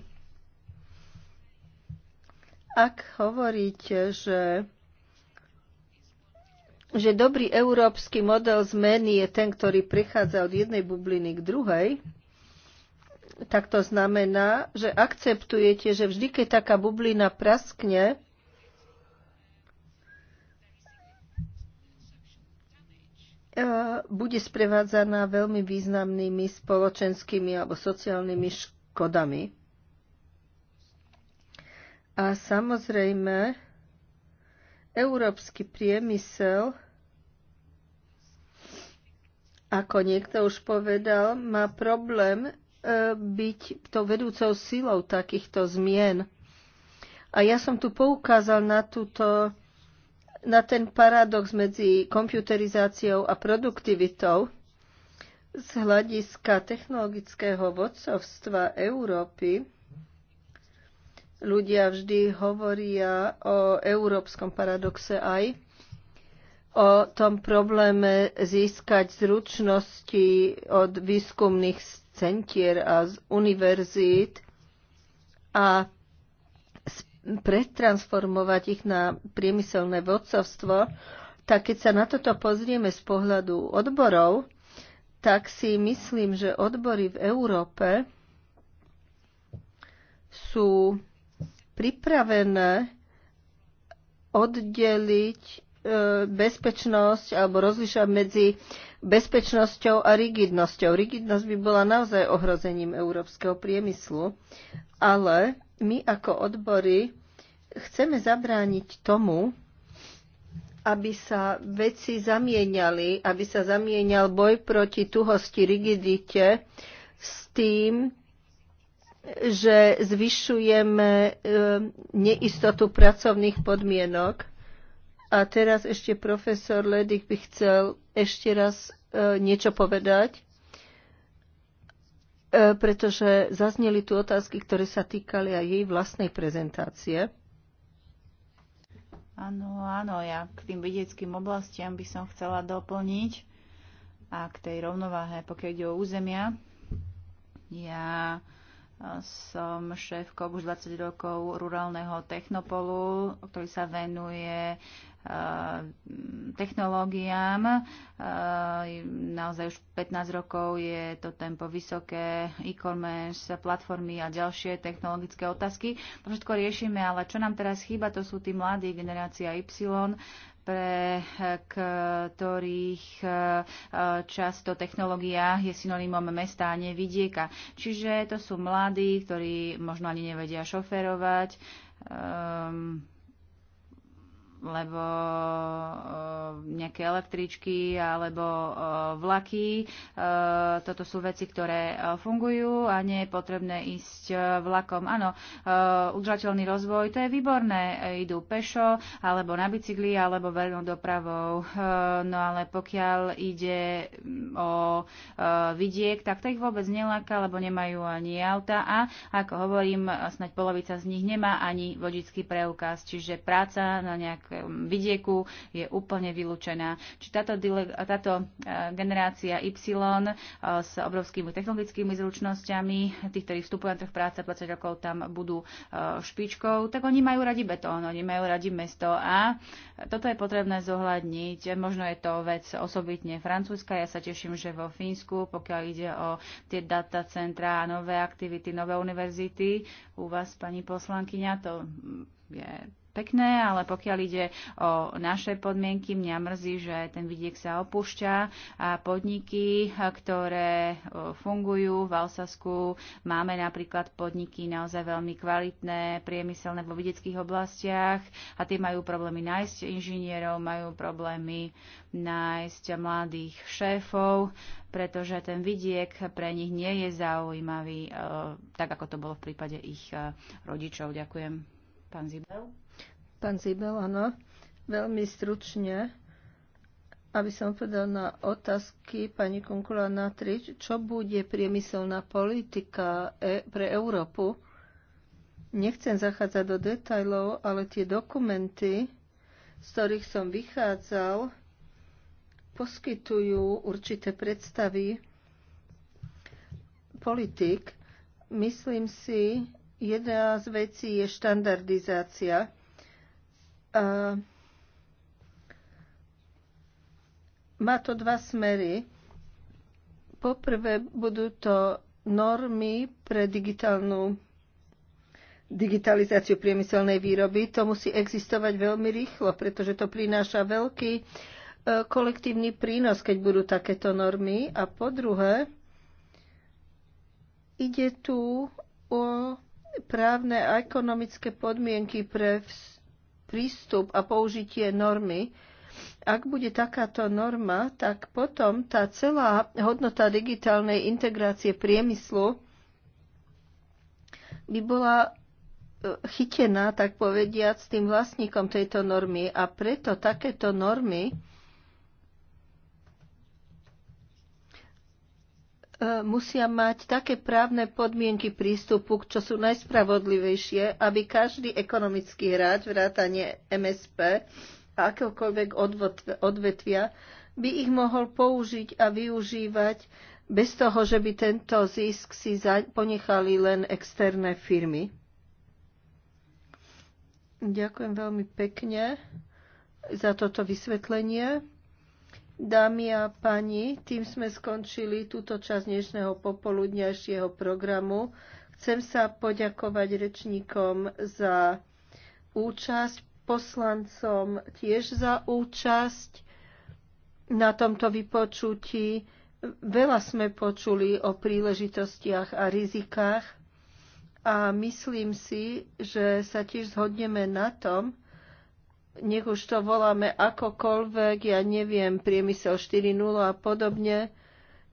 Ak hovoríte, že že dobrý európsky model zmeny je ten, ktorý prichádza od jednej bubliny k druhej, tak to znamená, že akceptujete, že vždy, keď taká bublina praskne, e, bude sprevádzaná veľmi významnými spoločenskými alebo sociálnymi škodami. A samozrejme, Európsky priemysel, ako niekto už povedal, má problém e, byť tou vedúcou silou takýchto zmien. A ja som tu poukázal na, túto, na ten paradox medzi komputerizáciou a produktivitou. Z hľadiska technologického vodcovstva Európy Ľudia vždy hovoria o európskom paradoxe aj, o tom probléme získať zručnosti od výskumných centier a z univerzít a pretransformovať ich na priemyselné vodcovstvo, tak keď sa na toto pozrieme z pohľadu odborov, tak si myslím, že odbory v Európe sú pripravené oddeliť e, bezpečnosť alebo rozlišovať medzi bezpečnosťou a rigidnosťou. Rigidnosť by bola naozaj ohrozením európskeho priemyslu, ale my ako odbory chceme zabrániť tomu, aby sa veci zamieniali, aby sa zamienial boj proti tuhosti, rigidite s tým, že zvyšujeme e, neistotu pracovných podmienok. A teraz ešte profesor Ledik by chcel ešte raz e, niečo povedať, e, pretože zazneli tu otázky, ktoré sa týkali aj jej vlastnej prezentácie. Áno, áno, ja k tým vedeckým oblastiam by som chcela doplniť a k tej rovnováhe, pokiaľ ide o územia. Ja som šéfkou už 20 rokov rurálneho technopolu, ktorý sa venuje eh, technológiám. Eh, naozaj už 15 rokov je to tempo vysoké, e-commerce, platformy a ďalšie technologické otázky. To všetko riešime, ale čo nám teraz chýba, to sú tí mladí, generácia Y, pre eh, ktorých eh, eh, často technológia je synonymom mesta a nevidieka. Čiže to sú mladí, ktorí možno ani nevedia šoferovať, um, lebo eh, nejaké električky alebo eh, vlaky. Eh, toto sú veci, ktoré fungujú a nie je potrebné ísť vlakom. Áno, udržateľný rozvoj, to je výborné. Idú pešo alebo na bicykli alebo verejnou dopravou. No ale pokiaľ ide mm, o vidiek, tak to ich vôbec neláka, lebo nemajú ani auta a ako hovorím, snaď polovica z nich nemá ani vodický preukaz, čiže práca na nejaké Um, vidieku je úplne vylúčená. Čiže táto, táto uh, generácia Y uh, s obrovskými technologickými zručnosťami, tých, ktorí vstupujú na trh práce 20 rokov, tam budú uh, špičkou, tak oni majú radi betón, oni majú radi mesto a toto je potrebné zohľadniť. Možno je to vec osobitne francúzska. Ja sa teším, že vo Fínsku, pokiaľ ide o tie data centra a nové aktivity, nové univerzity, u vás, pani poslankyňa, to je pekné, ale pokiaľ ide o naše podmienky, mňa mrzí, že ten vidiek sa opúšťa a podniky, ktoré fungujú v Alsasku, máme napríklad podniky naozaj veľmi kvalitné, priemyselné vo vidieckých oblastiach a tie majú problémy nájsť inžinierov, majú problémy nájsť mladých šéfov, pretože ten vidiek pre nich nie je zaujímavý, tak ako to bolo v prípade ich rodičov. Ďakujem. Pán Zibel. Pán Zibel, áno. Veľmi stručne, aby som povedal na otázky pani Kunkula Natrič, čo bude priemyselná politika e, pre Európu. Nechcem zachádzať do detajlov, ale tie dokumenty, z ktorých som vychádzal, poskytujú určité predstavy politik. Myslím si, jedna z vecí je štandardizácia Eh, má to dva smery. Poprvé budú to normy pre digitálnu digitalizáciu priemyselnej výroby. To musí existovať veľmi rýchlo, pretože to prináša veľký eh, kolektívny prínos, keď budú takéto normy. A po druhé, ide tu o právne a ekonomické podmienky pre vstup prístup a použitie normy. Ak bude takáto norma, tak potom tá celá hodnota digitálnej integrácie priemyslu by bola e, chytená, tak povediať, s tým vlastníkom tejto normy. A preto takéto normy E, musia mať také právne podmienky prístupu, čo sú najspravodlivejšie, aby každý ekonomický hráč, vrátanie MSP a akéhokoľvek odvetvia, by ich mohol použiť a využívať bez toho, že by tento zisk si ponechali len externé firmy. Ďakujem veľmi pekne za toto vysvetlenie. Dámy a pani, tým sme skončili túto časť dnešného popoludňajšieho programu. Chcem sa poďakovať rečníkom za účasť, poslancom tiež za účasť na tomto vypočutí. Veľa sme počuli o príležitostiach a rizikách a myslím si, že sa tiež zhodneme na tom, nech už to voláme akokoľvek, ja neviem, priemysel 4.0 a podobne,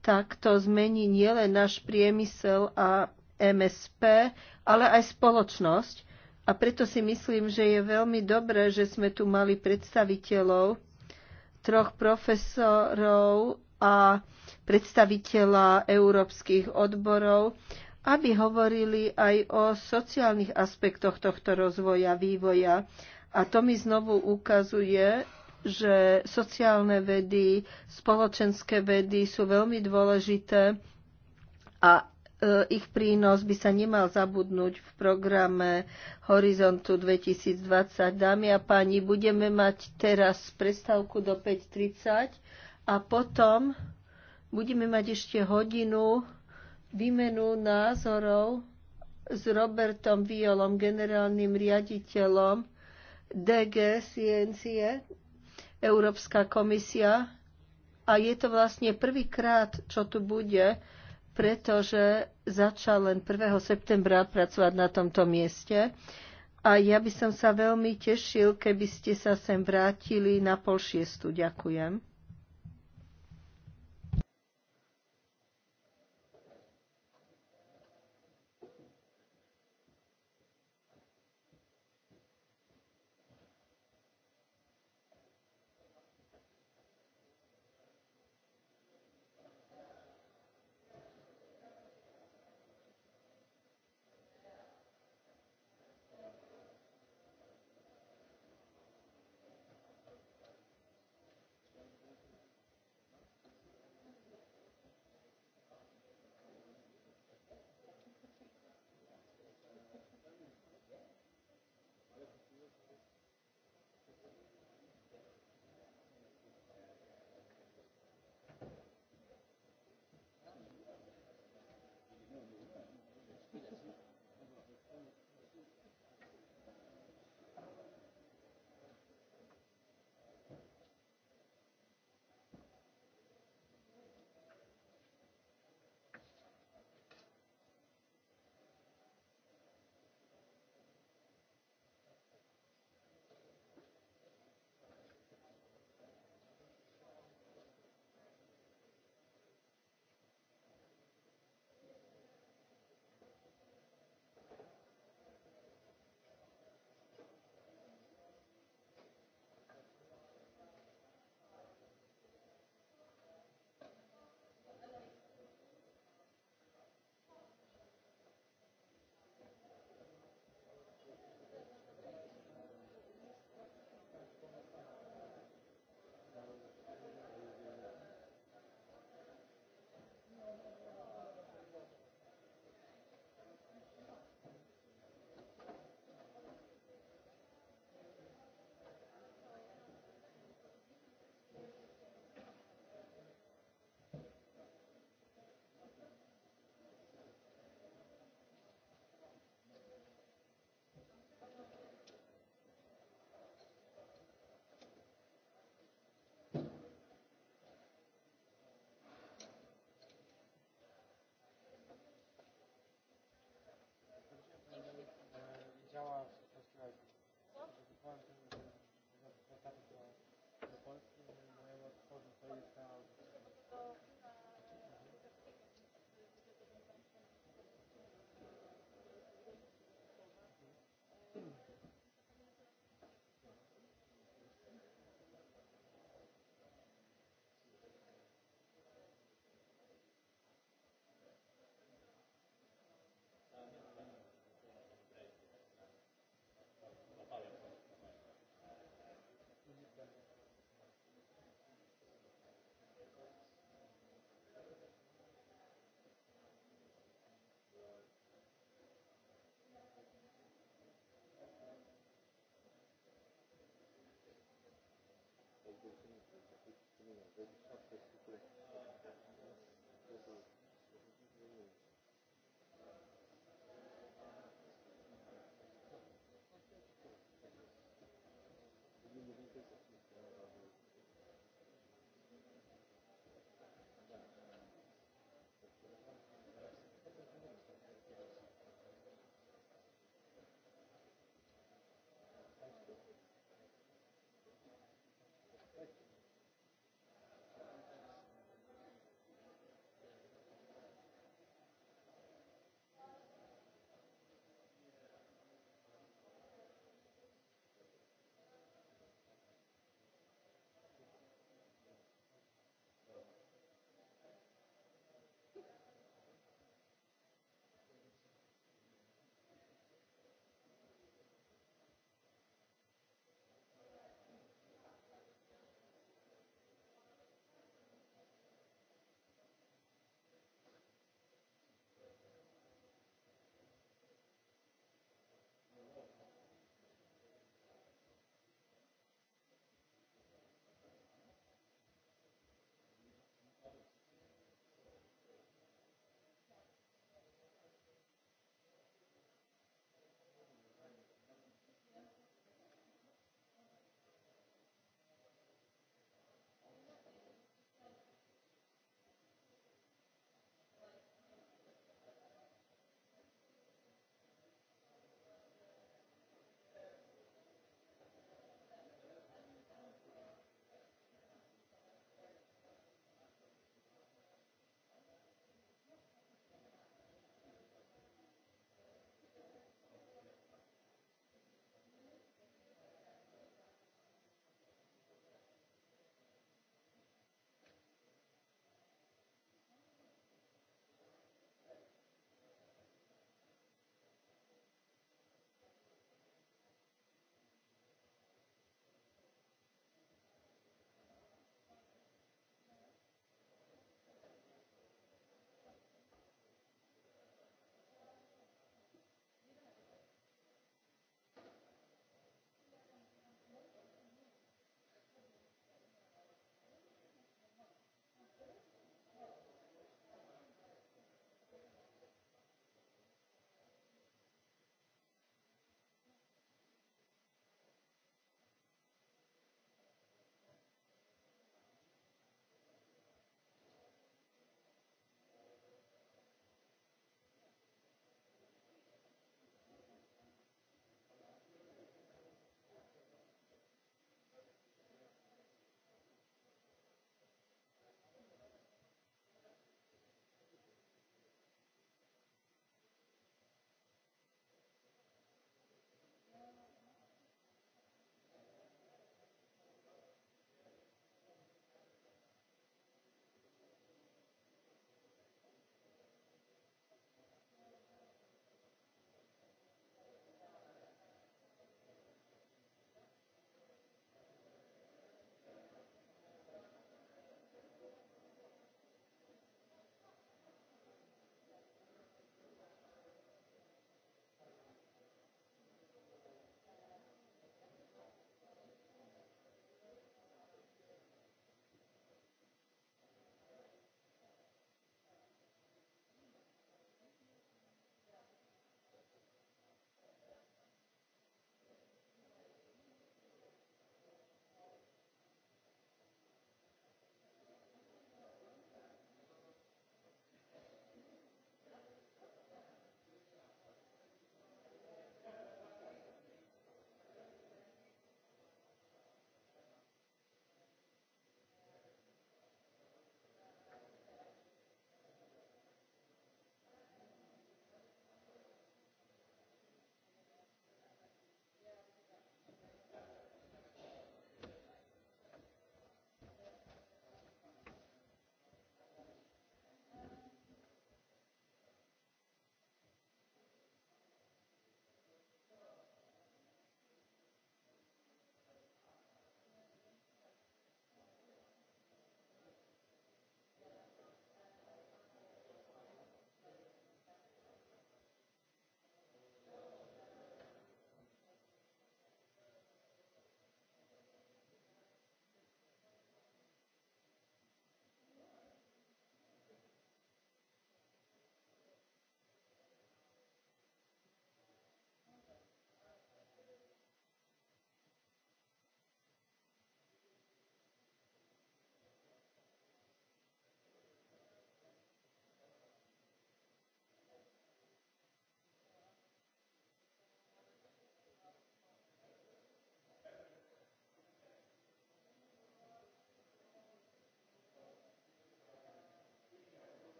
tak to zmení nielen náš priemysel a MSP, ale aj spoločnosť. A preto si myslím, že je veľmi dobré, že sme tu mali predstaviteľov, troch profesorov a predstaviteľa európskych odborov, aby hovorili aj o sociálnych aspektoch tohto rozvoja, vývoja a to mi znovu ukazuje, že sociálne vedy, spoločenské vedy sú veľmi dôležité a e, ich prínos by sa nemal zabudnúť v programe Horizontu 2020. Dámy a páni, budeme mať teraz prestávku do 5.30 a potom budeme mať ešte hodinu výmenu názorov s Robertom Violom, generálnym riaditeľom DG Sciencie, Európska komisia. A je to vlastne prvýkrát, čo tu bude, pretože začal len 1. septembra pracovať na tomto mieste. A ja by som sa veľmi tešil, keby ste sa sem vrátili na pol šiestu. Ďakujem. vedieť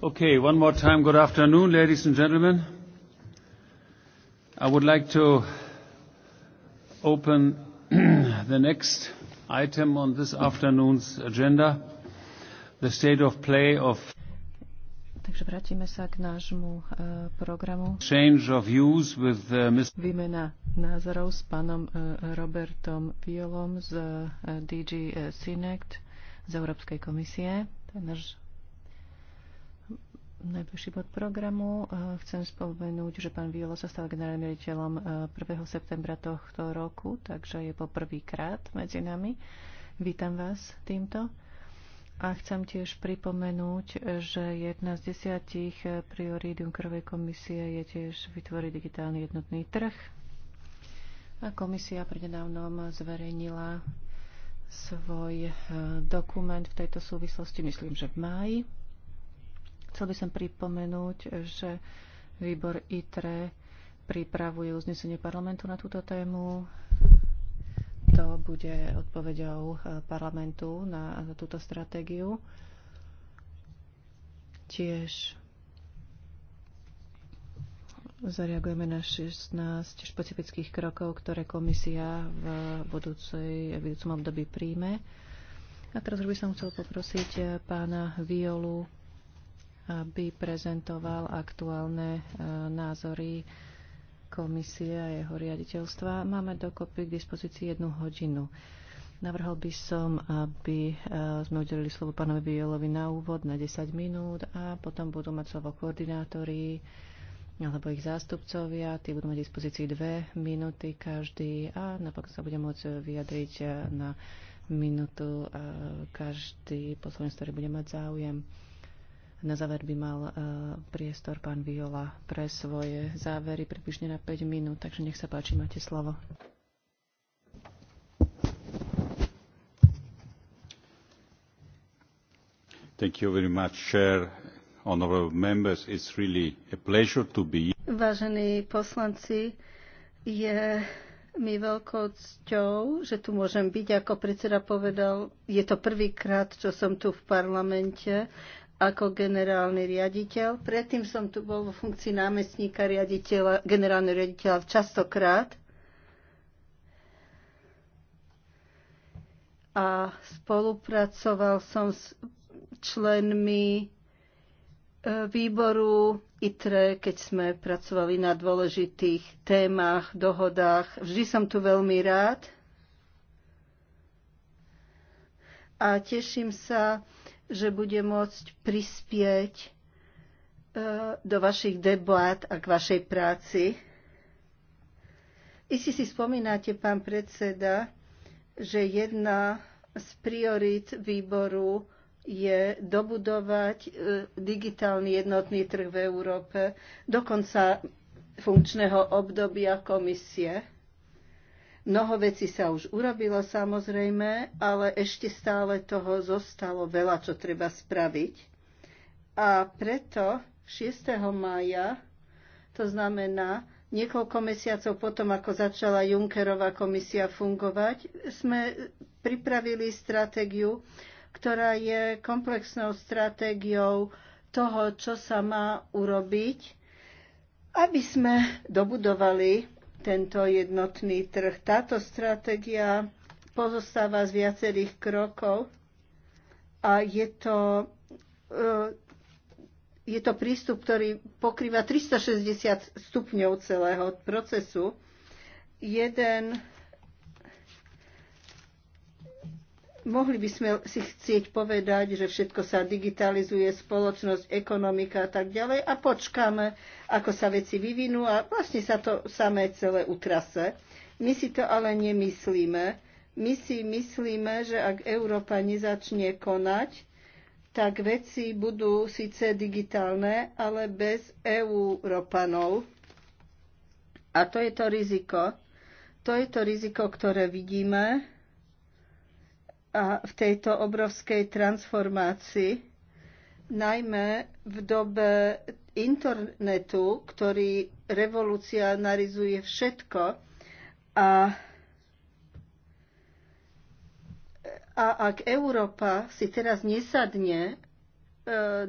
Okay, one more time, good afternoon, ladies and gentlemen. I would like to open the next item on this afternoon's agenda, the state of play of Takže vrátime sa k nášmu uh, programu. Change of views with uh, Ms. Výmena názorov s pánom uh, Robertom Violom z uh, e, DG uh, Synect z Európskej komisie. To je náš Najbližší bod programu. Eh, chcem spomenúť, že pán Violo sa stal generálnym riaditeľom 1. Eh, septembra tohto roku, takže je po prvýkrát medzi nami. Vítam vás týmto. A chcem tiež pripomenúť, že jedna z desiatich priorít Junckerovej komisie je tiež vytvoriť digitálny jednotný trh. A komisia prednedávnom zverejnila svoj eh, dokument v tejto súvislosti, myslím, že v máji Chcel by som pripomenúť, že výbor ITRE pripravuje uznesenie parlamentu na túto tému. To bude odpovedou eh, parlamentu na túto stratégiu. Tiež zareagujeme na 16 špecifických krokov, ktoré komisia v, budúcej, v budúcom období príjme. A teraz už by som chcel poprosiť eh, pána Violu, aby prezentoval aktuálne e, názory komisie a jeho riaditeľstva. Máme dokopy k dispozícii jednu hodinu. Navrhol by som, aby e, sme udelili slovo pánovi Bielovi na úvod na 10 minút a potom budú mať slovo koordinátori alebo ich zástupcovia. Tí budú mať dispozícii dve minúty každý a napokon sa bude môcť vyjadriť e, na minútu každý poslanec, ktorý bude mať záujem. Na záver by mal e, priestor pán Viola pre svoje závery približne na 5 minút, takže nech sa páči, máte slovo. Thank you very much, Chair. Honorable members, it's really a pleasure to be Vážení poslanci, je mi veľkou cťou, že tu môžem byť. Ako predseda povedal, je to prvýkrát, čo som tu v parlamente ako generálny riaditeľ. Predtým som tu bol vo funkcii námestníka riaditeľa, generálneho riaditeľa častokrát. A spolupracoval som s členmi e, výboru ITRE, keď sme pracovali na dôležitých témach, dohodách. Vždy som tu veľmi rád. A teším sa, že bude môcť prispieť e, do vašich debát a k vašej práci. Isti si spomínate, pán predseda, že jedna z priorit výboru je dobudovať e, digitálny jednotný trh v Európe do konca funkčného obdobia komisie Mnoho vecí sa už urobilo samozrejme, ale ešte stále toho zostalo veľa, čo treba spraviť. A preto 6. mája, to znamená niekoľko mesiacov potom, ako začala Junckerová komisia fungovať, sme pripravili stratégiu, ktorá je komplexnou stratégiou toho, čo sa má urobiť, aby sme dobudovali tento jednotný trh. Táto stratégia pozostáva z viacerých krokov a je to, e, je to prístup, ktorý pokrýva 360 stupňov celého procesu. Jeden Mohli by sme si chcieť povedať, že všetko sa digitalizuje, spoločnosť, ekonomika a tak ďalej a počkáme, ako sa veci vyvinú a vlastne sa to samé celé utrase. My si to ale nemyslíme. My si myslíme, že ak Európa nezačne konať, tak veci budú síce digitálne, ale bez Európanov. A to je to riziko. To je to riziko, ktoré vidíme a v tejto obrovskej transformácii, najmä v dobe internetu, ktorý revolucionarizuje všetko a a ak Európa si teraz nesadne e,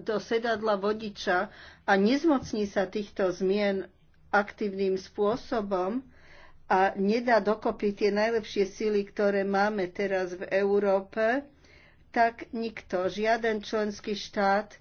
do sedadla vodiča a nezmocní sa týchto zmien aktívnym spôsobom, a nedá dokopy tie najlepšie síly, ktoré máme teraz v Európe, tak nikto, žiaden členský štát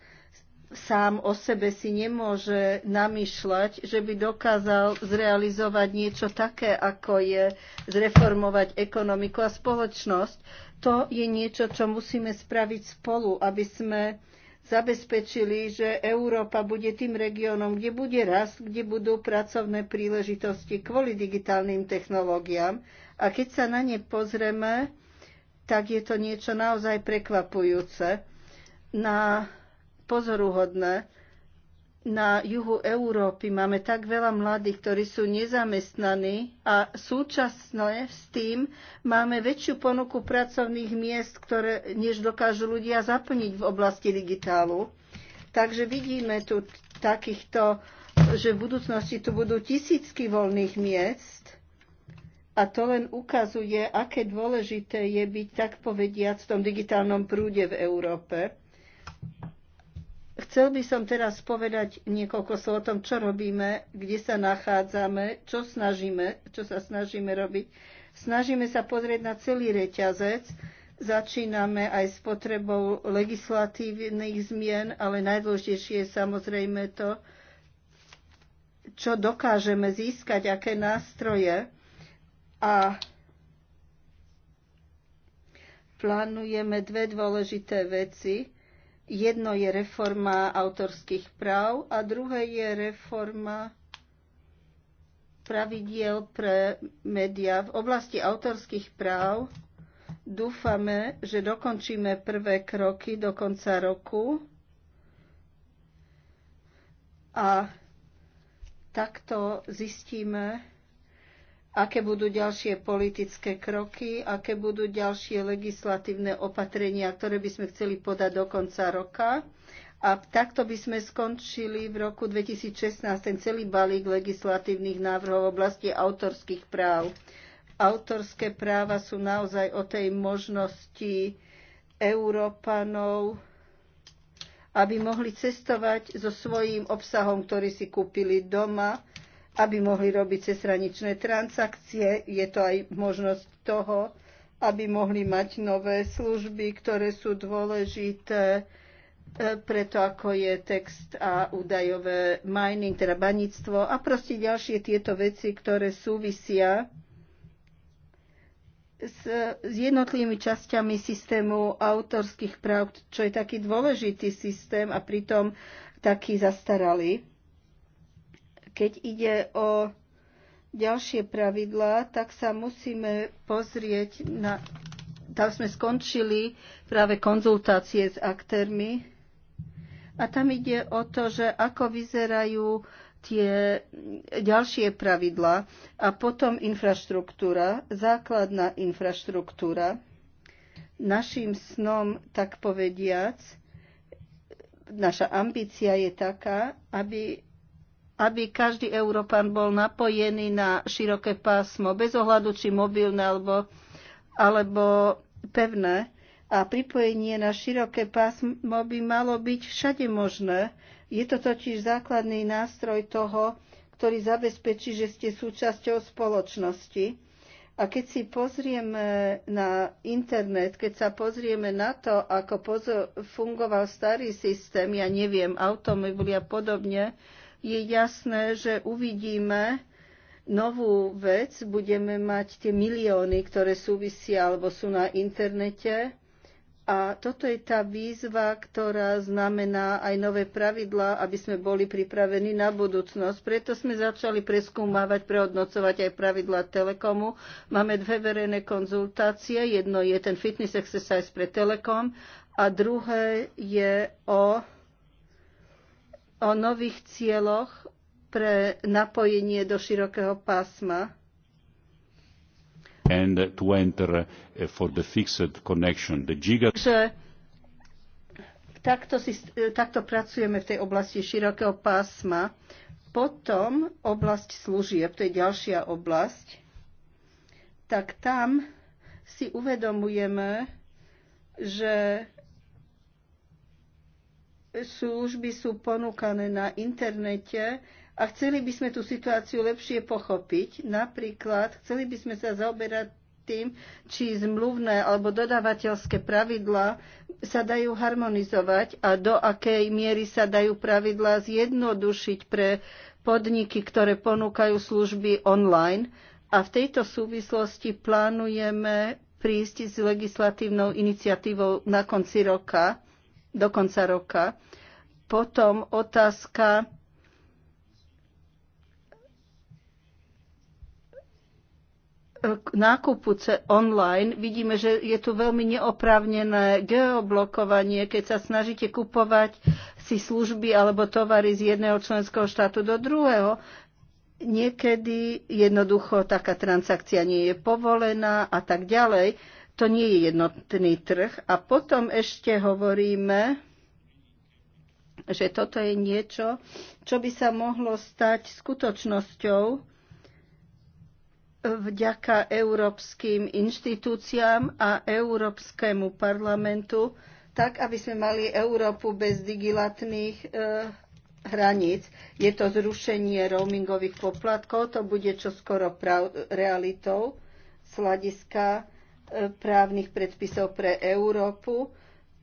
sám o sebe si nemôže namýšľať, že by dokázal zrealizovať niečo také, ako je zreformovať ekonomiku a spoločnosť. To je niečo, čo musíme spraviť spolu, aby sme zabezpečili, že Európa bude tým regiónom, kde bude rast, kde budú pracovné príležitosti kvôli digitálnym technológiám. A keď sa na ne pozrieme, tak je to niečo naozaj prekvapujúce. Na pozoruhodné na juhu Európy máme tak veľa mladých, ktorí sú nezamestnaní a súčasne s tým máme väčšiu ponuku pracovných miest, ktoré, než dokážu ľudia zaplniť v oblasti digitálu. Takže vidíme tu takýchto, že v budúcnosti tu budú tisícky voľných miest a to len ukazuje, aké dôležité je byť, tak povediať, v tom digitálnom prúde v Európe. Chcel by som teraz povedať niekoľko slov o tom, čo robíme, kde sa nachádzame, čo, snažíme, čo sa snažíme robiť. Snažíme sa pozrieť na celý reťazec. Začíname aj s potrebou legislatívnych zmien, ale najdôležitejšie je samozrejme to, čo dokážeme získať, aké nástroje. A plánujeme dve dôležité veci Jedno je reforma autorských práv a druhé je reforma pravidiel pre médiá. V oblasti autorských práv dúfame, že dokončíme prvé kroky do konca roku a takto zistíme, aké budú ďalšie politické kroky, aké budú ďalšie legislatívne opatrenia, ktoré by sme chceli podať do konca roka. A takto by sme skončili v roku 2016 ten celý balík legislatívnych návrhov v oblasti autorských práv. Autorské práva sú naozaj o tej možnosti Európanov, aby mohli cestovať so svojím obsahom, ktorý si kúpili doma, aby mohli robiť cezhraničné transakcie. Je to aj možnosť toho, aby mohli mať nové služby, ktoré sú dôležité e, preto ako je text a údajové mining, teda baníctvo a proste ďalšie tieto veci, ktoré súvisia s, s jednotlivými časťami systému autorských práv, čo je taký dôležitý systém a pritom taký zastaralý. Keď ide o ďalšie pravidlá, tak sa musíme pozrieť na... Tam sme skončili práve konzultácie s aktérmi a tam ide o to, že ako vyzerajú tie ďalšie pravidlá a potom infraštruktúra, základná infraštruktúra. Naším snom, tak povediac, naša ambícia je taká, aby aby každý Európan bol napojený na široké pásmo, bez ohľadu či mobilné alebo, alebo pevné. A pripojenie na široké pásmo by malo byť všade možné. Je to totiž základný nástroj toho, ktorý zabezpečí, že ste súčasťou spoločnosti. A keď si pozrieme na internet, keď sa pozrieme na to, ako fungoval starý systém, ja neviem, automobily a podobne, je jasné, že uvidíme novú vec, budeme mať tie milióny, ktoré súvisia alebo sú na internete. A toto je tá výzva, ktorá znamená aj nové pravidlá, aby sme boli pripravení na budúcnosť. Preto sme začali preskúmavať, prehodnocovať aj pravidlá Telekomu. Máme dve verejné konzultácie. Jedno je ten fitness exercise pre Telekom a druhé je o o nových cieľoch pre napojenie do širokého pásma. And to enter eh, for the fixed connection, the giga... Že takto, si, eh, takto pracujeme v tej oblasti širokého pásma. Potom oblasť služieb, to je ďalšia oblasť, tak tam si uvedomujeme, že služby sú ponúkané na internete a chceli by sme tú situáciu lepšie pochopiť. Napríklad chceli by sme sa zaoberať tým, či zmluvné alebo dodávateľské pravidlá sa dajú harmonizovať a do akej miery sa dajú pravidlá zjednodušiť pre podniky, ktoré ponúkajú služby online. A v tejto súvislosti plánujeme prísť s legislatívnou iniciatívou na konci roka do konca roka. Potom otázka e, nákupu online vidíme, že je tu veľmi neoprávnené geoblokovanie, keď sa snažíte kupovať si služby alebo tovary z jedného členského štátu do druhého. Niekedy jednoducho taká transakcia nie je povolená a tak ďalej to nie je jednotný trh. A potom ešte hovoríme, že toto je niečo, čo by sa mohlo stať skutočnosťou vďaka európskym inštitúciám a Európskemu parlamentu, tak aby sme mali Európu bez digilatných e, hraníc. Je to zrušenie roamingových poplatkov, to bude čoskoro prav- realitou z hľadiska právnych predpisov pre Európu.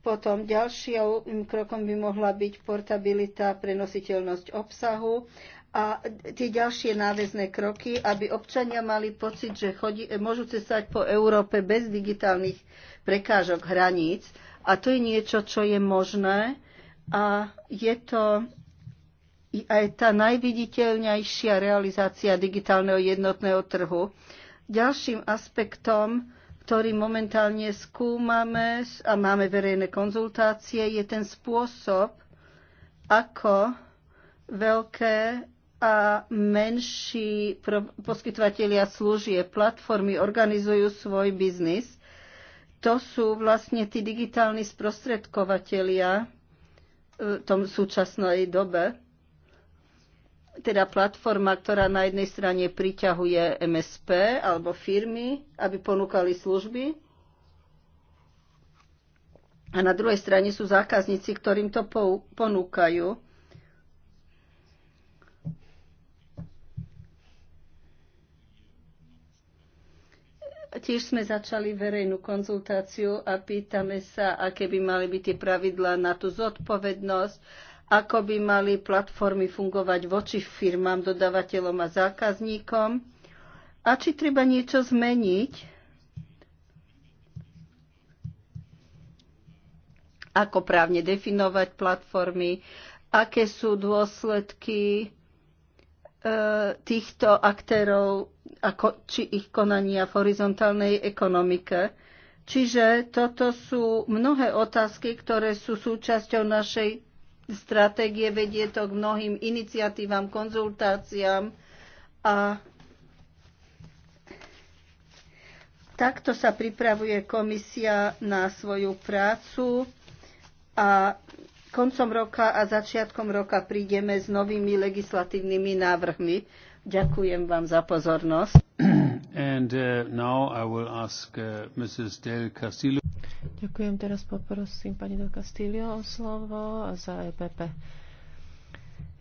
Potom ďalším krokom by mohla byť portabilita, prenositeľnosť obsahu a tie ďalšie náväzné kroky, aby občania mali pocit, že chodí, môžu cestať po Európe bez digitálnych prekážok hraníc. A to je niečo, čo je možné a je to aj tá najviditeľnejšia realizácia digitálneho jednotného trhu. Ďalším aspektom ktorý momentálne skúmame a máme verejné konzultácie, je ten spôsob, ako veľké a menší poskytovateľia služie, platformy organizujú svoj biznis. To sú vlastne tí digitálni sprostredkovateľia e, v tom súčasnej dobe teda platforma, ktorá na jednej strane priťahuje MSP alebo firmy, aby ponúkali služby, a na druhej strane sú zákazníci, ktorým to ponúkajú. Tiež sme začali verejnú konzultáciu a pýtame sa, aké by mali byť tie pravidlá na tú zodpovednosť, ako by mali platformy fungovať voči firmám, dodávateľom a zákazníkom a či treba niečo zmeniť, ako právne definovať platformy, aké sú dôsledky e, týchto aktérov ako, či ich konania v horizontálnej ekonomike. Čiže toto sú mnohé otázky, ktoré sú súčasťou našej stratégie, vedie to k mnohým iniciatívam, konzultáciám a takto sa pripravuje komisia na svoju prácu a koncom roka a začiatkom roka prídeme s novými legislatívnymi návrhmi. Ďakujem vám za pozornosť. And uh, now I will ask uh, Mrs. Del Castillo. Ďakujem. Teraz poprosím pani Del Castillo o slovo za EPP.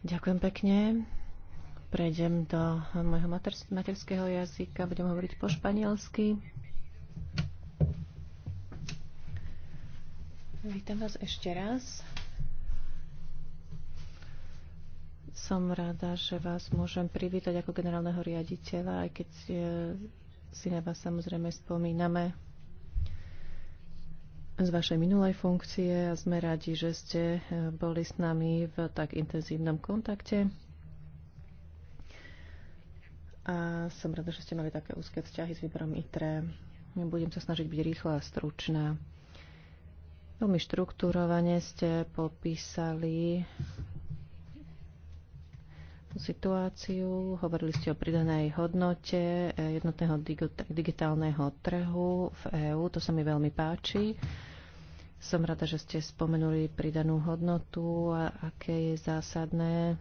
Ďakujem pekne. Prejdem do môjho materského jazyka. Budem hovoriť po španielsky. Vítam vás ešte raz. Som rada, že vás môžem privítať ako generálneho riaditeľa, aj keď e, si na vás samozrejme spomíname z vašej minulej funkcie a sme radi, že ste e, boli s nami v tak intenzívnom kontakte. A som rada, že ste mali také úzke vzťahy s výborom ITRE. Budem sa snažiť byť rýchla a stručná. Veľmi štruktúrovane ste popísali tú situáciu. Hovorili ste o pridanej hodnote eh, jednotného digitálneho trhu v EÚ. To sa mi veľmi páči. Som rada, že ste spomenuli pridanú hodnotu a aké je zásadné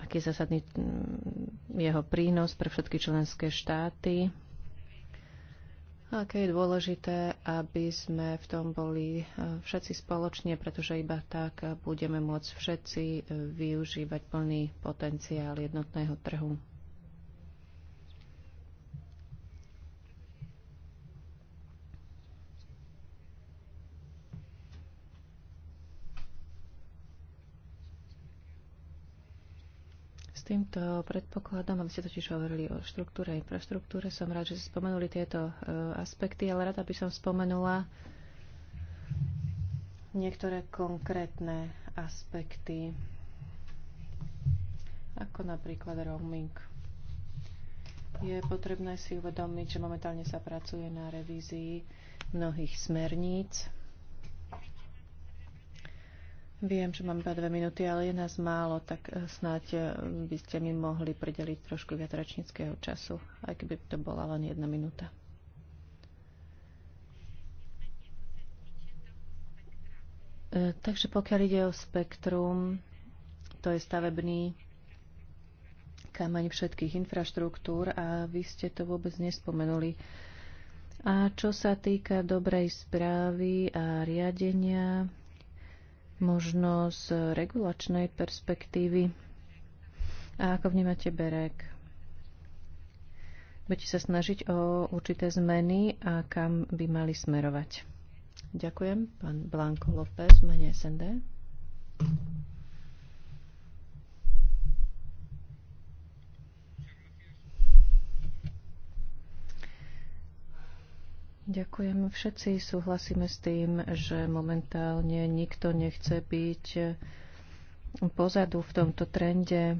aký je zásadný mm, jeho prínos pre všetky členské štáty Aké je dôležité, aby sme v tom boli e, všetci spoločne, pretože iba tak budeme môcť všetci e, využívať plný potenciál jednotného trhu. týmto predpokladom, aby ste totiž hovorili o štruktúre a infraštruktúre, som rád, že ste spomenuli tieto e, aspekty, ale rada by som spomenula niektoré konkrétne aspekty, ako napríklad roaming. Je potrebné si uvedomiť, že momentálne sa pracuje na revízii mnohých smerníc Viem, že mám iba dve minúty, ale je nás málo, tak eh, snáď eh, by ste mi mohli prideliť trošku viac rečníckého času, aj keby to bola len jedna minúta. Eh, takže pokiaľ ide o spektrum, to je stavebný kameň všetkých infraštruktúr a vy ste to vôbec nespomenuli. A čo sa týka dobrej správy a riadenia, možno z regulačnej perspektívy. A ako vnímate Berek? Budete sa snažiť o určité zmeny a kam by mali smerovať? Ďakujem. Pán Blanko López, mene SND. Ďakujem. Všetci súhlasíme s tým, že momentálne nikto nechce byť pozadu v tomto trende.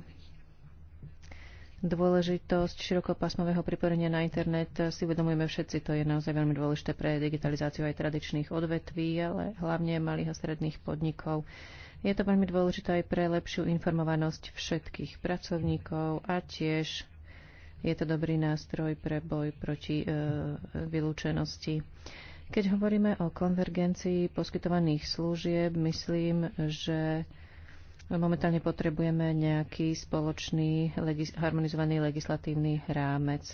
Dôležitosť širokopásmového pripojenia na internet si uvedomujeme všetci, to je naozaj veľmi dôležité pre digitalizáciu aj tradičných odvetví, ale hlavne malých a stredných podnikov. Je to veľmi dôležité aj pre lepšiu informovanosť všetkých pracovníkov a tiež je to dobrý nástroj pre boj proti e, vylúčenosti. Keď hovoríme o konvergencii poskytovaných služieb, myslím, že momentálne potrebujeme nejaký spoločný legis- harmonizovaný legislatívny rámec.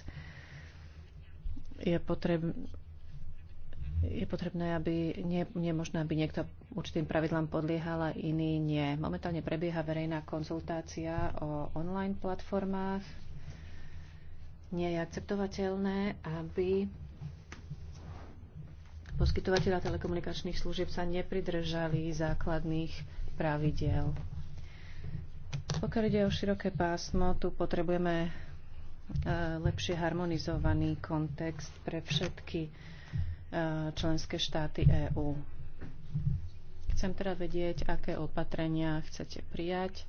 Je potrebné je potrebné, aby nie, nie možno, aby niekto určitým pravidlám podliehal a iný nie. Momentálne prebieha verejná konzultácia o online platformách nie je akceptovateľné, aby poskytovateľa telekomunikačných služieb sa nepridržali základných pravidiel. Pokiaľ ide o široké pásmo, tu potrebujeme e, lepšie harmonizovaný kontext pre všetky e, členské štáty EÚ. Chcem teda vedieť, aké opatrenia chcete prijať,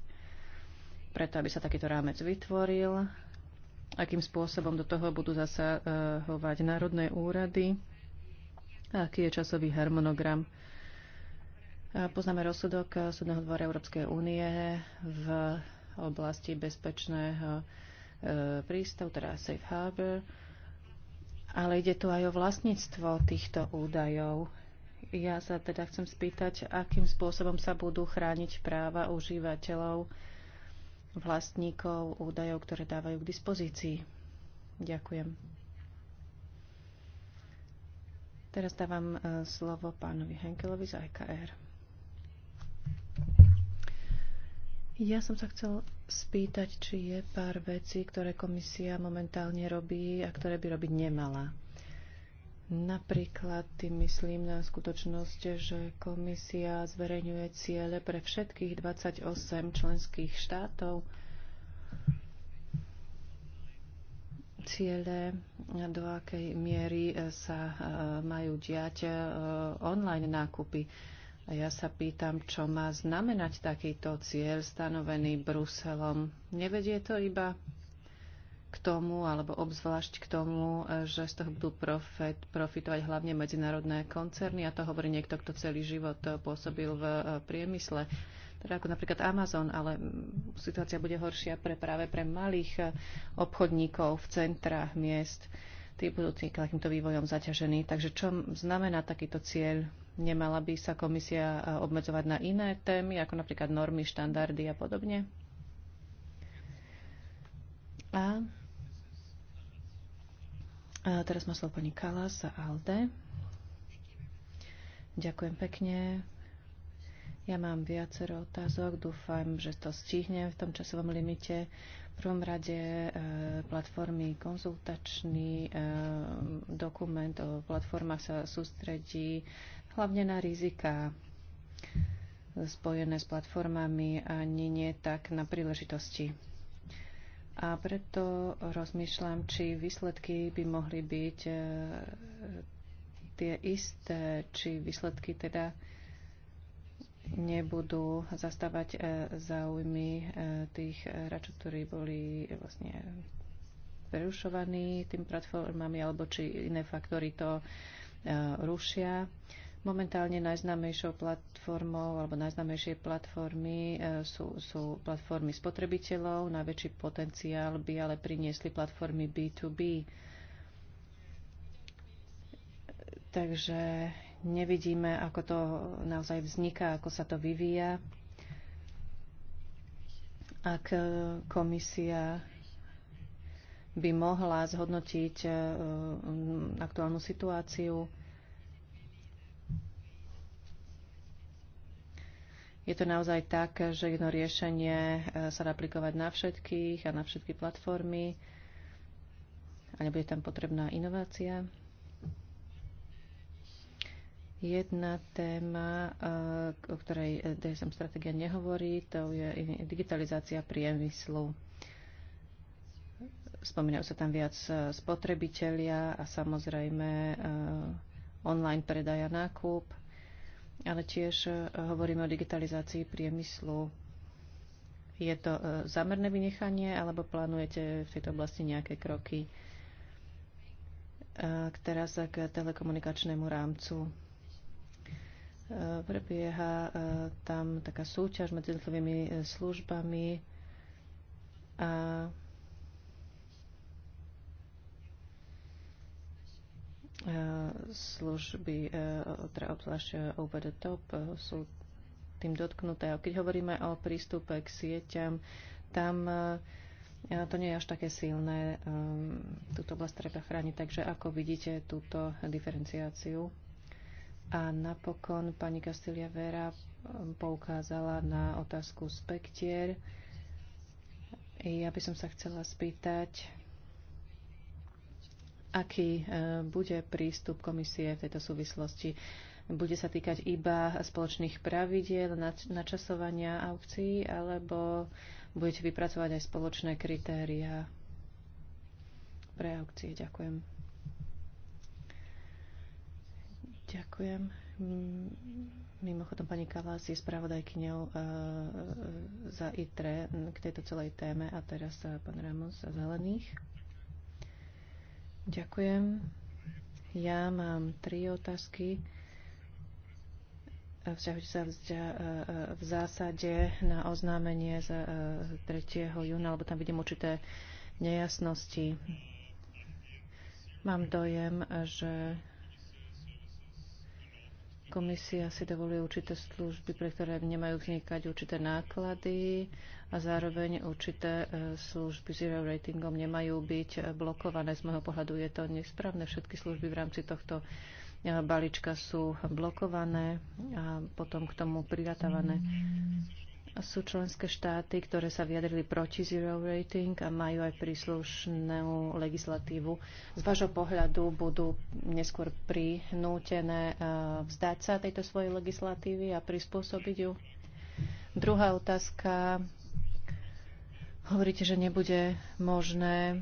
preto aby sa takýto rámec vytvoril akým spôsobom do toho budú zasahovať národné úrady, a aký je časový harmonogram. Poznáme rozsudok Súdneho dvora Európskej únie v oblasti bezpečného e, prístavu, teda Safe Harbor, ale ide tu aj o vlastníctvo týchto údajov. Ja sa teda chcem spýtať, akým spôsobom sa budú chrániť práva užívateľov vlastníkov údajov, ktoré dávajú k dispozícii. Ďakujem. Teraz dávam e, slovo pánovi Henkelovi z IKR. E ja som sa chcel spýtať, či je pár vecí, ktoré komisia momentálne robí a ktoré by robiť nemala. Napríklad tým myslím na skutočnosť, že komisia zverejňuje ciele pre všetkých 28 členských štátov. Ciele, do akej miery e, sa e, majú diať e, online nákupy. A ja sa pýtam, čo má znamenať takýto cieľ stanovený Bruselom. Nevedie to iba k tomu, alebo obzvlášť k tomu, e, že z toho budú profet, profitovať hlavne medzinárodné koncerny. A to hovorí niekto, kto celý život e, pôsobil v e, priemysle, teda ako napríklad Amazon, ale situácia bude horšia pre práve pre malých obchodníkov v centrách miest. Tí budú takýmto vývojom zaťažení. Takže čo znamená takýto cieľ? Nemala by sa komisia obmedzovať na iné témy, ako napríklad normy, štandardy a podobne? A a teraz má slovo pani Kalas a ALDE. Ďakujem pekne. Ja mám viacero otázok, dúfam, že to stihnem v tom časovom limite. V prvom rade e, platformy konzultačný e, dokument o platformách sa sústredí hlavne na rizika spojené s platformami a nie, nie tak na príležitosti. A preto rozmýšľam, či výsledky by mohli byť e, tie isté, či výsledky teda nebudú zastávať e, záujmy e, tých hráčov, ktorí boli vlastne prerušovaní tým platformami, alebo či iné faktory to rušia. Momentálne najznámejšou platformou alebo najznámejšie platformy e, sú, sú platformy spotrebiteľov. Najväčší potenciál by ale priniesli platformy B2B. Takže nevidíme, ako to naozaj vzniká, ako sa to vyvíja. Ak e, komisia by mohla zhodnotiť e, aktuálnu situáciu, Je to naozaj tak, že jedno riešenie e, sa dá aplikovať na všetkých a na všetky platformy a nebude tam potrebná inovácia. Jedna téma, e, o ktorej e, DSM stratégia nehovorí, to je digitalizácia priemyslu. Spomínajú sa tam viac spotrebitelia a samozrejme online predaja nákup ale tiež e, hovoríme o digitalizácii priemyslu. Je to e, zámerné vynechanie, alebo plánujete v tejto oblasti nejaké kroky? E, teraz k telekomunikačnému rámcu. Prebieha tam taká súťaž medzi jednotlivými službami a služby, e, teda obzvlášť over the top, e, sú tým dotknuté. A keď hovoríme o prístupe k sieťam, tam e, to nie je až také silné. Túto oblasť treba chrániť. Takže ako vidíte túto diferenciáciu? A napokon pani Castilia Vera poukázala na otázku spektier. Ja by som sa chcela spýtať, aký e, bude prístup komisie v tejto súvislosti. Bude sa týkať iba spoločných pravidiel, načasovania aukcií, alebo budete vypracovať aj spoločné kritéria pre aukcie. Ďakujem. Ďakujem. Mimochodom, pani Kalas je spravodajkyňou e, e, za ITRE k tejto celej téme a teraz pán Ramos za zelených. Ďakujem. Ja mám tri otázky. Vzťahujú sa v zásade na oznámenie z 3. E, júna, lebo tam vidím určité nejasnosti. Mám dojem, že Komisia si dovoluje určité služby, pre ktoré nemajú vznikať určité náklady a zároveň určité e, služby zero ratingom nemajú byť e, blokované. Z môjho pohľadu je to nesprávne. Všetky služby v rámci tohto e, balíčka sú blokované a potom k tomu pridatávané sú členské štáty, ktoré sa vyjadrili proti zero rating a majú aj príslušnú legislatívu. Z vášho pohľadu budú neskôr prinútené eh, vzdať sa tejto svojej legislatívy a prispôsobiť ju? Druhá otázka. Hovoríte, že nebude možné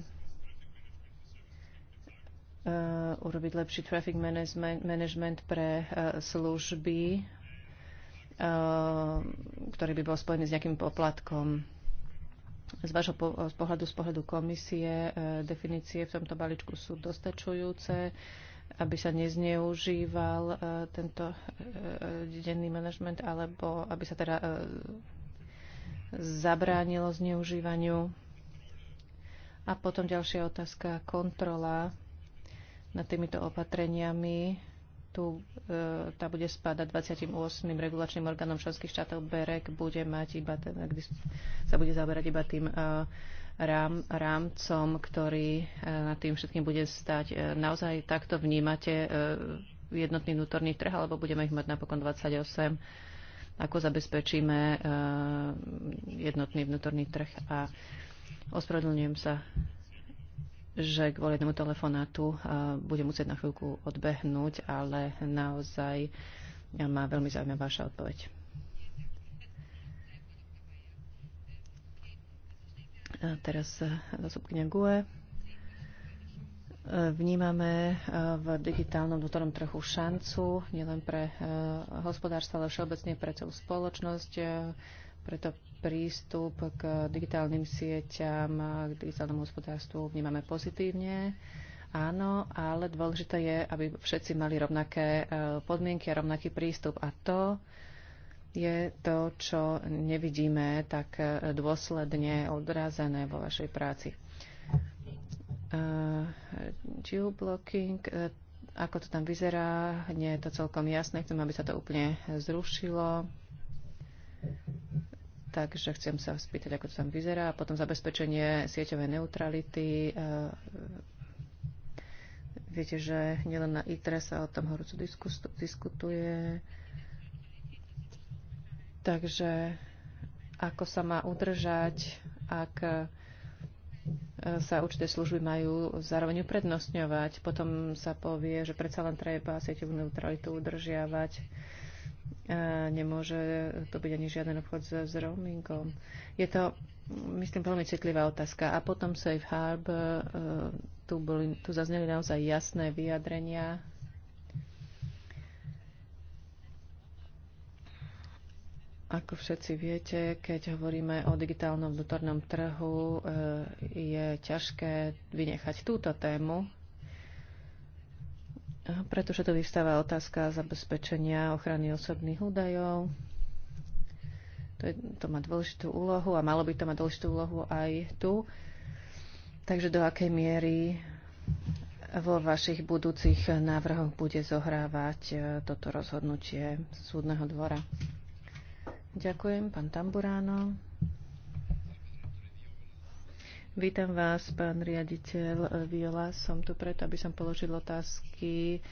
eh, urobiť lepší traffic management, management pre eh, služby Eh, ktorý by bol spojený s nejakým poplatkom. Z vášho pohľadu, z pohľadu komisie, eh, definície v tomto balíčku sú dostačujúce, aby sa nezneužíval eh, tento denný manažment, alebo aby sa teda zabránilo zneužívaniu. A potom ďalšia otázka, kontrola nad týmito opatreniami tu e, tá bude spadať 28. regulačným orgánom členských štátov BEREK bude mať iba ten, sa bude zaoberať iba tým e, rám, rámcom, ktorý e, nad tým všetkým bude stať. Naozaj takto vnímate jednotný vnútorný trh, alebo budeme ich mať napokon 28? Ako zabezpečíme jednotný vnútorný trh? A ospravedlňujem sa že kvôli jednému telefonátu eh, budem musieť na chvíľku odbehnúť, ale naozaj eh, ma veľmi zaujíma vaša odpoveď. A teraz eh, zastupkynia GUE. Vnímame v digitálnom vnútornom trhu šancu nielen pre hospodárstvo, ale všeobecne pre celú spoločnosť. Preto prístup k digitálnym sieťam, k digitálnemu hospodárstvu vnímame pozitívne. Áno, ale dôležité je, aby všetci mali rovnaké e, podmienky a rovnaký prístup. A to je to, čo nevidíme tak e, dôsledne odrazené vo vašej práci. E, Geoblocking, ako to tam vyzerá, nie je to celkom jasné. Chcem, aby sa to úplne zrušilo. Takže chcem sa spýtať, ako to tam vyzerá. Potom zabezpečenie sieťovej neutrality. E, viete, že nielen na ITRE sa o tom horúco diskutuje. Takže ako sa má udržať, ak e, sa určité služby majú zároveň uprednostňovať. Potom sa povie, že predsa len treba sieťovú neutralitu udržiavať nemôže to byť ani žiaden obchod s, s roamingom. Je to, myslím, veľmi citlivá otázka. A potom Safe Harbor, e, tu, boli, tu zazneli naozaj jasné vyjadrenia. Ako všetci viete, keď hovoríme o digitálnom vnútornom trhu, e, je ťažké vynechať túto tému, pretože to vyvstáva otázka zabezpečenia ochrany osobných údajov. To, je, to má dôležitú úlohu a malo by to mať dôležitú úlohu aj tu. Takže do akej miery vo vašich budúcich návrhoch bude zohrávať e, toto rozhodnutie súdneho dvora? Ďakujem, pán Tamburáno. Vítam vás, pán riaditeľ Viola. Som tu preto, aby som položil otázky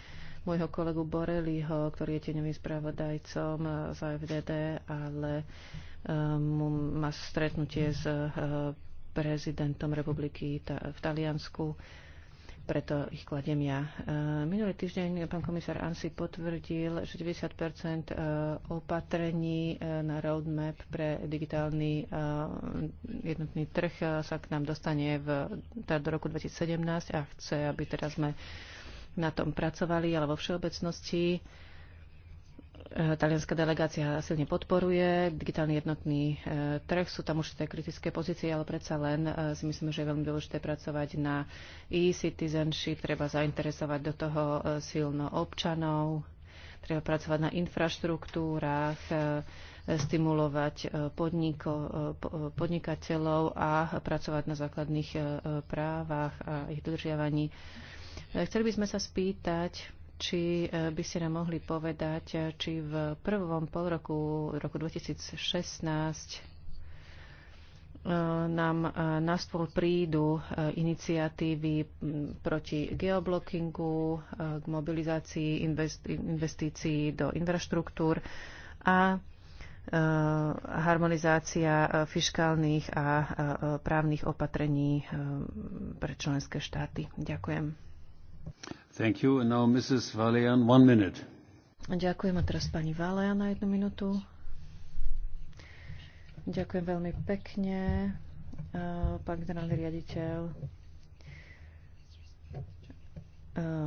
môjho kolegu Boreliho, ktorý je tieňovým spravodajcom z AFDD, ale um, má stretnutie s uh, prezidentom republiky v Taliansku. Uh, preto ich kladiem ja. E, minulý týždeň pán komisár Ansi potvrdil, že 90 e, opatrení e, na roadmap pre digitálny jednotný trh sa k nám dostane v, teda do roku 2017 a chce, aby teraz sme na tom pracovali, ale vo všeobecnosti E, talianská delegácia silne podporuje digitálny jednotný e, trh. Sú tam už tie kritické pozície, ale predsa len e, si myslíme, že je veľmi dôležité pracovať na e-citizenship. Treba zainteresovať do toho silno občanov. Treba pracovať na infraštruktúrach, stimulovať podniko, podnikateľov a pracovať na základných právach a ich dodržiavaní. Chceli by sme sa spýtať, či e, by ste nám mohli povedať, e, či v prvom pol roku 2016 e, nám na stôl prídu iniciatívy proti geoblockingu, k mobilizácii investícií do infraštruktúr a harmonizácia fiskálnych a právnych opatrení pre členské štáty. Ďakujem. Thank you. And now Mrs. Valian, one minute. Ďakujem a teraz pani Valia na jednu minútu. Ďakujem veľmi pekne, pán generálny riaditeľ.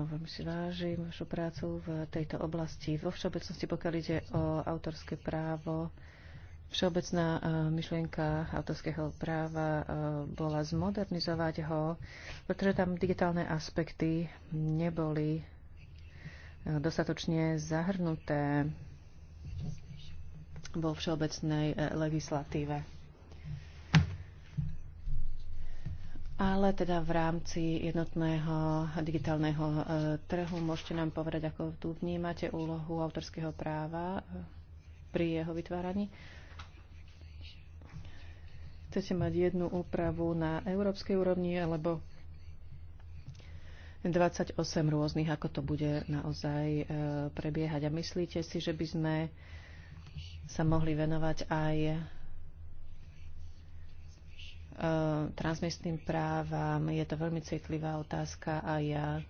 Veľmi si vážim vašu prácu v tejto oblasti. Vo všeobecnosti, pokiaľ ide o autorské právo, Všeobecná e, myšlienka autorského práva e, bola zmodernizovať ho, pretože tam digitálne aspekty neboli e, dostatočne zahrnuté vo všeobecnej legislatíve. Ale teda v rámci jednotného digitálneho trhu môžete nám povedať, ako tu vnímate úlohu autorského práva pri jeho vytváraní. Chcete mať jednu úpravu na európskej úrovni alebo 28 rôznych, ako to bude naozaj e, prebiehať. A myslíte si, že by sme sa mohli venovať aj e, transmisným právam? Je to veľmi citlivá otázka a ja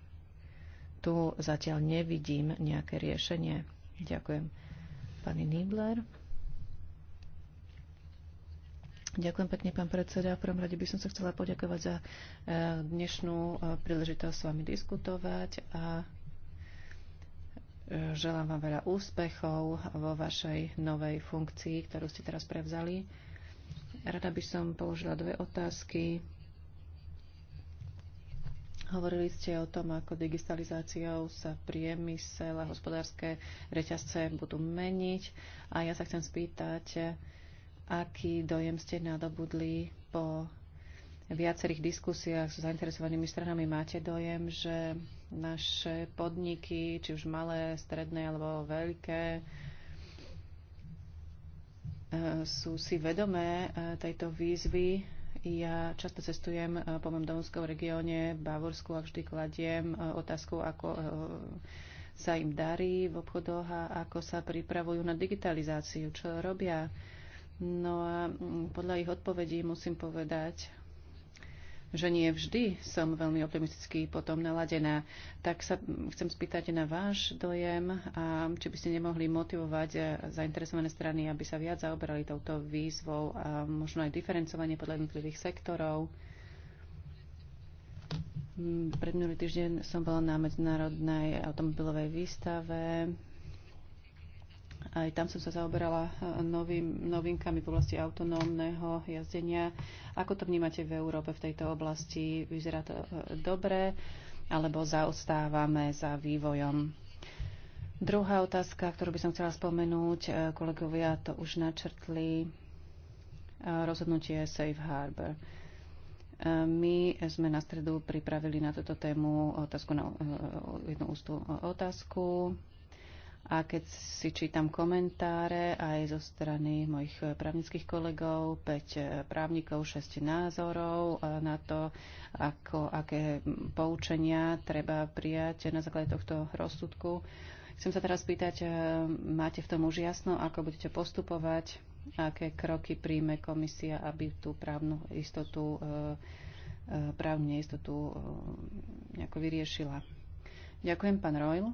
tu zatiaľ nevidím nejaké riešenie. Ďakujem. Pani Nibler. Ďakujem pekne, pán predseda. V prvom rade by som sa chcela poďakovať za e, dnešnú e, príležitosť s vami diskutovať a e, želám vám veľa úspechov vo vašej novej funkcii, ktorú ste teraz prevzali. Rada by som položila dve otázky. Hovorili ste o tom, ako digitalizáciou sa priemysel a hospodárske reťazce budú meniť. A ja sa chcem spýtať, aký dojem ste nadobudli po viacerých diskusiách s zainteresovanými stranami. Máte dojem, že naše podniky, či už malé, stredné alebo veľké, e, sú si vedomé e, tejto výzvy. Ja často cestujem e, po mojom domovskom regióne Bavorsku a vždy kladiem otázku, ako sa im darí v obchodoch a ako sa pripravujú na digitalizáciu, čo robia No a mm, podľa ich odpovedí musím povedať, že nie vždy som veľmi optimisticky potom naladená. Tak sa mm, chcem spýtať na váš dojem a či by ste nemohli motivovať e, zainteresované strany, aby sa viac zaoberali touto výzvou a možno aj diferencovanie podľa jednotlivých sektorov. Mm, pred minulý týždeň som bola na medzinárodnej automobilovej výstave aj tam som sa zaoberala eh, novým, novinkami v oblasti autonómneho jazdenia. Ako to vnímate v Európe v tejto oblasti? Vyzerá to eh, dobre alebo zaostávame za vývojom? Druhá otázka, ktorú by som chcela spomenúť, eh, kolegovia to už načrtli, rozhodnutie Safe Harbor. My sme na stredu pripravili na túto tému otázku na, jednu ústu otázku. A keď si čítam komentáre aj zo strany mojich právnických kolegov, 5 e, právnikov, 6 názorov e, na to, ako, aké poučenia treba prijať na základe tohto rozsudku. Chcem sa teraz pýtať, e, máte v tom už jasno, ako budete postupovať, aké kroky príjme komisia, aby tú právnu istotu, právnu neistotu nejako vyriešila. Ďakujem, pán Royl.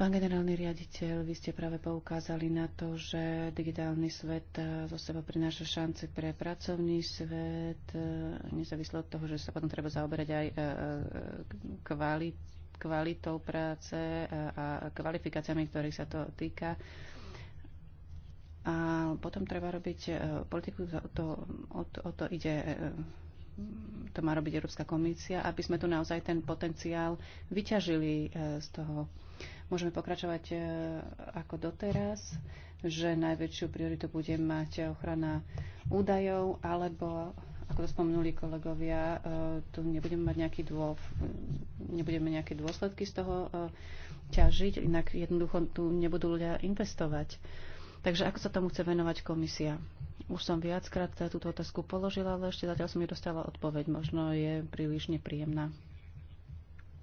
Pán generálny riaditeľ, vy ste práve poukázali na to, že digitálny svet e, zo seba prináša šance pre pracovný svet, e, nezávisle od toho, že sa potom treba zaoberať aj e, kvalitou práce a kvalifikáciami, ktorých sa to týka. A potom treba robiť politiku, o, to, o to ide to má robiť Európska komisia, aby sme tu naozaj ten potenciál vyťažili e, z toho. Môžeme pokračovať e, ako doteraz, že najväčšiu prioritu bude mať ochrana údajov, alebo, ako to spomenuli kolegovia, e, tu nebudeme mať nejaký dôv, nebudeme nejaké dôsledky z toho ťažiť, inak jednoducho tu nebudú ľudia investovať. Takže ako sa tomu chce venovať komisia? Už som viackrát túto otázku položila, ale ešte zatiaľ som nedostala odpoveď. Možno je príliš nepríjemná.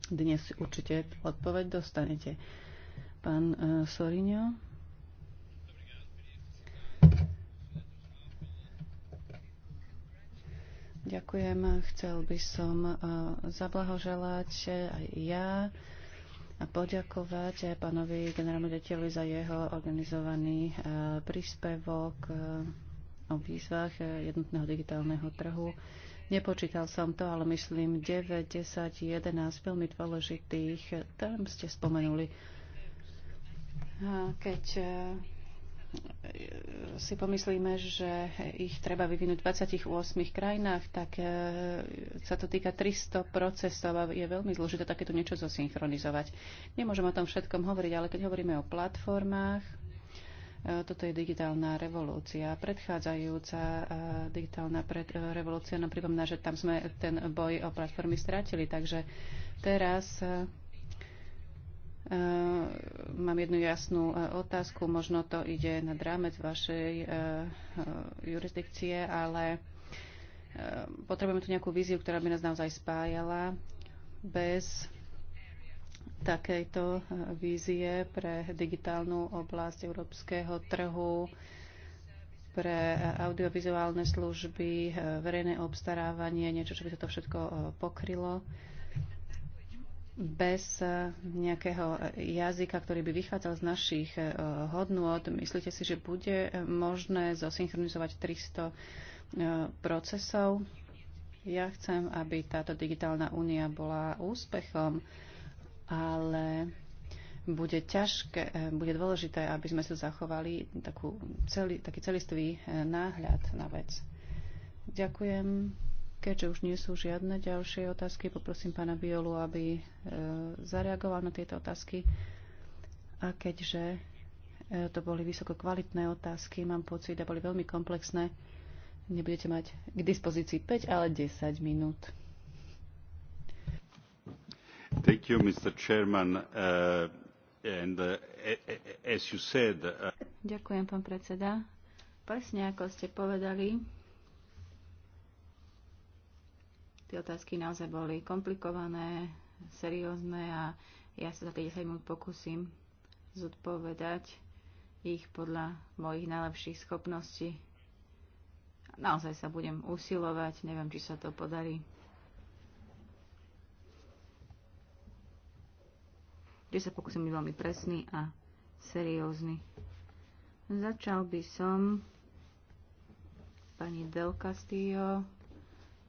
Dnes určite odpoveď dostanete. Pán uh, e, Sorinio. Ďakujem. Chcel by som uh, zablahoželať aj ja a poďakovať aj pánovi generálnu detelu za jeho organizovaný uh, príspevok. Uh, o výzvach e, jednotného digitálneho trhu. Nepočítal som to, ale myslím 9, 10, 11 veľmi dôležitých. Tam ste spomenuli. Keď e, e, si pomyslíme, že ich treba vyvinúť v 28 krajinách, tak sa to týka 300 procesov a je veľmi zložité takéto niečo zosynchronizovať. Nemôžem o tom všetkom hovoriť, ale keď hovoríme o platformách, E, toto je digitálna revolúcia. Predchádzajúca e, digitálna pred, e, revolúcia nám no pripomína, že tam sme ten boj o platformy stratili, takže teraz mám jednu jasnú otázku. Možno to ide na rámec vašej jurisdikcie, ale potrebujeme tu nejakú víziu, ktorá by nás naozaj spájala bez takejto e, vízie pre digitálnu oblasť európskeho trhu, pre e, audiovizuálne služby, e, verejné obstarávanie, niečo, čo by sa to všetko pokrylo bez nejakého jazyka, ktorý by vychádzal z našich hodnôt. Myslíte si, že bude možné zosynchronizovať 300 procesov? Ja chcem, aby táto digitálna únia bola úspechom ale bude ťažké, eh, bude dôležité, aby sme sa zachovali takú celý, taký celistvý eh, náhľad na vec. Ďakujem. Keďže už nie sú žiadne ďalšie otázky, poprosím pána Biolu, aby eh, zareagoval na tieto otázky. A keďže to boli vysoko kvalitné otázky, mám pocit, a boli veľmi komplexné, nebudete mať k dispozícii 5, ale 10 minút. Uh, uh, uh, Ďakujem, pán predseda. Presne ako ste povedali, tie otázky naozaj boli komplikované, seriózne a ja sa za tie 10 minút pokúsim zodpovedať ich podľa mojich najlepších schopností. Naozaj sa budem usilovať, neviem, či sa to podarí. kde sa pokúsim byť veľmi presný a seriózny. Začal by som pani Del Castillo.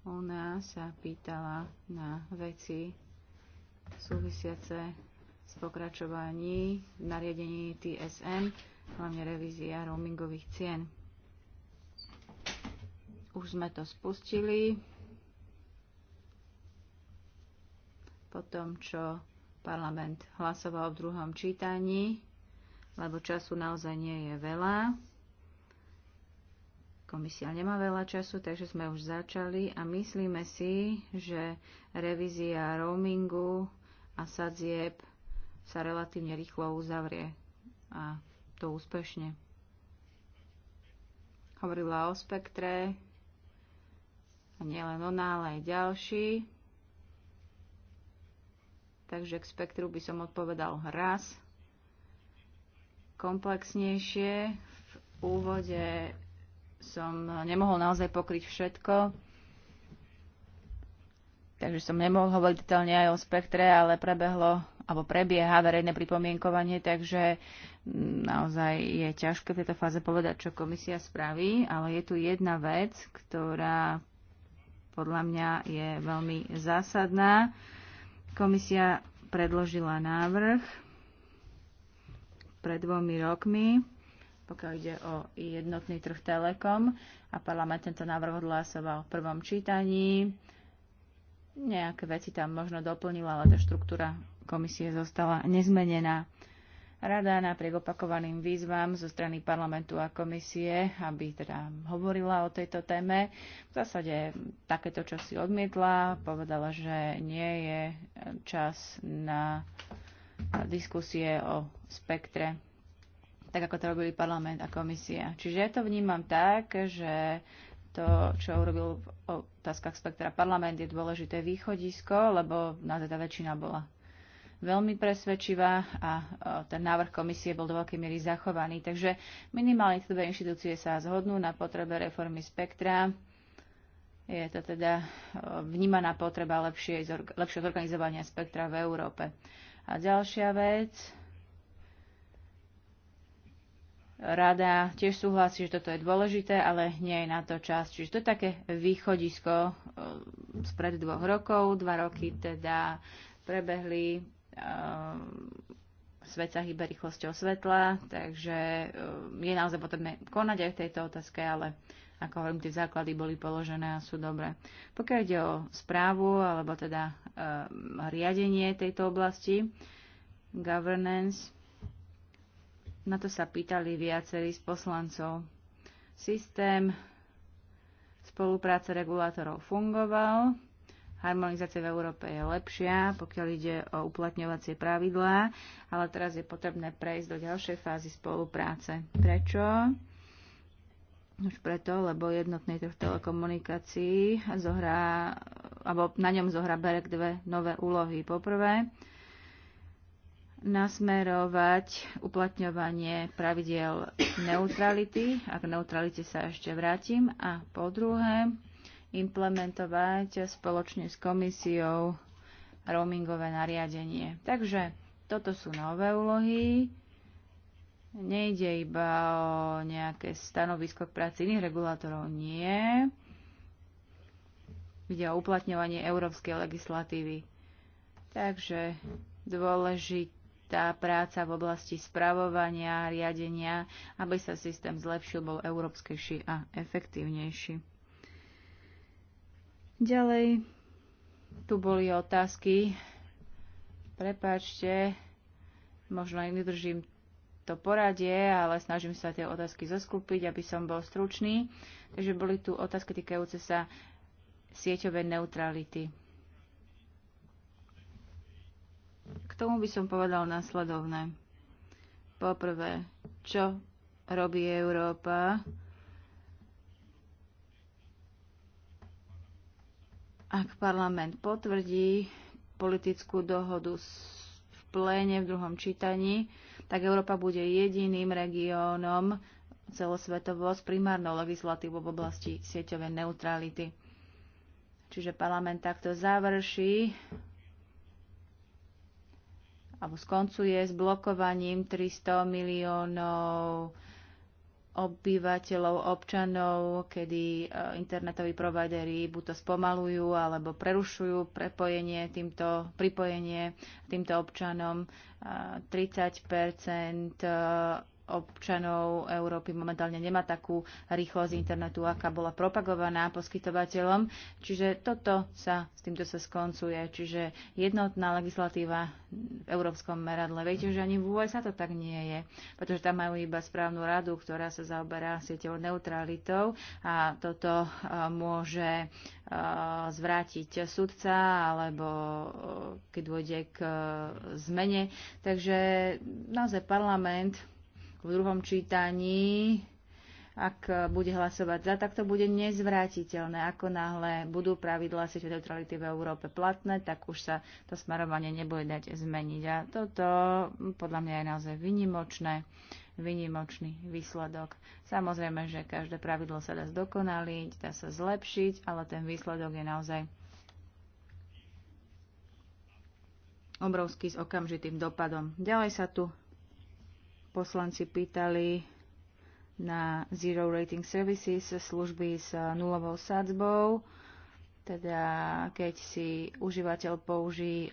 Ona sa pýtala na veci súvisiace s pokračovaní v nariadení TSN, hlavne revízia roamingových cien. Už sme to spustili potom čo parlament hlasoval v druhom čítaní, lebo času naozaj nie je veľa. Komisia nemá veľa času, takže sme už začali a myslíme si, že revízia roamingu a sadzieb sa relatívne rýchlo uzavrie. A to úspešne. Hovorila o spektre, a nielen ona, ale aj ďalší takže k spektru by som odpovedal raz. Komplexnejšie v úvode som nemohol naozaj pokryť všetko, takže som nemohol hovoriť detálne aj o spektre, ale prebehlo alebo prebieha verejné pripomienkovanie, takže naozaj je ťažké v tejto fáze povedať, čo komisia spraví, ale je tu jedna vec, ktorá podľa mňa je veľmi zásadná Komisia predložila návrh pred dvomi rokmi, pokiaľ ide o jednotný trh Telekom a parlament tento návrh odhlasoval v prvom čítaní. Nejaké veci tam možno doplnila, ale tá štruktúra komisie zostala nezmenená. Rada napriek opakovaným výzvam zo strany parlamentu a komisie, aby teda hovorila o tejto téme, v zásade takéto čo si odmietla, povedala, že nie je čas na diskusie o spektre, tak ako to robili parlament a komisia. Čiže ja to vnímam tak, že to, čo urobil v otázkach spektra parlament, je dôležité východisko, lebo na teda väčšina bola veľmi presvedčivá a ten návrh komisie bol do veľkej miery zachovaný. Takže minimálne tieto dve inštitúcie sa zhodnú na potrebe reformy spektra. Je to teda e, vnímaná potreba lepšie, lepšieho zorganizovania spektra v Európe. A ďalšia vec, Rada tiež súhlasí, že toto je dôležité, ale nie je na to čas. Čiže to je také východisko e, spred dvoch rokov. Dva roky teda prebehli Ehm, svet sa hýbe rýchlosťou svetla, takže ehm, je naozaj potrebné konať aj v tejto otázke, ale ako hovorím, tie základy boli položené a sú dobré. Pokiaľ ide o správu, alebo teda e, riadenie tejto oblasti, governance, na to sa pýtali viacerí z poslancov. Systém spolupráce regulátorov fungoval, harmonizácia v Európe je lepšia, pokiaľ ide o uplatňovacie pravidlá, ale teraz je potrebné prejsť do ďalšej fázy spolupráce. Prečo? Už preto, lebo jednotný trh telekomunikácií zohrá, alebo na ňom zohrá Berek dve nové úlohy. Poprvé, nasmerovať uplatňovanie pravidiel neutrality, a k neutralite sa ešte vrátim, a po druhé, implementovať spoločne s komisiou roamingové nariadenie. Takže toto sú nové úlohy. Nejde iba o nejaké stanovisko k práci iných regulátorov. Nie. Ide o uplatňovanie európskej legislatívy. Takže dôležitá práca v oblasti spravovania, riadenia, aby sa systém zlepšil, bol európskejší a efektívnejší. Ďalej, tu boli otázky. Prepáčte, možno aj nedržím to poradie, ale snažím sa tie otázky zoskupiť, aby som bol stručný. Takže boli tu otázky týkajúce sa sieťovej neutrality. K tomu by som povedal následovné. Poprvé, čo robí Európa Ak parlament potvrdí politickú dohodu v pléne v druhom čítaní, tak Európa bude jediným regiónom celosvetovo s primárnou legislatívou v oblasti sieťovej neutrality. Čiže parlament takto završí alebo skoncuje s blokovaním 300 miliónov obyvateľov, občanov, kedy eh, internetoví provideri buď to spomalujú alebo prerušujú prepojenie týmto, pripojenie týmto občanom. 30 eh, občanov Európy momentálne nemá takú rýchlosť internetu, aká bola propagovaná poskytovateľom. Čiže toto sa s týmto sa skoncuje. Čiže jednotná legislatíva v európskom meradle. Viete, že ani v USA to tak nie je, pretože tam majú iba správnu radu, ktorá sa zaoberá sieťou neutralitou a toto e, môže e, zvrátiť sudca alebo e, keď dôjde k zmene. Takže naozaj parlament v druhom čítaní, ak bude hlasovať za, tak to bude nezvrátiteľné. Ako náhle budú pravidlá sieťovej neutrality v Európe platné, tak už sa to smerovanie nebude dať zmeniť. A toto podľa mňa je naozaj vynimočné vynimočný výsledok. Samozrejme, že každé pravidlo sa dá zdokonaliť, dá sa zlepšiť, ale ten výsledok je naozaj obrovský s okamžitým dopadom. Ďalej sa tu poslanci pýtali na Zero Rating Services, služby s nulovou sadzbou, teda keď si užívateľ použí eh,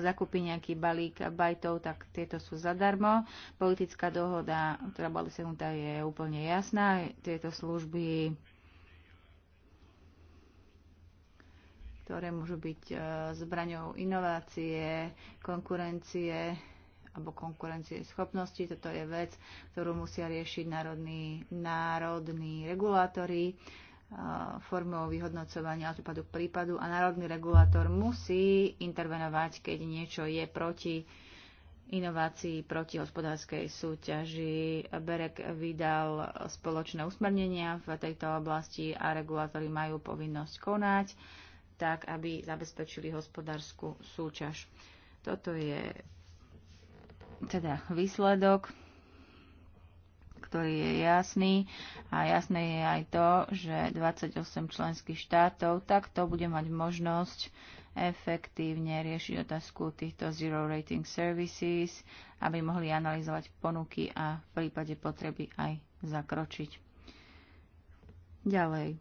zakúpi nejaký balík bajtov, tak tieto sú zadarmo. Politická dohoda, ktorá bola dosiahnutá, je úplne jasná. Tieto služby, ktoré môžu byť eh, zbraňou inovácie, konkurencie, alebo konkurencie schopnosti. Toto je vec, ktorú musia riešiť národní, národní regulátory formou vyhodnocovania od prípadu k prípadu a národný regulátor musí intervenovať, keď niečo je proti inovácií proti hospodárskej súťaži. Berek vydal spoločné usmernenia v tejto oblasti a regulátori majú povinnosť konať tak, aby zabezpečili hospodárskú súťaž. Toto je teda výsledok, ktorý je jasný a jasné je aj to, že 28 členských štátov takto bude mať možnosť efektívne riešiť otázku týchto Zero Rating Services, aby mohli analyzovať ponuky a v prípade potreby aj zakročiť. Ďalej.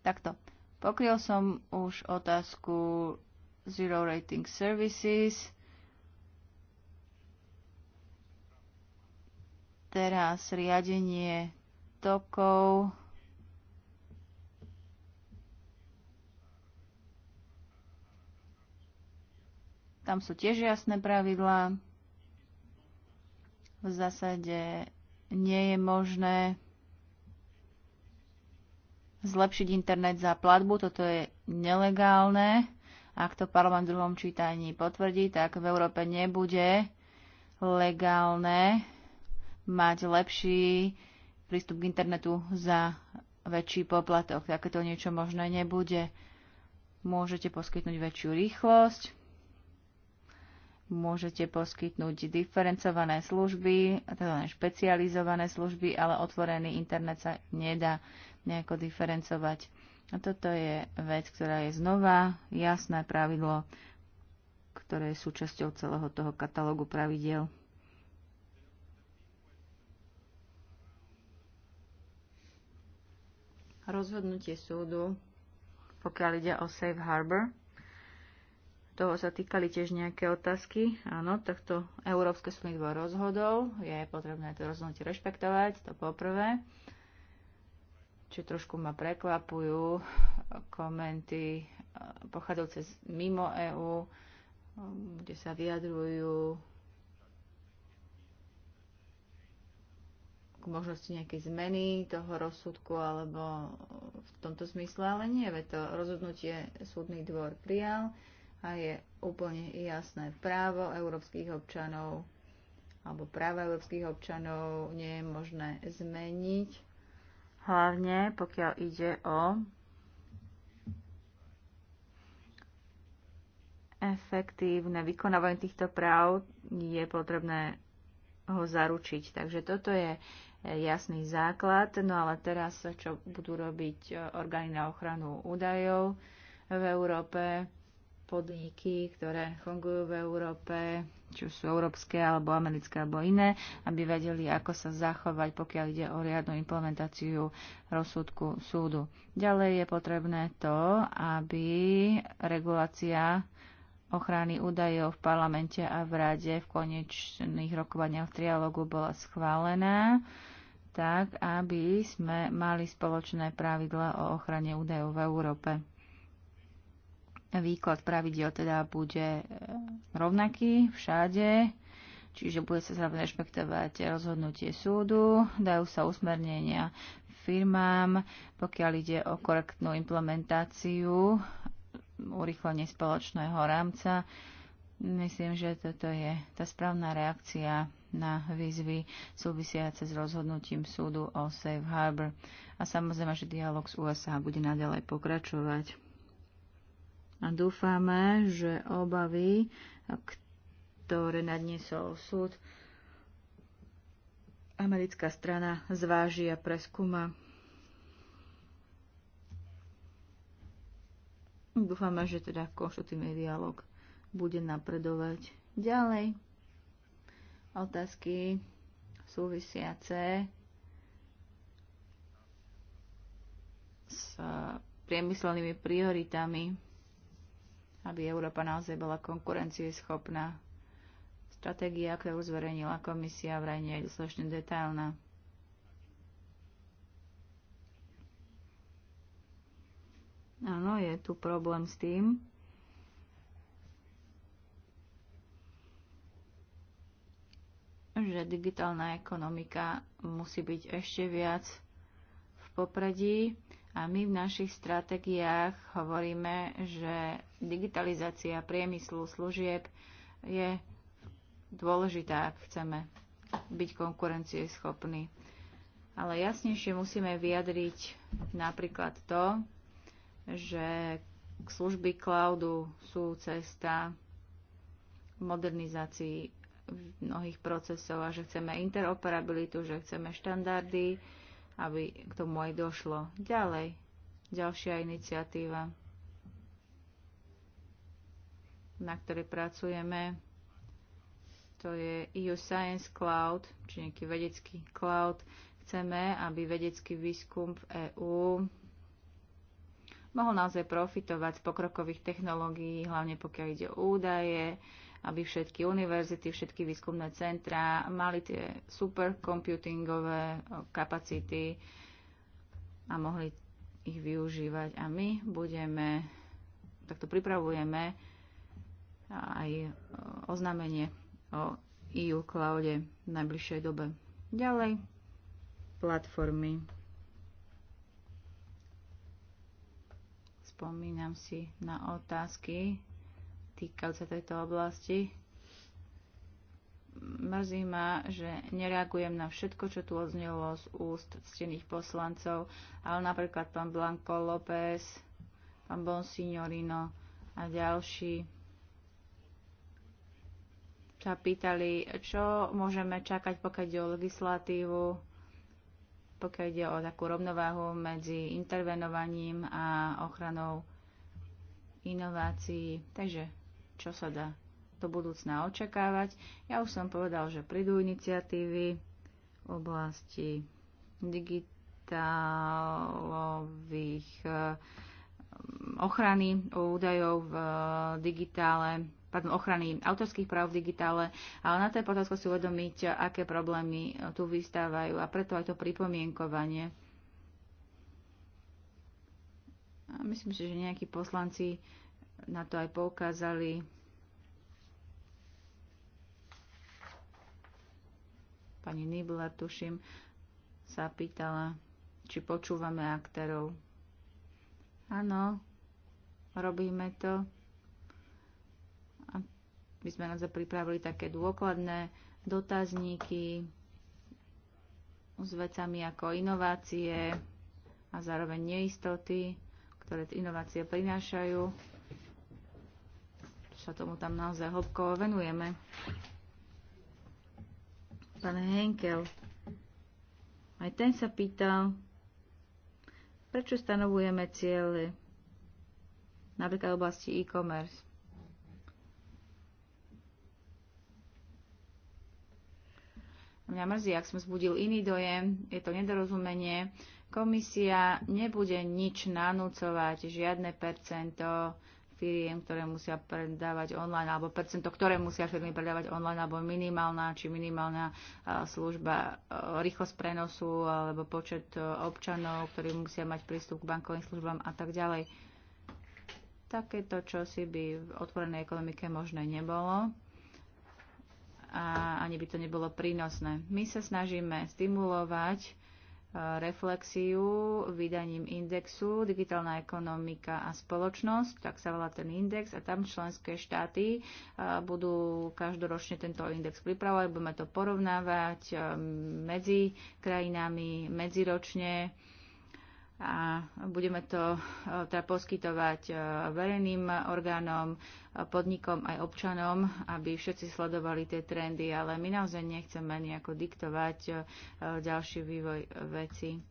Takto. Pokryl som už otázku Zero Rating Services. Teraz riadenie tokov. Tam sú tiež jasné pravidlá. V zásade nie je možné zlepšiť internet za platbu. Toto je nelegálne. Ak to parlament v druhom čítaní potvrdí, tak v Európe nebude legálne mať lepší prístup k internetu za väčší poplatok. Takéto niečo možné nebude. Môžete poskytnúť väčšiu rýchlosť, môžete poskytnúť diferencované služby, teda špecializované služby, ale otvorený internet sa nedá nejako diferencovať. A toto je vec, ktorá je znova jasné pravidlo, ktoré je súčasťou celého toho katalógu pravidiel. Rozhodnutie súdu, pokiaľ ide o Safe Harbor, toho sa týkali tiež nejaké otázky. Áno, takto Európske súdny dvor rozhodov, je potrebné to rozhodnutie rešpektovať, to poprvé či trošku ma prekvapujú komenty eh, pochádzajúce mimo EÚ, kde sa vyjadrujú k možnosti nejakej zmeny toho rozsudku alebo v tomto zmysle, ale nie, veď to rozhodnutie súdny dvor prijal a je úplne jasné právo európskych občanov alebo práva európskych občanov nie je možné zmeniť hlavne pokiaľ ide o efektívne vykonávanie týchto práv je potrebné ho zaručiť. Takže toto je jasný základ. No ale teraz, čo budú robiť orgány na ochranu údajov v Európe, podniky, ktoré fungujú v Európe, či už sú európske alebo americké alebo iné, aby vedeli, ako sa zachovať, pokiaľ ide o riadnu implementáciu rozsudku súdu. Ďalej je potrebné to, aby regulácia ochrany údajov v parlamente a v rade v konečných rokovaniach v trialogu bola schválená tak, aby sme mali spoločné pravidla o ochrane údajov v Európe výklad pravidel teda bude e, rovnaký všade, čiže bude sa zároveň rešpektovať rozhodnutie súdu, dajú sa usmernenia firmám, pokiaľ ide o korektnú implementáciu urychlenie spoločného rámca. Myslím, že toto je tá správna reakcia na výzvy súvisiace s rozhodnutím súdu o Safe Harbor. A samozrejme, že dialog s USA bude naďalej pokračovať a dúfame, že obavy, ktoré nadniesol súd, americká strana zváži a preskúma. Dúfame, že teda konštruktívny dialog bude napredovať ďalej. Otázky súvisiace s priemyselnými prioritami aby Európa naozaj bola konkurencieschopná. Stratégia, ktorú zverejnila komisia, vraj nie je dostatočne detailná. Áno, je tu problém s tým, že digitálna ekonomika musí byť ešte viac v popredí a my v našich stratégiách hovoríme, že digitalizácia priemyslu služieb je dôležitá, ak chceme byť konkurencieschopní. Ale jasnejšie musíme vyjadriť napríklad to, že služby cloudu sú cesta modernizácii mnohých procesov a že chceme interoperabilitu, že chceme štandardy, aby k tomu aj došlo. Ďalej, ďalšia iniciatíva, na ktorej pracujeme, to je EU Science Cloud, či nejaký vedecký cloud. Chceme, aby vedecký výskum v EÚ mohol naozaj profitovať z pokrokových technológií, hlavne pokiaľ ide o údaje, aby všetky univerzity, všetky výskumné centra mali tie supercomputingové eh, kapacity a mohli ich využívať. A my budeme, takto pripravujeme aj eh, oznámenie o EU cloude v najbližšej dobe. Ďalej, platformy. Spomínam si na otázky, týkajúce tejto oblasti. Mrzí ma, že nereagujem na všetko, čo tu odznelo z úst ctených poslancov, ale napríklad pán Blanco López, pán Bonsignorino a ďalší sa pýtali, čo môžeme čakať, pokiaľ ide o legislatívu, pokiaľ ide o takú rovnováhu medzi intervenovaním a ochranou inovácií. Takže čo sa dá do budúcna očakávať. Ja už som povedal, že prídu iniciatívy v oblasti digitálových eh, ochrany údajov v eh, digitále, pardon, ochrany autorských práv v digitále, ale na to je potrebné si uvedomiť, aké problémy eh, tu vystávajú a preto aj to pripomienkovanie. A myslím si, že nejakí poslanci na to aj poukázali. Pani Nibla, tuším, sa pýtala, či počúvame aktérov. Áno, robíme to. A my sme naozaj pripravili také dôkladné dotazníky s vecami ako inovácie a zároveň neistoty, ktoré inovácie prinášajú sa tomu tam naozaj hlbko venujeme. Pán Henkel, aj ten sa pýtal, prečo stanovujeme cieľe napríklad v oblasti e-commerce. Mňa mrzí, ak som zbudil iný dojem, je to nedorozumenie. Komisia nebude nič nanúcovať, žiadne percento, firiem, ktoré musia predávať online, alebo percento, ktoré musia firmy predávať online, alebo minimálna či minimálna služba, rýchlosť prenosu, alebo počet občanov, ktorí musia mať prístup k bankovým službám a tak ďalej. Takéto čosi by v otvorenej ekonomike možné nebolo a ani by to nebolo prínosné. My sa snažíme stimulovať reflexiu vydaním indexu digitálna ekonomika a spoločnosť, tak sa volá ten index a tam členské štáty budú každoročne tento index pripravovať, budeme to porovnávať medzi krajinami, medziročne a budeme to e, teda poskytovať e, verejným orgánom, e, podnikom aj občanom, aby všetci sledovali tie trendy, ale my naozaj nechceme nejako diktovať ďalší vývoj veci.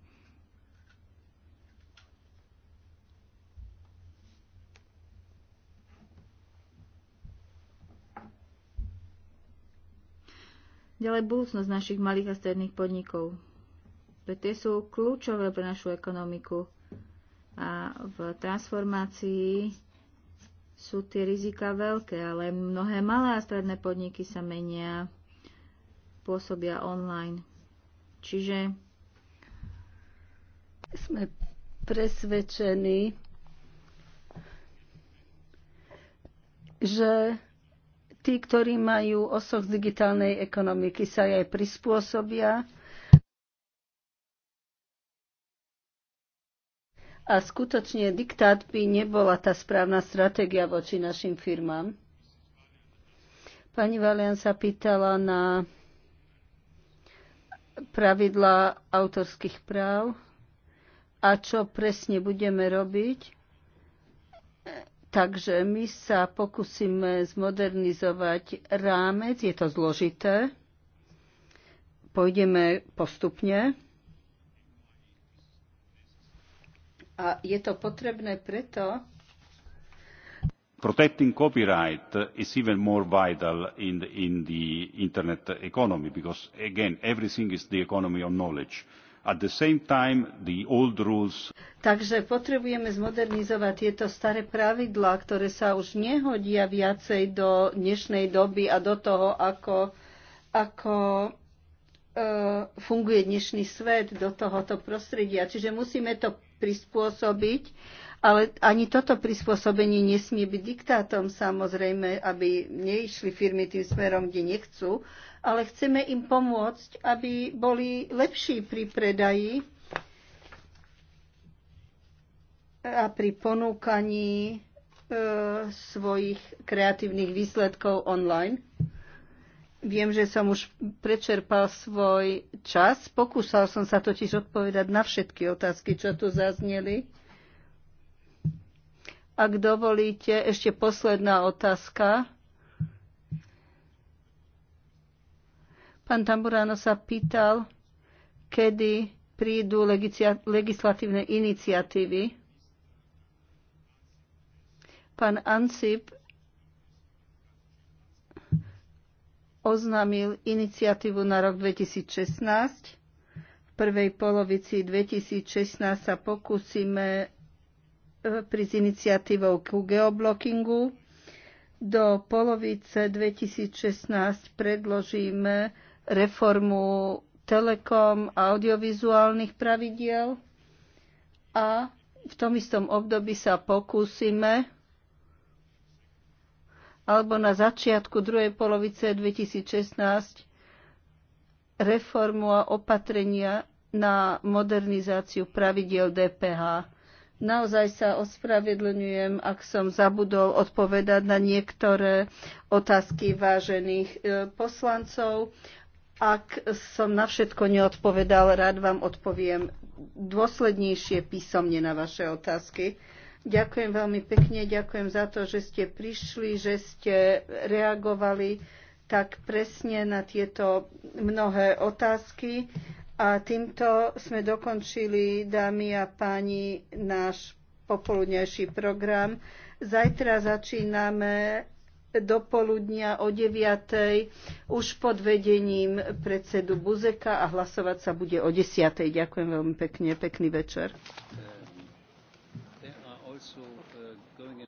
Ďalej budúcnosť našich malých a stredných podnikov tie sú kľúčové pre našu ekonomiku. A v transformácii sú tie rizika veľké, ale mnohé malé a stredné podniky sa menia, pôsobia online. Čiže sme presvedčení, že tí, ktorí majú osoch z digitálnej ekonomiky, sa aj prispôsobia A skutočne diktát by nebola tá správna stratégia voči našim firmám. Pani Valian sa pýtala na pravidlá autorských práv a čo presne budeme robiť. Takže my sa pokúsime zmodernizovať rámec, je to zložité, pôjdeme postupne A je to potrebné preto, protecting copyright is even more vital in the, in the internet economy because again everything is the economy of knowledge at the same time the old rules Takže potrebujeme zmodernizovať tieto staré pravidlá, ktoré sa už nehodia viacej do dnešnej doby a do toho, ako, ako uh, funguje dnešný svet, do tohoto prostredia. Čiže musíme to prispôsobiť, ale ani toto prispôsobenie nesmie byť diktátom samozrejme, aby neišli firmy tým smerom, kde nechcú, ale chceme im pomôcť, aby boli lepší pri predaji a pri ponúkaní e, svojich kreatívnych výsledkov online. Viem, že som už prečerpal svoj čas. Pokúsal som sa totiž odpovedať na všetky otázky, čo tu zazneli. Ak dovolíte, ešte posledná otázka. Pán Tamburáno sa pýtal, kedy prídu legislatívne iniciatívy. Pán Ansip oznámil iniciatívu na rok 2016. V prvej polovici 2016 sa pokúsime e, prísť iniciatívou ku geoblockingu. Do polovice 2016 predložíme reformu telekom a audiovizuálnych pravidiel a v tom istom období sa pokúsime alebo na začiatku druhej polovice 2016 reformu a opatrenia na modernizáciu pravidiel DPH. Naozaj sa ospravedlňujem, ak som zabudol odpovedať na niektoré otázky vážených e, poslancov. Ak som na všetko neodpovedal, rád vám odpoviem dôslednejšie písomne na vaše otázky. Ďakujem veľmi pekne, ďakujem za to, že ste prišli, že ste reagovali tak presne na tieto mnohé otázky. A týmto sme dokončili, dámy a páni, náš popoludnejší program. Zajtra začíname do poludnia o 9. už pod vedením predsedu Buzeka a hlasovať sa bude o 10. Ďakujem veľmi pekne, pekný večer.